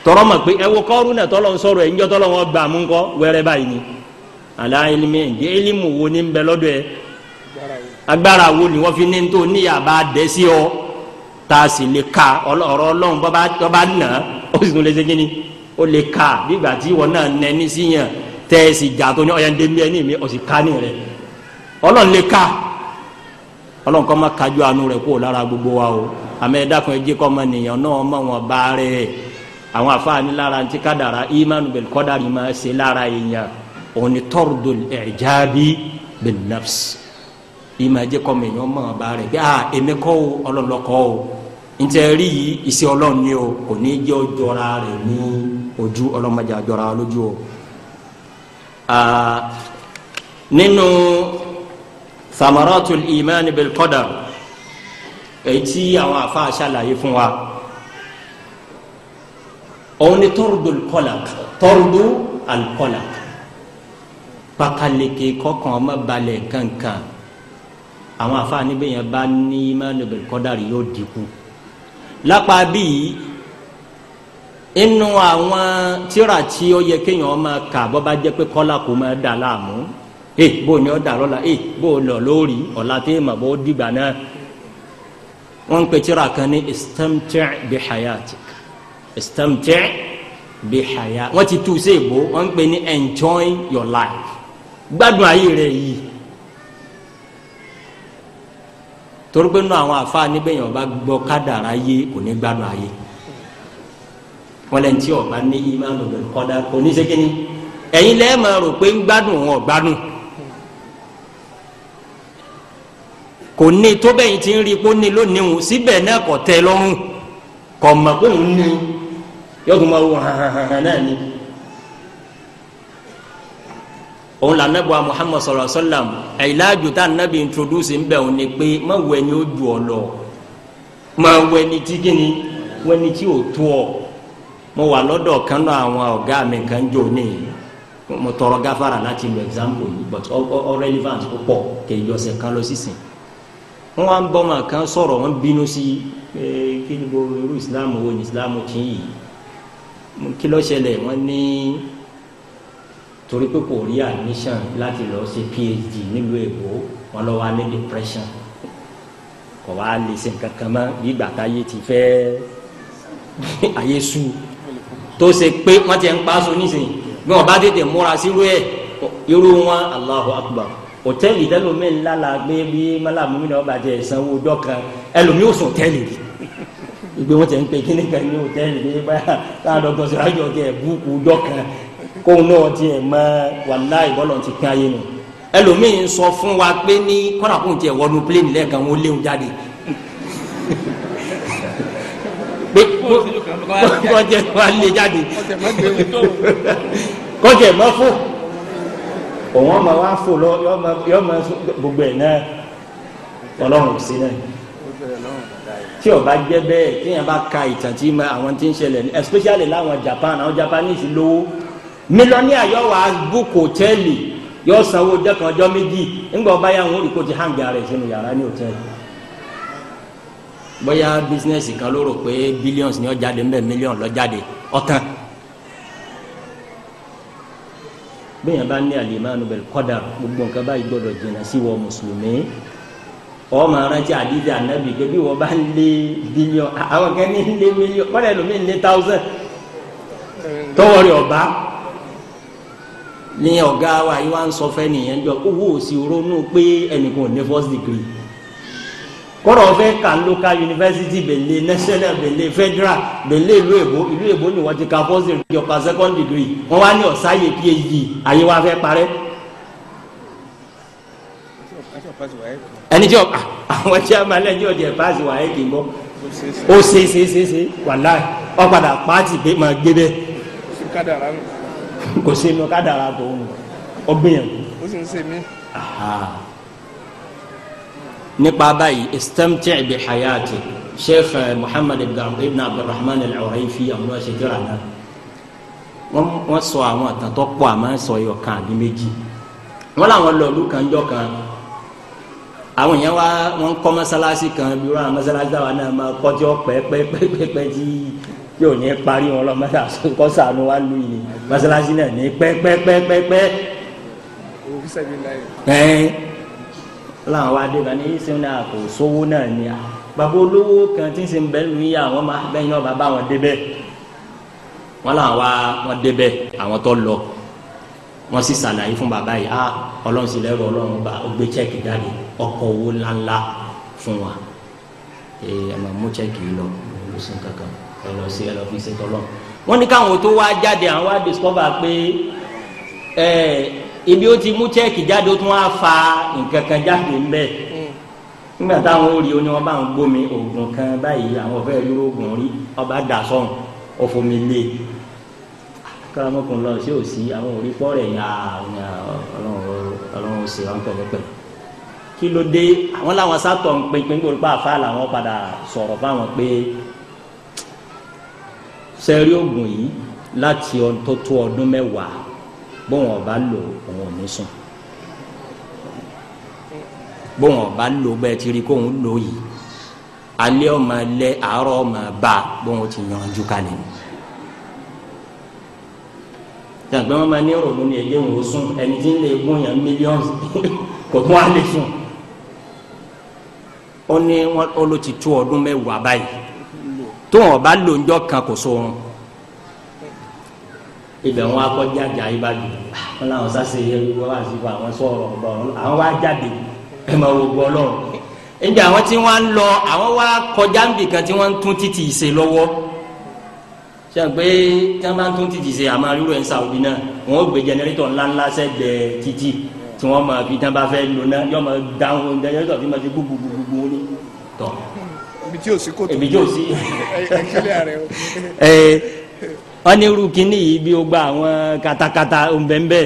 tọrọ mọ̀ pé ẹ wo kọ́rù náà tọ́lọ́ ń sọ̀rọ̀ ẹ̀ ń jọ́ tọ́lọ́ wọn gbà mú kọ́ wẹ́rẹ́ báyìí ni. aláìlímì ǹdí ẹlímù wo ni ń bẹ lọ́dọ̀ ẹ agbára wo ni wọ́n fi ní tó níyàbá sí ọ tá a sì lè ka ọ̀rọ̀ ọlọ́run bọ́ bá nà ó sì tún lè ṣe ni ó lè ka nígbà tí wọn náà nẹ ní síyàn tẹ ẹ sì ní ọyàn dé mìíràn ní mi ka kọ́ kájú àánú gbogbo wa o àmọ́ ẹ dákun ẹ jẹ́ kọ́ ọmọ nìyàn náà ọmọ wọn bá àwọn lára ìmánu òní tọ́rọ̀dù ẹ̀jáàbí bin nafs ìmọ̀ ẹ̀jẹ̀ kọ́ mi yọ̀ọ́ máa bá rẹ̀ bí a èmi kọ́ o ọlọ́lọ́kọ́ o ntẹ̀rí yìí iṣẹ́ ọlọ́run ni o kò ní jẹ́ ọjọ́ra rẹ̀ ní ojú ọlọ́mọdé àjọra lójú o. nínú samaratul iman bil qadar èyí tí afa ṣàlàyé fún wa òun ni qalaq tọ́rọ̀dù al-qalaq pakaleke kọkàn ọmọ balẹ̀ kankan àwọn àfáàní bẹ́ẹ̀ yẹn bá ní imánu bil qadari yóò dínkù lápá bíi inú àwọn tíra tí ó yẹ kéèyàn ọmọ kà bọ́ bá jẹ́ pé kọ́lá kò máa dà láàmú ẹ eh, bó ni ọ dà lọ́la ẹ eh, bó lọ lórí ọ̀la tí mà bó dìgbà náà wọ́n ń tíra kan ní istamti' bi hayatik istamti' bi hayat wọ́n ti tú sí ìbò wọ́n ń ní enjoy your life gbádùn ayé rẹ̀ yìí torí pé nínú àwọn àfa níbẹ̀ yẹn ọba gbọ́ kádàrá yé kò ní gbádùn ayé wọn lẹ́yìn tí ọba ní ìmánu bẹ̀rẹ̀ kọ́dá kò ní sékéni ẹ̀yin lẹ́ẹ̀ máa rò pé ń gbádùn wọn gbádùn kò ní tó bẹ́yìn tí ń rí kó ní lónìí òun síbẹ̀ náà kò tẹ́ lọ́rùn kò mọ̀ pé òun ní yọ̀gùn máa hàn hàn hàn náà ni. òun la nẹ́bùa Muhammad sallallahu alaihi wasallam tá nẹ́bi introduce ń òun ni pé ni ó ju ọ lọ má ni tí kíni wẹ̀ ni tí ò tó ọ mo wà lọ́dọ̀ kan àwọn ọ̀gá mi kan jò ní mo tọrọ gáfàrà láti lo example yìí but ọ relevant púpọ̀ kì í yọ̀sẹ̀ kan lọ sísìn wọn wá ń ọmọ kan wọn bínú sí kí ni bo irú torí pé kò rí admission láti lọ ṣe phd nílùú èkó wọn lọ wá ní depression kò wá lè ṣe nǹkan kan mọ́ nígbà táyé ti fẹ́ *laughs* ayé su tó ṣe pé wọ́n ti ń pa aṣọ nísìnyí bí wọ́n bá tètè múra sírú ẹ̀ irú wọn Allahu Akbar hòtẹ́ẹ̀lì tẹ́lómi ńlá la gbé bí mọ́làmú mi náà bàjẹ́ ìsanwó ọjọ́ kan ẹlòmí ò sùn hòtẹ́ẹ̀lì rí ìgbé wọn ti ń pe kíní kan ní hòtẹ́ẹ̀lì ní báyà káàdọ̀ gbọ́sọ̀rọ̀ àjọ kẹ́ ẹ̀ búùkù ọjọ́ kan kóun náà tiẹ̀ mọ wàlá ìbọ́lọ̀ ti pín ayé nù ẹlòmíì ń sọ fún wa pé ní kọ́nà kóun tiẹ̀ wọnú pléènì lẹ́ẹ̀kan wọn ó léwu jáde kọjẹ wa lé jáde kọjẹ mọ fò òun ọmọ wa fò lọ yọmọ gbogbo ẹ̀ náà ọlọ́run sí náà tí ó bá jẹ́ bẹ́ẹ̀ tí yẹn bá ka ìtàn tí àwọn tí ń ṣẹlẹ̀ especially láwọn Japan àwọn Japanese lówó. mílíọ̀nìà yọ á búkú hòtẹ́ẹ̀lì yọ sanwó ọjọ́ kan ọjọ́ méjì ńgbà ọba yà wọn olùkọ́ ti ẹ̀ sínú yàrá ní hòtẹ́ẹ̀lì kan ló rò pé bílíọ̀nsì ni ó jáde ńbẹ mílíọ̀nù jáde ọ̀tán bẹ́ẹ̀ bá ní kọ́dà gbogbo nǹkan báyìí gbọ́dọ̀ jìnnà mùsùlùmí àdídì ànábì pé bí ní ọ̀gá wa yìí wá ń sọ fẹ́ nìyẹn jọ owó òsì ronú pé ẹnìkan ò ní first degree kọ́rọ̀ fẹ́ ka local university bẹ̀lẹ̀ national bẹ̀lẹ̀ federal bẹ̀lẹ̀ ìlú èbó ìlú èbó ni wọ́n ti ka first degree ọ̀ka second degree wọ́n wá ní ọ̀sáyè phd ayé wa fẹ́ parẹ́. ẹni tí ah, àwọn tí a máa lẹ́yìn ọ̀jẹ̀ paasi wàhálà kì í bọ́ ó ṣe é ṣe é ṣe é ọ̀padà pàtì gbé máa gbé bẹ́ẹ̀ kò sí inú kádàrá tó ń ọgbìyànjú. ó sì ń ṣe mí. nípa báyìí istamti' bi hayati sheikh muhammad ibn abdulrahman al-urayfi àwọn ọ̀ṣẹ́ jọra náà wọ́n sọ àwọn àtàn tó pọ̀ àmọ́ sọ ẹ̀yọ̀ kan àbí méjì wọ́n làwọn lọ ìlú kan jọ kan àwọn yẹn wá wọ́n kọ́ mọ́sálásí kan bí wọ́n àwọn mọ́sálásí táwa náà máa kọ́jọ́ pẹ́ẹ́pẹ́ẹ́pẹ́ẹ́pẹ́ tí yóò ní parí wọn lọ mọ́sálásí kọ́ sànú wa lu yìí mọ́sálásí náà ní pẹ́pẹ́pẹ́pẹ́. ẹ̀ẹ́n láwọn wa dé bani yìí sẹ́wọ́n náà kò sówó náà ni a bàbá olówó kan tí ń sìn bẹ́ẹ̀ lu yìí àwọn máa bẹ́ẹ̀ náà bàbá wọn débẹ̀ wọn làwọn wa wọn débẹ̀ àwọn tó lọ wọn sì ṣàlàyé fún bàbá yìí ah ọlọ́run sì lẹ́rọ ọlọ́run bá ó gbé chẹ́ẹ̀kì jáde ọkọ̀ owó ńláńlá fún wa ẹ̀ ẹ̀ máa mú chẹ́ẹ̀kì lọ lọ́sùn kankan ẹ lọ sí ẹ lọ fi ṣe tọlọ wọn ní káwọn tó wá jáde àwọn wá discover pé ẹ ibi ó ti mú chẹ́ẹ̀kì jáde ó tún wá fa nǹkan kan jáde ńbẹ̀ nígbà táwọn ó rí o ní wọn bá ń gbómi oògùn kan báyìí àwọn fẹẹ lóró oògùn rí ọba dà sọhùn ọfọmi lé káramọkùnrin lọ sí òsì àwọn òrí fọrẹ yà Ọlọ́run ṣe wọn pẹ̀lẹ́pẹ̀lẹ́ kí ló dé àwọn làwọn sátọ̀ ń pinpin gbòòrò pa àfa làwọn padà sọ̀rọ̀ fáwọn pé sẹ́rí oògùn yìí láti tó tó ọdún mẹ́wàá bóun ọba lò òun ò ní sùn bóun ọba lò bẹ́ẹ̀ ti rí kóun lò yìí alẹ́ ọmọ alẹ́ àárọ̀ ọmọ bá bóun ti yanjú kalẹ̀ ni dàgbẹ́ wọn máa ní ìrònú ní ẹgbẹ́ òun ó sùn ẹni tí ń lè gún yàn mílíọ̀nù *laughs* kò tún á lè sùn ó ní wọn ó ló ti tó ọdún mẹ́wàá báyìí tó wọn bá lò ńjọ kan kò sóorun ibẹ̀ wọn akọjá jà yìí bá dùn wọn làwọn sáṣe yẹ wọn wá sí àwọn sọ̀rọ̀ ọlọ́run àwọn wá jáde ẹ máa wo gbọ́ ọlọ́run níbi àwọn tí wọ́n ń lọ àwọn wá kọjá níbì kan tí wọ́n ń tún títì ṣe lọ́wọ́ ṣe é pé tí wọ́n bá ń tún títì ṣe àmọ́ àlúrò ẹ̀ ń sàwùdí náà wọ́n ó gbé jẹnẹrétọ̀ ńláńlá sẹ́gbẹ̀ẹ́ títì tí wọ́n máa fi tí wọ́n bá fẹ́ lò náà yọ́ máa dáhùn jẹnẹrétọ̀ fi máa fi gbúgbúgbúgbú ní tọ̀ tí ò sí kòtò èmi tí ò sí. wọ́n ní irú kínní yìí bí o gba àwọn katakata òǹbẹ̀ǹbẹ̀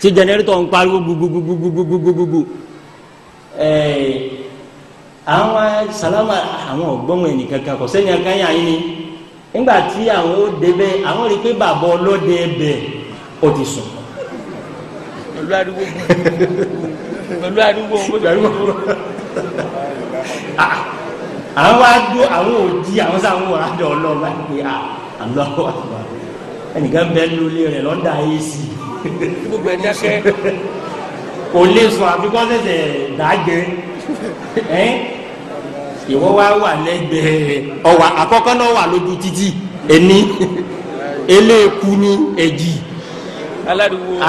tí jẹnẹrétọ̀ ń pariwo gbogbogbogbogbogbogbogbogbò àwọn salama àwọn ọ̀gbọ́n ẹnìkan kan kò sẹ́yìn akáyà yín ni nígbà tí àwọn ó débẹ̀ àwọn rí i pé bàbá ọlọ́dẹ ẹbẹ̀ ó ti sùn. pẹ̀lú àdúgbò pẹ̀lú àdúgbò pẹ̀lú àdúgbò àwọn wá dó àwọn òdi àwọn sáwọn wà dọ̀ ọlọ́ọ̀bá pé à àlọ́wọ́ àgbà ẹnìkan bẹ́ẹ̀ lólè rẹ̀ lọ́dà èsì gbogbo ẹ̀ dákẹ́ kò lè sùn àfi kọ́ sẹ̀sẹ̀ dàgẹ́ ẹ́ ìwọ wá wà lẹ́gbẹ̀ẹ́ ọwà àkọ́kọ́ náà wà lójú títì ẹni eléèkú ní èjì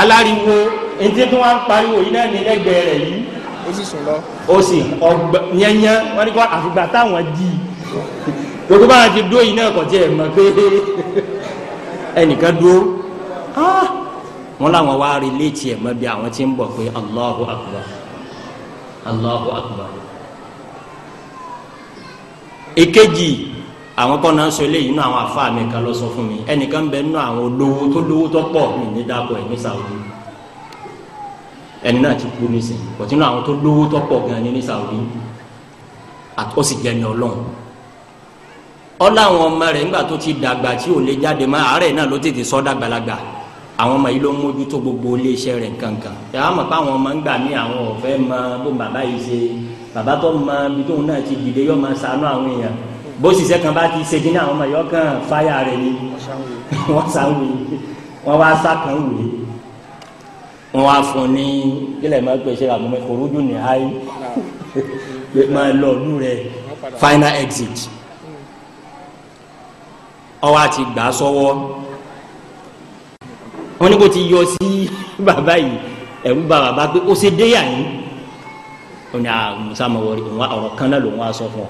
aláriwo ètí tó wá ń pariwo yìí náà ní lẹ́gbẹ̀ẹ́ rẹ̀ yìí ó sì sùn lọ. ó sì ọgbà yányán wọn ni kọ́ àfìgbà táwọn di gbogbo bá wọn ti dúró yìí náà kọ̀ tí ẹ̀ pé *laughs* ẹnìkan dúró ah! wọn làwọn wá rí létí ẹ̀ mọ́ bí àwọn ti ń bọ̀ pé Allahu Akbar Allahu Akbar èkejì àwọn kan náà sọ eléyìí nínú àwọn afáàmì kan lọ sọ fún mi ẹnìkan bẹ nínú àwọn olówó tó lówó tó pọ̀ mí ní dàpọ̀ ẹ̀ ní Saudi ẹni náà ti kú nísìn kọtí náà àwọn tó lówó tó pọ̀ gan ni ní Saudi ó sì jẹ ní Ọlọ́run ọláwọn ọmọ rẹ̀ nígbà tó ti dàgbà tí ò lè jáde mọ́ àárẹ̀ náà ló tètè sọ dàgbàlagbà àwọn ọmọ yìí ló ń mójútó gbogbo iléeṣẹ́ rẹ̀ kankan ẹ á mọ̀ pé àwọn ọmọ ń gbà ní àwọn ọ̀fẹ́ mọ bó bàbá yìí ṣe bàbá tó mọ ibi tóun náà ti dìde yọ máa ṣàánú àwọn èèyàn bó ṣiṣẹ́ kan bá ti ṣe kí àwọn ọmọ yìí ọkàn fáyà rẹ̀ ni wọ́n ṣàwìn *laughs* wọ́n wá sá kan wù yìí wọn á fún ní kílẹ̀ máa gbé ṣe àmọ́ ìkòrújú ní ayé pé máa lọ ọdún rẹ final exit ọwọ́ àti gbà sọ́wọ́ wọn ní kò ti yọ sí *laughs* bàbá yìí ẹ̀rú bá bàbá pé ó ṣe dé yà yín ó ní àmúṣá máa wọrí ìwọ̀n ọ̀rọ̀ kan náà lòun á sọ fún ọ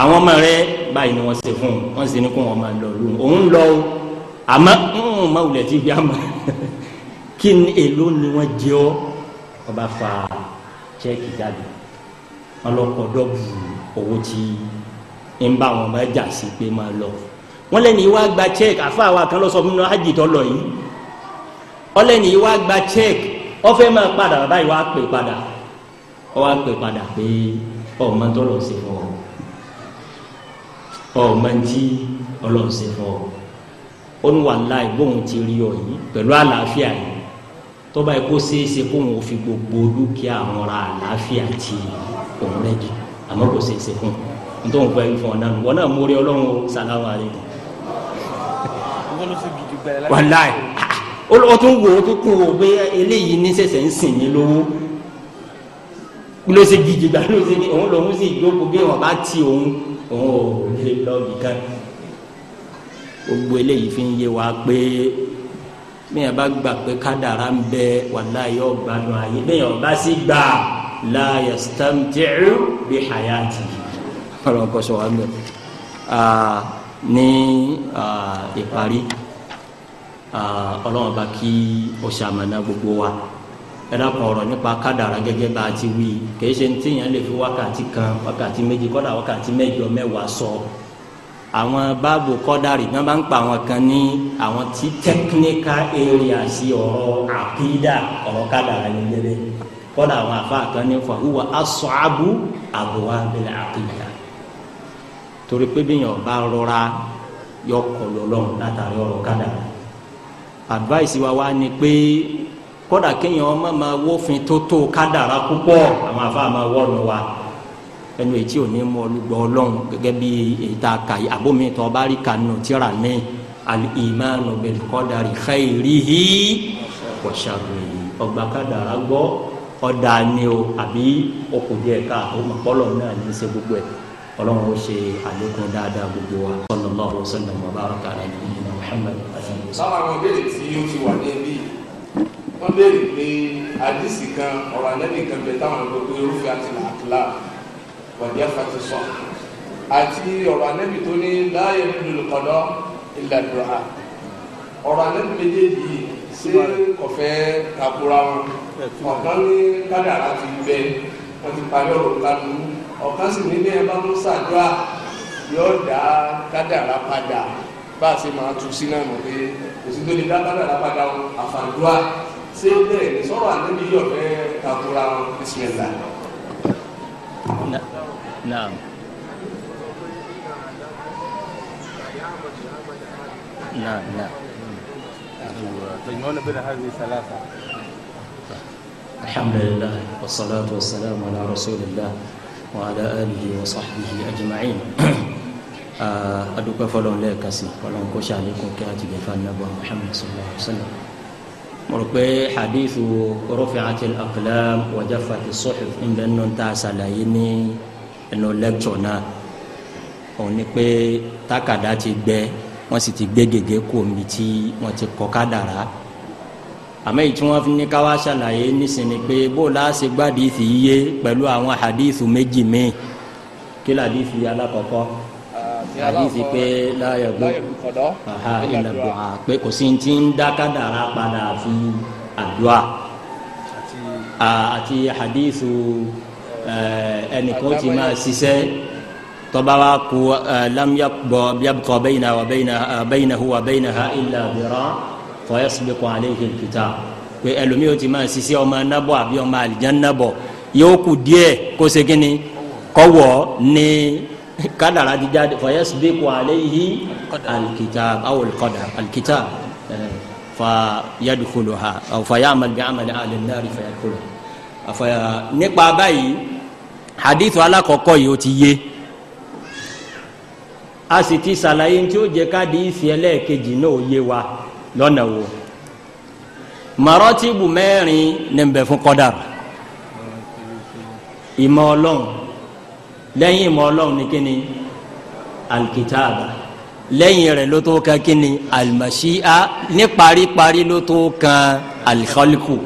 àwọn ọmọ rẹ báyìí ni wọ́n ṣe fún un wọ́n sì ní kó wọn máa lọ lóhùn òun lọ àmọ́ ń mm, máa wulẹ̀ tí gbé àmọ́. *laughs* kí ni èlò ni wọ́n jẹ ọ́ ọba fa chẹ́ẹ̀kì jáde ọlọ́kọ̀dọ́ bu owó tí ń bá wọn bá jà sí pé máa lọ wọ́n lẹ́nu ìwà gba chẹ́ẹ̀kì àfa wa kan lọ sọ fún mi hajj tó lọ yìí ọlẹ́nu ìwà gba chẹ́ẹ̀kì ọfẹ́ máa padà bàbá ìwà pè padà ọwọ́ pè padà pé ọmọ tó lọ sí fún ọ ọmọ tí ọlọ́ọ̀ sí fún ọ ó ní wàhálà ìbóhùn ti rí ọ yìí pẹ̀lú àlàáfíà yìí tọ́ba yìí kó ṣeéṣe kó wọn ò fi gbogbo dúkìá àwọn ra àlàáfíà ti òun rẹ̀ jù àmọ́ kò ṣeéṣe fún un nítorí wọn fẹ́ fún ọ náà wọn náà mórí ọlọ́run sàlámù àlejò. wàláì ó tún wò ó tún kún wò pé eléyìí ní ń sìn mí lówó ló gidi gbà ló ṣe òun lòun sì jókòó bí wọn bá ti òun òun ò lè lọ bìkan gbogbo eléyìí fi ń yé wa pé bẹ́ẹ̀ bá gbà pé kádàrá ń bẹ wàlá yóò gbádùn ayé bẹ́ẹ̀ ọba sì gbà la yastamti'u bi hayati ọlọ́run kọ́ sọ wà mẹ́ ní ìparí ọlọ́run bá kí ọ̀sàmọ̀nà gbogbo wa ẹ̀dá kan ọ̀rọ̀ nípa kádàrá gẹ́gẹ́ bá a ti wí kì í ṣe ní tíyẹn lè fi wákàtí kan wákàtí méjì kọ́dà wákàtí mẹ́jọ mẹ́wàá sọ. So àwọn báàbù kọ́dárì náà máa ń pa àwọn kan ní àwọn tí technical area sí ọ̀rọ̀ àkídà ọ̀rọ̀ kádàrà ní lẹ́lẹ́ kọ́dà àwọn àfáà kan ní fahuwa as'abu abwabil àkídà torí pé bí yàn bá rọra yọ kọlù ọlọ́run látàrí ọ̀rọ̀ kádàrà advice wa wá ni pé kọ́dà kéèyàn ọmọ máa wófin tó tó kádàrà púpọ̀ àwọn àfáà máa wọ́ọ̀nù wa ẹnu ètí ò ní mú olùgbọ́ ọlọ́run gẹ́gẹ́ bí ètà kàyí àbómi tó bá rí kanu tíra mi al-imanu bil-qadari khayrihi wa sharrihi ọgbà kádàrá gbọ́ ọ̀dà ni o àbí okùnjẹ́ ẹ̀ka àwọn ọ̀pọ̀lọ̀ náà ní í ṣe gbogbo ẹ̀ ọlọ́run ó ṣe àlékún dáadáa gbogbo wa sallallahu alaihi wasallam wa baraka ala nabiyyina Muhammad. sábà àwọn ìbéèrè tí ó ti wà ní ẹbí wọ́n béèrè pé àdìsí kan ọ̀rọ̀ àlẹ́ nìkan bẹ táwọn ọ̀dọ́ irúfẹ́ àti làákìlá wọ̀nyẹ́ fati sọ àti ọ̀rọ̀ anẹ́bí tó ní láàyè nínú kọ́dọ̀ ìlàdùrà ọ̀rọ̀ anẹ́bí méjèèjì ṣé kọfẹ́ kakura wọn ọ̀kan ní kádàrá ti bẹ wọ́n ti parí ọ̀rọ̀ kanu ọ̀kan sì ní bẹ́ẹ̀ bá mú sàdúrà yóò dá kádàrá padà bá a ṣe máa tu sí náà mọ̀ pé kò tó lè dá kádàrá padà wọn àfàdúrà ṣé bẹ́ẹ̀ ní sọ̀rọ̀ anẹ́bí yọ̀fẹ́ kakura wọn bísí نعم نعم نعم بين هذه ثلاثة الحمد لله والصلاة والسلام على رسول الله وعلى آله وصحبه أجمعين آه، أدوك فلون لك سي فلون كشاليكم لكم كاتب فالنبوة محمد صلى الله عليه وسلم mo rò pé hadithu rufi'atil aqlam wa jaffatis suhuf nbẹ nù ta ṣàlàyé ní ẹnu lẹ́kítọ̀ náà òun ni pé tákàdá ti gbẹ wọ́n sì ti gbé gègé kó omi tí wọ́n ti kọ kádàrá àmọ́ èyí tí wọ́n fi ní káwá ṣàlàyé nísìnyí pé bó láàṣẹ gbádìí fi yé pẹ̀lú àwọn hadithu méjì míì kí làdí fi alákọ̀ọ́kọ́ àdìsí pé láyọ̀ gbọ́ ilẹ̀ dùà pé kò sí ti ń dá kádàrá padà fún àdúà àti àdìsí ẹnìkan ti máa ṣiṣẹ́ tọba wa ku lamya bọ yabukọ bẹyina wa bẹyina bẹyina hu wa bẹyina ha illa dira fayasbiqu alayhi alkitab pé ẹlòmíì ó ti máa ṣiṣẹ́ ọmọ anábọ̀ àbí ọmọ àlìjẹ́ anábọ̀ yóò kù díẹ̀ kó segin ni kọ́wọ́ ní kádàrá ti jáde fa yasbiqu alayhi alkitab aw alqadar alkitab eh, fa yadkhuluha aw fa ya'mal bi 'amali ahli an-nar fa yadkhuluha àfàyà nípa báyìí hadith alákọ̀ọ́kọ́ yìí ó ti yé a sì ti ṣàlàyé tí ó jẹ́ káàdì ìfì ẹlẹ́ẹ̀kejì náà wa lọ́nà wo màrọ́tìbù mẹ́rin ní fún kọ́dà ìmọ̀ ọlọ́run lẹ́yìn ìmọ̀ ọlọ́run ní kíni alikitaaba lẹ́yìn rẹ̀ ló tó kan kíni alimasiha ní paríparí ló tó kan alikọ́líkù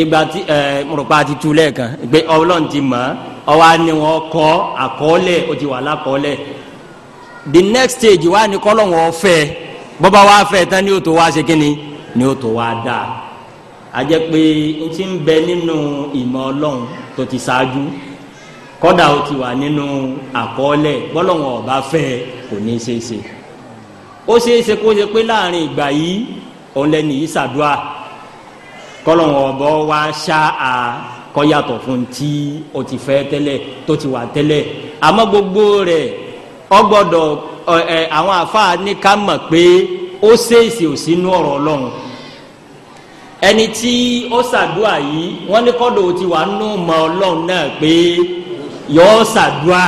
ìgbà tí ẹ mọ̀rọ̀pá ti tu lẹ́ẹ̀kan pé ọlọ́run ti mọ̀ ọ wá ní kọ́ àkọọ́lẹ̀ ó ti wà lákọọ́lẹ̀ the next stage wá ní kọ́lọ́wọ́n ọ̀fẹ́ bọ́bá wá fẹ́ tán ni ó tó wá ṣe kíni ni ó tó wá dáa a jẹ́ pé n ti ń bẹ nínú ìmọ̀ ọlọ́run tó ti ṣáájú kọ́dà ó ti wà nínú àkọọ́lẹ̀ bọ́lọ́wọ́n ọba fẹ́ kò ní í ṣeé ṣe ó ṣeé ṣe kó ṣe pé láàrin ìgbà yìí òun lẹ́nu yìí ṣàdúrà kọ́lọ́wọ́n ọba wa ṣá a kọ́yàtọ̀ fún tí o ti fẹ́ tẹ́lẹ̀ tó ti wà tẹ́lẹ̀ àmọ́ gbogbo rẹ̀ ọgbọ́dọ̀ ẹ àwọn àfáà ní ká mọ̀ pé ó ṣèèṣì ò sínú ọ̀rọ̀ ọlọ́run ẹni tí ó ṣàdúrà yìí wọ́n ní kọ́dọ̀ ó ti wà nínú yọ ṣàdúà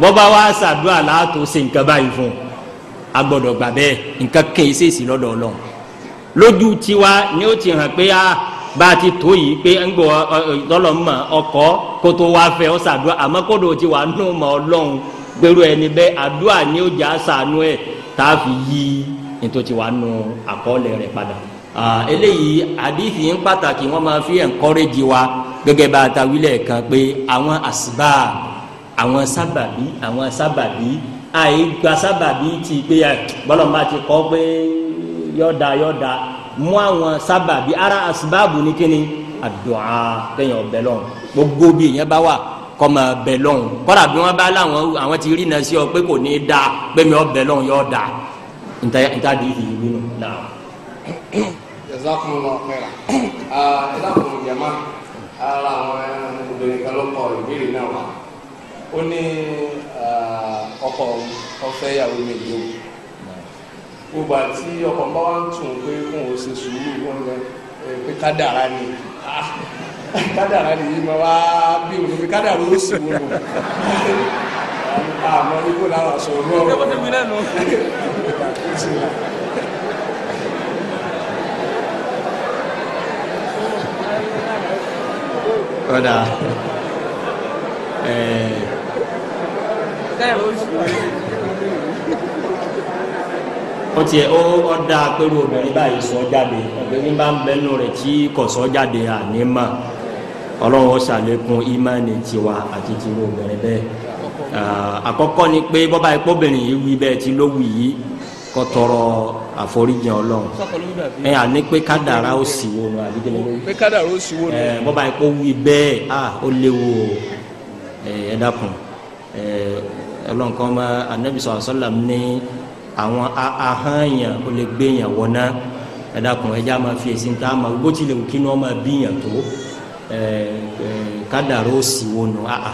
bọba wa ṣàdúà láàtò ṣe nǹkan báyìí fún a gbọ́dọ̀ gbà bẹ́ẹ̀ nǹkan kan yìí ṣèṣì lọ́dọ̀ Ọlọ́run lójú tiwa ni ó ti hàn pé a ah, bá a ti tó yìí pé ń gbọ́ tọlọ mọ ọkọ kó tó wá fẹ́ ọ ṣàdúà àmọ́ kódò ti wà nù mọ Ọlọ́run gbèrú ẹni bẹ́ẹ̀ àdúà ni ó jà ṣàánú ẹ tá a fi yí ètò tiwa nù àkọọ́lẹ̀ rẹ̀ padà eléyìí àdìsí ń pàtàkì wọn máa fi ẹ̀ńkọ́rẹ́jì wa gẹ́gẹ́ bá a ta wílẹ̀ kan pé àwọn àsìbá àwọn sábàbí àwọn sábàbí àìgbà sábàbí ti gbé bọ́lọ́mọba ti kọ́ pé yọ̀ọ̀da yọ̀ọ̀da mú àwọn sábàbí ara àsìbáàbù ní kíni àdùá kẹyìn ọbẹ̀ lọ́hùn gbogbo bí ìyẹn bá wà kọ́ máa bẹ̀ lọ́hùn kọ́dà bí wọ́n bá láwọn àwọn ti rí iná pé kò ní í da pé mi ọbẹ̀ lọ́hùn yọ̀ọ̀da níta níta dìídì yìí nínú náà jazakumullahu khairan ẹ dákun jama ara àwọn obìnrin kan ló kọ ìbéèrè náà wá ó ní eh, ọkọ ọfẹ ìyàwó méjì o gbogbo àti ọkọ bá wà tún pé kóun ó ṣe sùúrù wọn lẹ eh, pé kádàrá ni ah, *laughs* kádàrá ni yìí máa wá bí òun pé kádàrá ó sì wọ́n mọ̀ àmọ́ làwọn aṣọ òun náà. ọ̀dà ó tiẹ̀ ó ọ̀dà pẹ̀lú obìnrin báyìí sọ jáde obìnrin bá ń bẹnu rẹ̀ tí kò sọ jáde àní mà ọlọ́run ó ṣàlékún ìmánì tiwa àti tiwa obìnrin bẹ́ẹ̀ àkọ́kọ́ ni pé bọ́bá ikú obìnrin yìí wí bẹ́ẹ̀ tí ló wù yìí kò tọrọ àforíjì ọlọ́run ẹ àní pé kádàrá ó sì wo nu àbí kíni. pé kádàrá ó sì wo nu. ẹ bọ́ba yìí kó wí bẹ́ẹ̀ a ó léwu o ẹ dákun ẹ ọlọ́run kan mọ anabi sọ àṣọlám ní àwọn ahányàn ó lè gbéyàn wọná ẹ dákun ẹ máa fi èsì ń máa bó tilẹ̀ kí ni wọ́n máa bíyàn tó ẹ ẹ kádàrá ó sì wo nu a a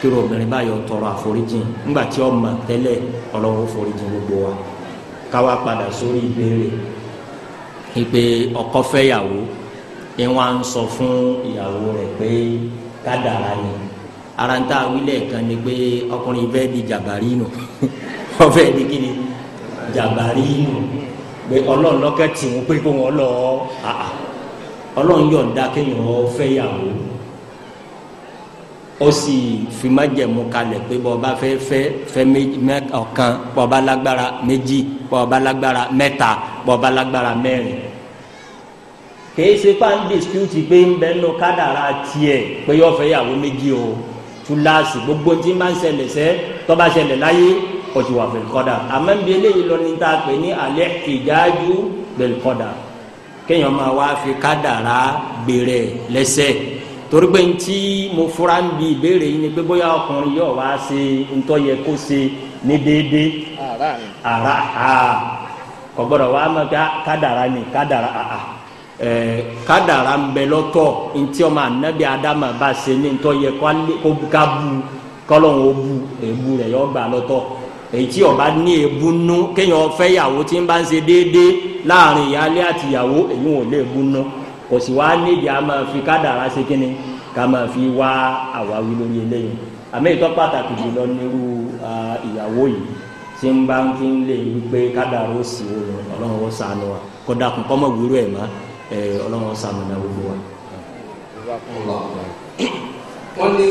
kí ló obìnrin báyọ̀ tọrọ àforíjì ńgbà tí ọ mọ̀ tẹ́lẹ̀ ọlọ́run ó foríjì káwá padà sórí ìbéèrè ìpè ọkọ fẹ́yàwó ni wọn ń sọ fún ìyàwó rẹ̀ pé ni ara ń tà wílẹ̀ kan ni pé ọkùnrin bẹ́ẹ̀ di jàbárí nù *laughs* ọbẹ̀ di kí ni jàbárí nù pé ọlọ́run lọ́kẹ́ tì wọ́n pé kó wọ́n ọlọ́run kéèyàn ó sì fi májẹ̀mú kalẹ̀ pé bọ́ọ̀bá fẹ́ fẹ́ fẹ́ ọ̀kan bọ́ọ̀bá lágbára méjì bọ́ọ̀bá lágbára mẹ́ta bọ́ọ̀bá lágbára mẹ́rin kìí ṣe pa ń dispute pé ń bẹ nù kádàrá tiẹ̀ pé yọ fẹ́ yàwó méjì o túláàsì gbogbo tí máa ń ṣẹlẹ̀ sẹ́ tọ́ba ṣẹlẹ̀ láyé ọ̀tún wà fil qadar àmọ́ ń bi eléyìí lọ ní ta pé ní alẹ́ ìjáájú bil qadar kéèyàn máa wá fi kádàrá gbèrè lẹ́sẹ̀ torí pé ntí mo fura ń bi ìbéèrè yìí ni pé bóyá ọkùnrin yóò wá ṣe ntọ́ yẹ kó ṣe ní déédéé ara ha kò gbọ́dọ̀ wá mọ̀ ká kádàrá ni kádàrá ha ẹ̀ẹ́ kádàrá ń bẹ lọ́tọ̀ anabi adama bá ṣe ní ntọ́ yẹ kó ká bu kọ́lọ́hún ó bu èbu rẹ̀ yọ gbà lọ́tọ̀ èyí tí ọba ní èbu nú kéèyàn fẹ́ yàwó tí ń bá ń ṣe déédéé láàrin ìyáálé àtìyàwó èyí wọn ò lè bu nú kò sì wá níbi a máa fi kádàrá ṣe kínní ká máa fi wá àwáwí lórí eléyìí àmì ìtọ́ pàtàkì jùlọ nírú ìyàwó yìí tí ń bá ń fi ń lè wípé kádàrá ó sì wò ọlọ́run ó sànù wa kódà kún kọ́mọ wúrú ẹ̀ mọ́ ọlọ́run ó sànù náà gbogbo wa. wọ́n ní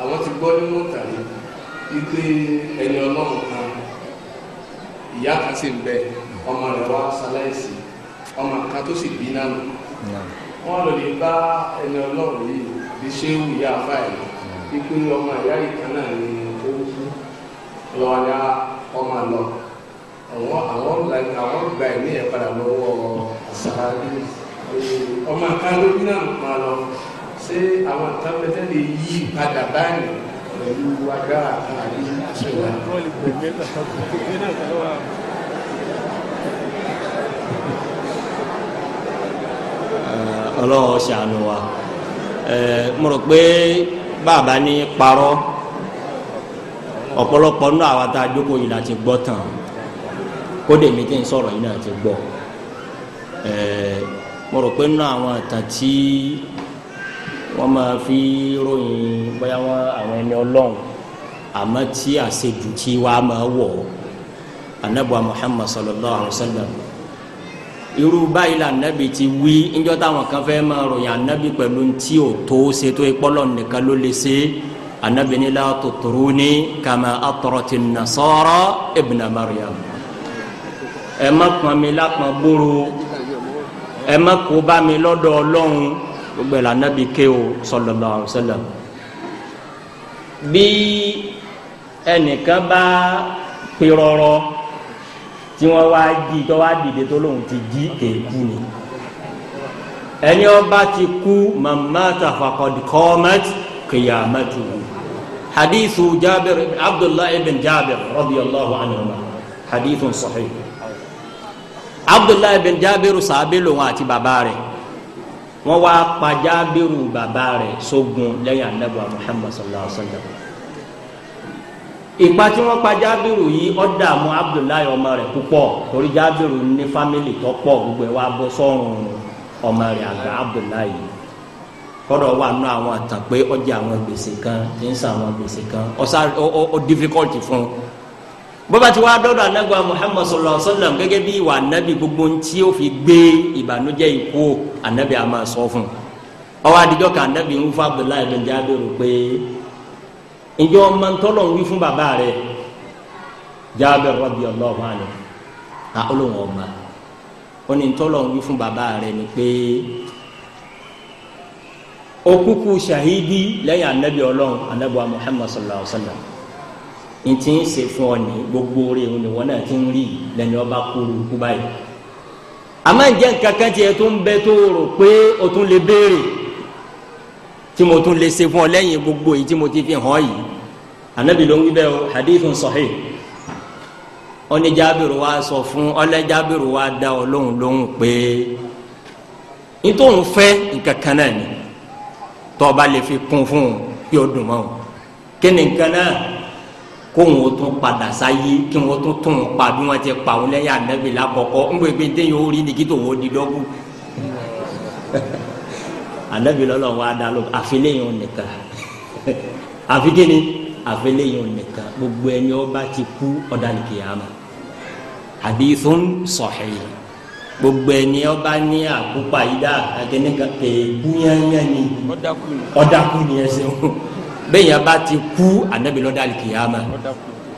àwọn ti gbọ́ nínú tàbí wípé ẹni ọlọ́run kan ìyá kan sì ń bẹ ọmọ rẹ̀ wá sáláìsì ọmọ kan tó sì bí náà nù wọ́n lò lè bá ẹni ọlọ́run yìí àbí ṣéwù yá afá ẹ̀ ipe ọmọ ìyá ìkan náà ni ó kú lọ́wọ́ ya ọmọ lọ àwọn àwọn àwọn gba ẹ̀mí ẹ̀ padà lọ́wọ́ àṣàlàyé ọmọ kan ló bí náà máa lọ ṣé àwọn nǹkan pẹ́tẹ́ lè yí padà báyìí pẹ̀lú agbára àti àṣẹ Eh, ọlọ́wọ́ ṣàánú wa eh, mo rò pé bàbá ní parọ́ ọ̀pọ̀lọpọ̀ nínú àwa tá a jókòó yìí la ti gbọ́ tán kódé mi tí ń sọ̀rọ̀ yìí náà ti gbọ́ eh, mo rò pé nínú àwọn ìtàn tí wọ́n máa fi ròyìn bóyá wọ́n àwọn ẹni ọlọ́run àmọ́ tí àṣejù tí wàá máa wọ̀ ọ́ anábọ̀ Muhammad sallallahu alayhi wa sallam irú báyìí la nàbì ti wí níjọ́ táwọn kan fẹ́ máa ròyìn ànábì pẹ̀lú tí ò tó ṣe tó ìpọ́lọ̀ nìkan ló lè ṣe ànábì ní la tutruni kama atrati nasara ibna Maryam ẹ má pọn mi lápọn bóró ẹ má kó bá mi lọ́dọ̀ ọlọ́run gbogbo ẹ̀ la nàbì ké o sallallahu alaihi bí ẹnìkan bá pirọrọ tí wọ́n wá jí tó wá dìde tó lóun ti jí èkú ni ẹni ọba ti kú mamata faqad qamat qiyamatuhu hadithu jabir abdullahi ibn jabir radiyallahu anhu hadithu sahih abdullahi ibn jabir sàbẹ lòun àti bàbá rẹ̀ wọ́n wá pa jabiru bàbá rẹ̀ sógun lẹ́yìn anabu muhammad sallallahu alaihi wa sallam ìpa tí wọ́n pa jábìrù yìí ọ̀dà mu abdullahi ọmọ rẹ̀ púpọ̀ torí jábìrù ní fámìlì tó pọ̀ gbogbo ẹ̀ wá bọ́ sọ́run ọmọ rẹ̀ àgbà abdullahi kọ́dọ̀ wà nù àwọn àtàn pé ọjà àwọn gbèsè kan ti ń àwọn gbèsè kan ọ̀sá ó difficult fún un bọ́ba ti wá dọ́dọ̀ anagba muhammad sallallahu alayhi wa sallam gẹ́gẹ́ bí ìwà anabi gbogbo ń tí ó fi gbé ìbànújẹ́ ikú anabi àmà sọ fún un ọwọ́ adijọ́ kan anabi ń fún abdullahi bin jábìrù pé. ǹjẹ́ ọmọ ntọlọ ń wí fún bàbá rẹ̀ Jabir radiyallahu anhu a olóhùn ọmọ ó ní wí fún bàbá ni pé okuku sahidi lẹ́yìn anabi ọlọ́run anabi wa Muhammad sallallahu alaihi wa sallam ntí ń fún ọ ní gbogbo rẹ̀ òun wọn tí mo tún lè ṣe fún ọ lẹ́yìn gbogbo yìí tí mo ti fi hàn yìí anabi ló ń wí bẹ́ẹ̀ o hadithun sahih ọní wa sọ fún ọlẹ́ wa dá ọ lóhùn lóhùn pé nítorí fẹ́ nǹkan kan náà ni tọ́ba lè fi kún fún un kí o dùn mọ́ o kí ni nǹkan náà kó wọn tún padà sáyé kí wọn tún tún un pa bí wọn ti pa òun lẹ́yìn anabi lákọ̀ọ́kọ́ ń gbẹgbẹ́ dé yóò rí ni kí tòun ó di dọ́gbù anabi lọlọ wa da lọ àfiléyìn onìkan *laughs* àfikẹ́ni àfiléyìn onìkan gbogbo ẹni ọba ti kú ọ̀dàlìkìyàmà hadithun sahih gbogbo ẹni ọba ní àkópa ìdá akẹ́nìkan kéèkú yányánni ọ̀dàkú ni ẹsẹ̀ wọn bẹ́ẹ̀ yẹn bá ti kú anabi lọ́dàlìkìyàmà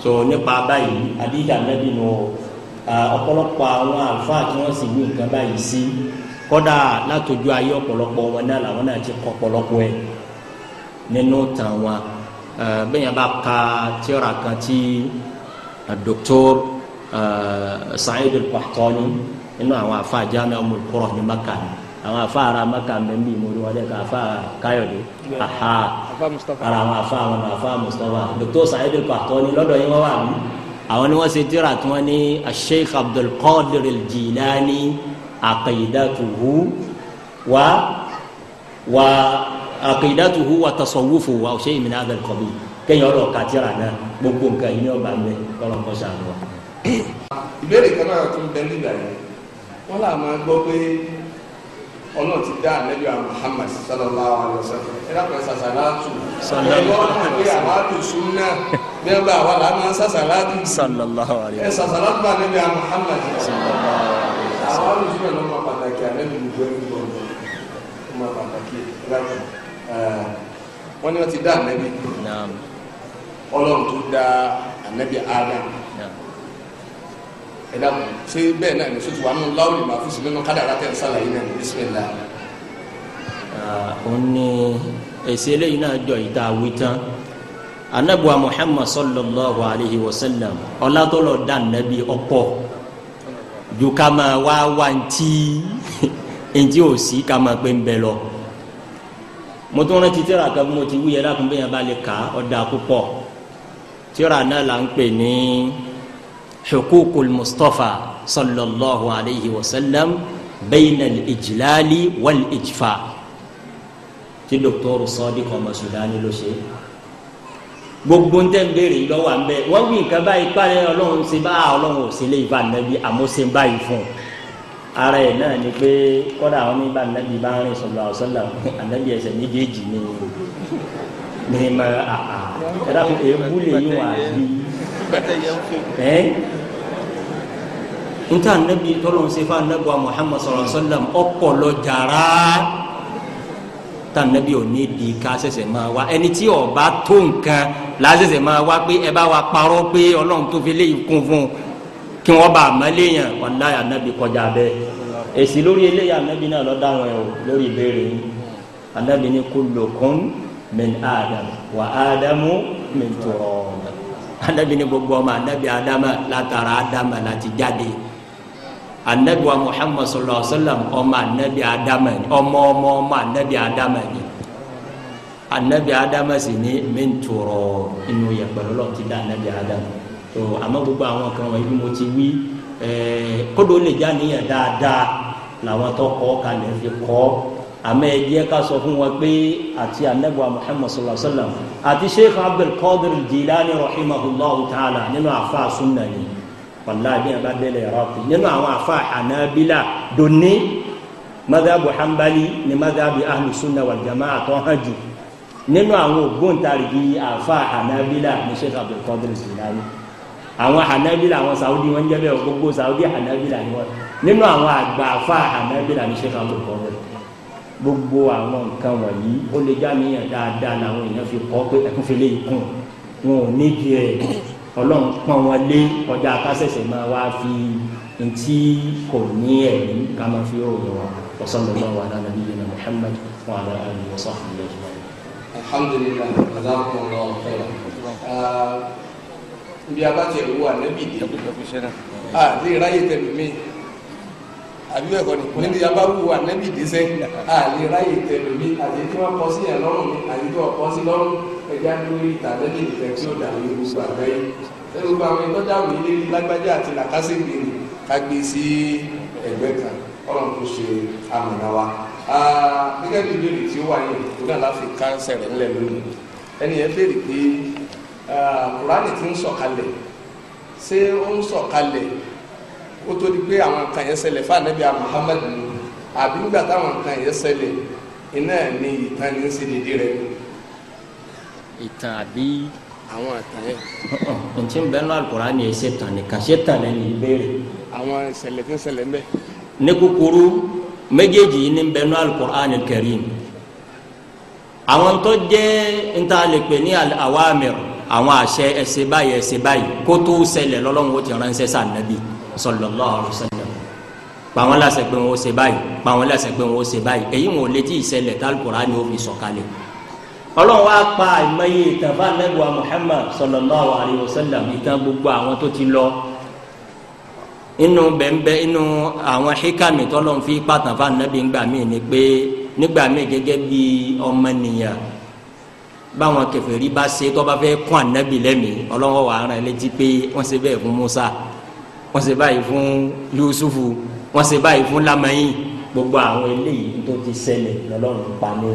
so nípa báyìí hadith anabi nù ọ̀pọ̀lọpọ̀ àwọn àlùfáà tí wọ́n sì ní nǹkan báyìí sí kọ́dà látọjú ayé ọ̀pọ̀lọpọ̀ wọn náà làwọn náà ti kọ́ ọ̀pọ̀lọpọ̀ ẹ̀ nínú tàn wọn bẹ́ẹ̀ yẹn bá ka tíra kan tí Dr. Sa'id al-Qahtani nínú àwọn afa jamiu mulkura ní Makkah ni àwọn afa ara Makkah mẹ́mbí ìmọ̀lẹ́ wọn dẹ́ka afa Káyọ̀dé aha ara àwọn afa àwọn afa Mustafa Dr. Sa'id al-Qahtani lọ́dọ̀ yín wọ́n wà mí àwọn ni wọ́n ṣe tíra tí wọ́n ní Sheikh Abdul Qadir al-Jilani àkàyídàtúhù wà wà àkàyídàtúhù wà tasawwufu wà ọ̀ṣẹ́ ìmìnira abẹ́rẹ́ kọ́bí kẹ́yìn ọ̀rọ̀ kàtìrà náà gbogbo nǹkan yìí ní ọba mẹ kọ́lọ́ kọ́ sànù wa. ìbéèrè kan náà tún bẹ nígbà yẹn wọ́n là máa gbọ́ pé ọlọ́run ti dá àlẹ́bí àwọn Muhammad sallallahu alayhi wa sallam ẹ dákun sàṣàlátù ẹgbẹ́ ọlọ́run pé àwàdù súnà bẹ́ẹ̀ bá àwa là sàṣàlátù ẹ sàṣàlátù bá àwọn Muhammad àwọn olùsúnà náà máa pàtàkì àmẹ́bí gbogbo ẹni gbọ́dọ̀ ó máa pàtàkì láti wọ́n ní wọ́n ti dá àmẹ́bí ọlọ́run tó dá àmẹ́bí Ádámù ẹ̀dá mọ̀ ṣé bẹ́ẹ̀ náà ní sọ́tù wà nù láwùlì máa fún sí nínú kádàrá tẹ̀ ń sàlàyé náà ní bísímẹ́lá. ó ní Muhammad sallallahu Alaihi wa sallam ọlátọ́lọ́ nabi ànábì ọ̀pọ̀ ju ká máa wá wá ntí *laughs* ntí ò sí ká máa pé ń bẹ lọ mo tún rántí tíra kan mo ti wúyẹ lákùn bẹ́ẹ̀ bá lè kà ọ̀dà púpọ̀ tíra náà là ń pè ní hukukul Mustafa sallallahu alayhi wa sallam bayna al-ijlali wal-ijfa tí dókítà Sadiq ọmọ ló ṣe gbogbo ń tẹ́ ń béèrè yìí lọ́wọ́ à ń bẹ̀ wọ́n wí nǹkan báyìí parí ọlọ́run ṣe bá ọlọ́run ò sí lè fa nàbí àmọ́ ṣe ń báyìí fún un ara ẹ̀ náà ni pé kọ́dà àwọn nígbà nàbí bá ń rìn sọ̀rọ̀ àwòsánlá ànábì ẹsẹ̀ méjèèjì ni ni mà àà ẹ̀dá fún èébú lè yín wà á bí ẹ́ níta nàbí tọ́lọ́run ṣe fa nàbí wa Muhammad sọ̀rọ̀ àwòsánlá ọ̀pọ̀ jàrá tán nẹ́bí ò ní di ká ṣẹ̀ṣẹ̀ máa wá ẹni tí ó bá tó nǹkan là á ṣẹ̀ṣẹ̀ máa wá pé ẹ bá wa parọ́ pé ọlọ́run tó fi léyìí kún fún un kí wọ́n bá a mọ́ léyìn wàláyà nẹ́bí kọjá bẹ́ẹ̀ èsì lórí eléyà nẹ́bí náà lọ́dá wọn ẹ̀ o lórí ìbéèrè yìí anabi ni kullukum min adam wa adamu min turab anabi ni gbogbo ọmọ anabi adama látara adama láti jáde anabiwa muhammad sallallahu alaihi wa sallam ọmọ anabi adama ni ọmọ ọmọ ọmọ anabi adama ni anabi adama sì ni mintoro inú yẹpẹrẹ lọ ti dá anabi adama tó àmọ́ gbogbo àwọn kan wọn ibi mo ti wí ẹẹ kódò lè já níyàn dáadáa làwọn tó kọ kalẹ̀ fi kọ àmọ́ ẹ jẹ́ ká sọ fún wọn pé àti anabiwa muhammad sallallahu alaihi wa sallam àti sheikh abdul qadir jilani rahimahullahu ta'ala nínú àfa sunna ni wàláhi bí wọn bá délẹ̀ Iraqi nínú àwọn afa Hanabila doni madhabu Hanbali ni madhabu ahlu sunna wal jama'a tó hàn jù nínú àwọn ògbóǹtarìgì afa Hanabila ní Sheikh Abdul Qadir Jilani àwọn Hanabila àwọn Saudi wọn jẹ́ bẹ́ẹ̀ gbogbo Saudi Hanabila ni wọn nínú àwọn àgbà afa Hanabila ní Sheikh Abdul Qadir gbogbo àwọn nǹkan wọ̀nyí ó lè já níyàn dáadáa làwọn èèyàn fi kọ́ pé ẹkún fi lè kún wọn ò ní di ẹ̀ ọlọ́run pọ́n wọn lé kọjá kásẹ̀sẹ̀ máa wá fi ntí kò ní ẹ̀rí ká máa fi òòrùn wọn sallallahu ala nabiyyina Muhammad wa ala alihi wa sahbihi ajma'in. alhamdulilayi jazakum allah khairan ah, ibi abati ẹ̀rù wà nẹ́bí dé a lè ráyè tẹ̀lé mi àbí bẹ́ẹ̀ kọ́ ni níbi abáwù wà nẹ́bí dé sẹ́ a lè ráyè tẹ̀lé mi àti tí wọ́n kọ́ sí ẹ̀ lọ́rùn mi àti tí wọ́n kọ́ sí lọ́rùn mi ẹja lórí tàbẹ́lì ìfẹ́ tí ó dàbí gbogbo àgbáyé ẹni gbogbo àwọn ẹgbẹ́ dàrú ilé lágbájá àti làkàṣègbè ni ká gbé sí ẹgbẹ́ kan ọlọ́run kò ṣe àmọ̀nà wa gẹ́gẹ́ bí ìbéèrè tí ó wáyé tó náà láfi káńsẹ̀ rẹ̀ ńlẹ̀ lónìí ẹni yẹn béèrè pé kùránì ti ń sọ̀kalẹ̀ ṣé ó ń sọ̀kalẹ̀ ó tó di pé àwọn nǹkan yẹn ṣẹlẹ̀ fún ànábì Muhammad àbí nígbà táwọn nǹkan yẹn ṣẹlẹ̀ iná ní ìtàn ní ń rẹ̀ ìtàn àbí. àwọn àtàn yẹn. n ti bẹ́ẹ̀ náà Al-Qur'ani ẹ̀ ṣe tàn nìkan ṣe tàn lẹ́nu ìbéèrè. àwọn ìṣẹ̀lẹ̀ tí ń ṣẹlẹ̀ ń bẹ̀. ní kúkúrú méjèèjì ní bẹ́ẹ̀ náà Al-Qur'ani Karim. àwọn tó jẹ́ n ta lè pè ní al-awamir àwọn àṣẹ ẹ ṣe báyìí ẹ ṣe báyìí kó tó ṣẹlẹ̀ lọ́lọ́run ó ti ránṣẹ́ sí Ànábì sallallahu alaihi wasallam pàwọn láṣẹ pé wọn ó ṣe báyìí pàwọn láṣẹ pé wọn ó ọlọ́run wá pa àìmọye ìtàn bá nẹ́gbàá Muhammad sallallahu alayhi wa sallam ìtàn gbogbo àwọn tó ti lọ inú bẹ́ẹ̀nbẹ́ inú àwọn hikami tọ́lọ́run fi pàtàn bá nẹ́bí ńgbà mí ni pé nígbà mí gẹ́gẹ́ bí ọmọnìyàn báwọn kèfèrí bá ṣe tó bá fẹ́ kún ànẹ́bí lẹ́mìí ọlọ́run wà á rán létí pé wọ́n ṣe bẹ́ẹ̀ fún Musa wọ́n ṣe báyìí fún Yusufu wọ́n ṣe báyìí fún Lamayin gbogbo àwọn eléyìí tó ti ṣẹlẹ̀ lọ́lọ́run pa ní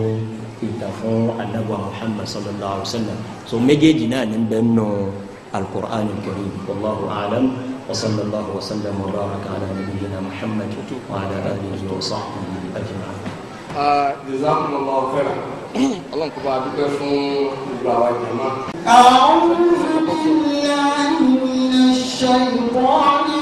ìtàn fún anabu muhammad sallallahu alaihi wa sallam so méjèèjì náà ní bẹ́ẹ̀ nù alukur'an karim wallahu alam wa sallallahu wa sallam wa baraka ala nabiyyina muhammad wa ala alihi wa sahbihi ajma'in. Ah, jazakumullahu khairan *coughs* ọlọ́run kò bá a dúpẹ́ fún ìgbà wa jẹ̀mọ́. àwọn ọmọ mi ní ìlànà ìṣẹ̀yìn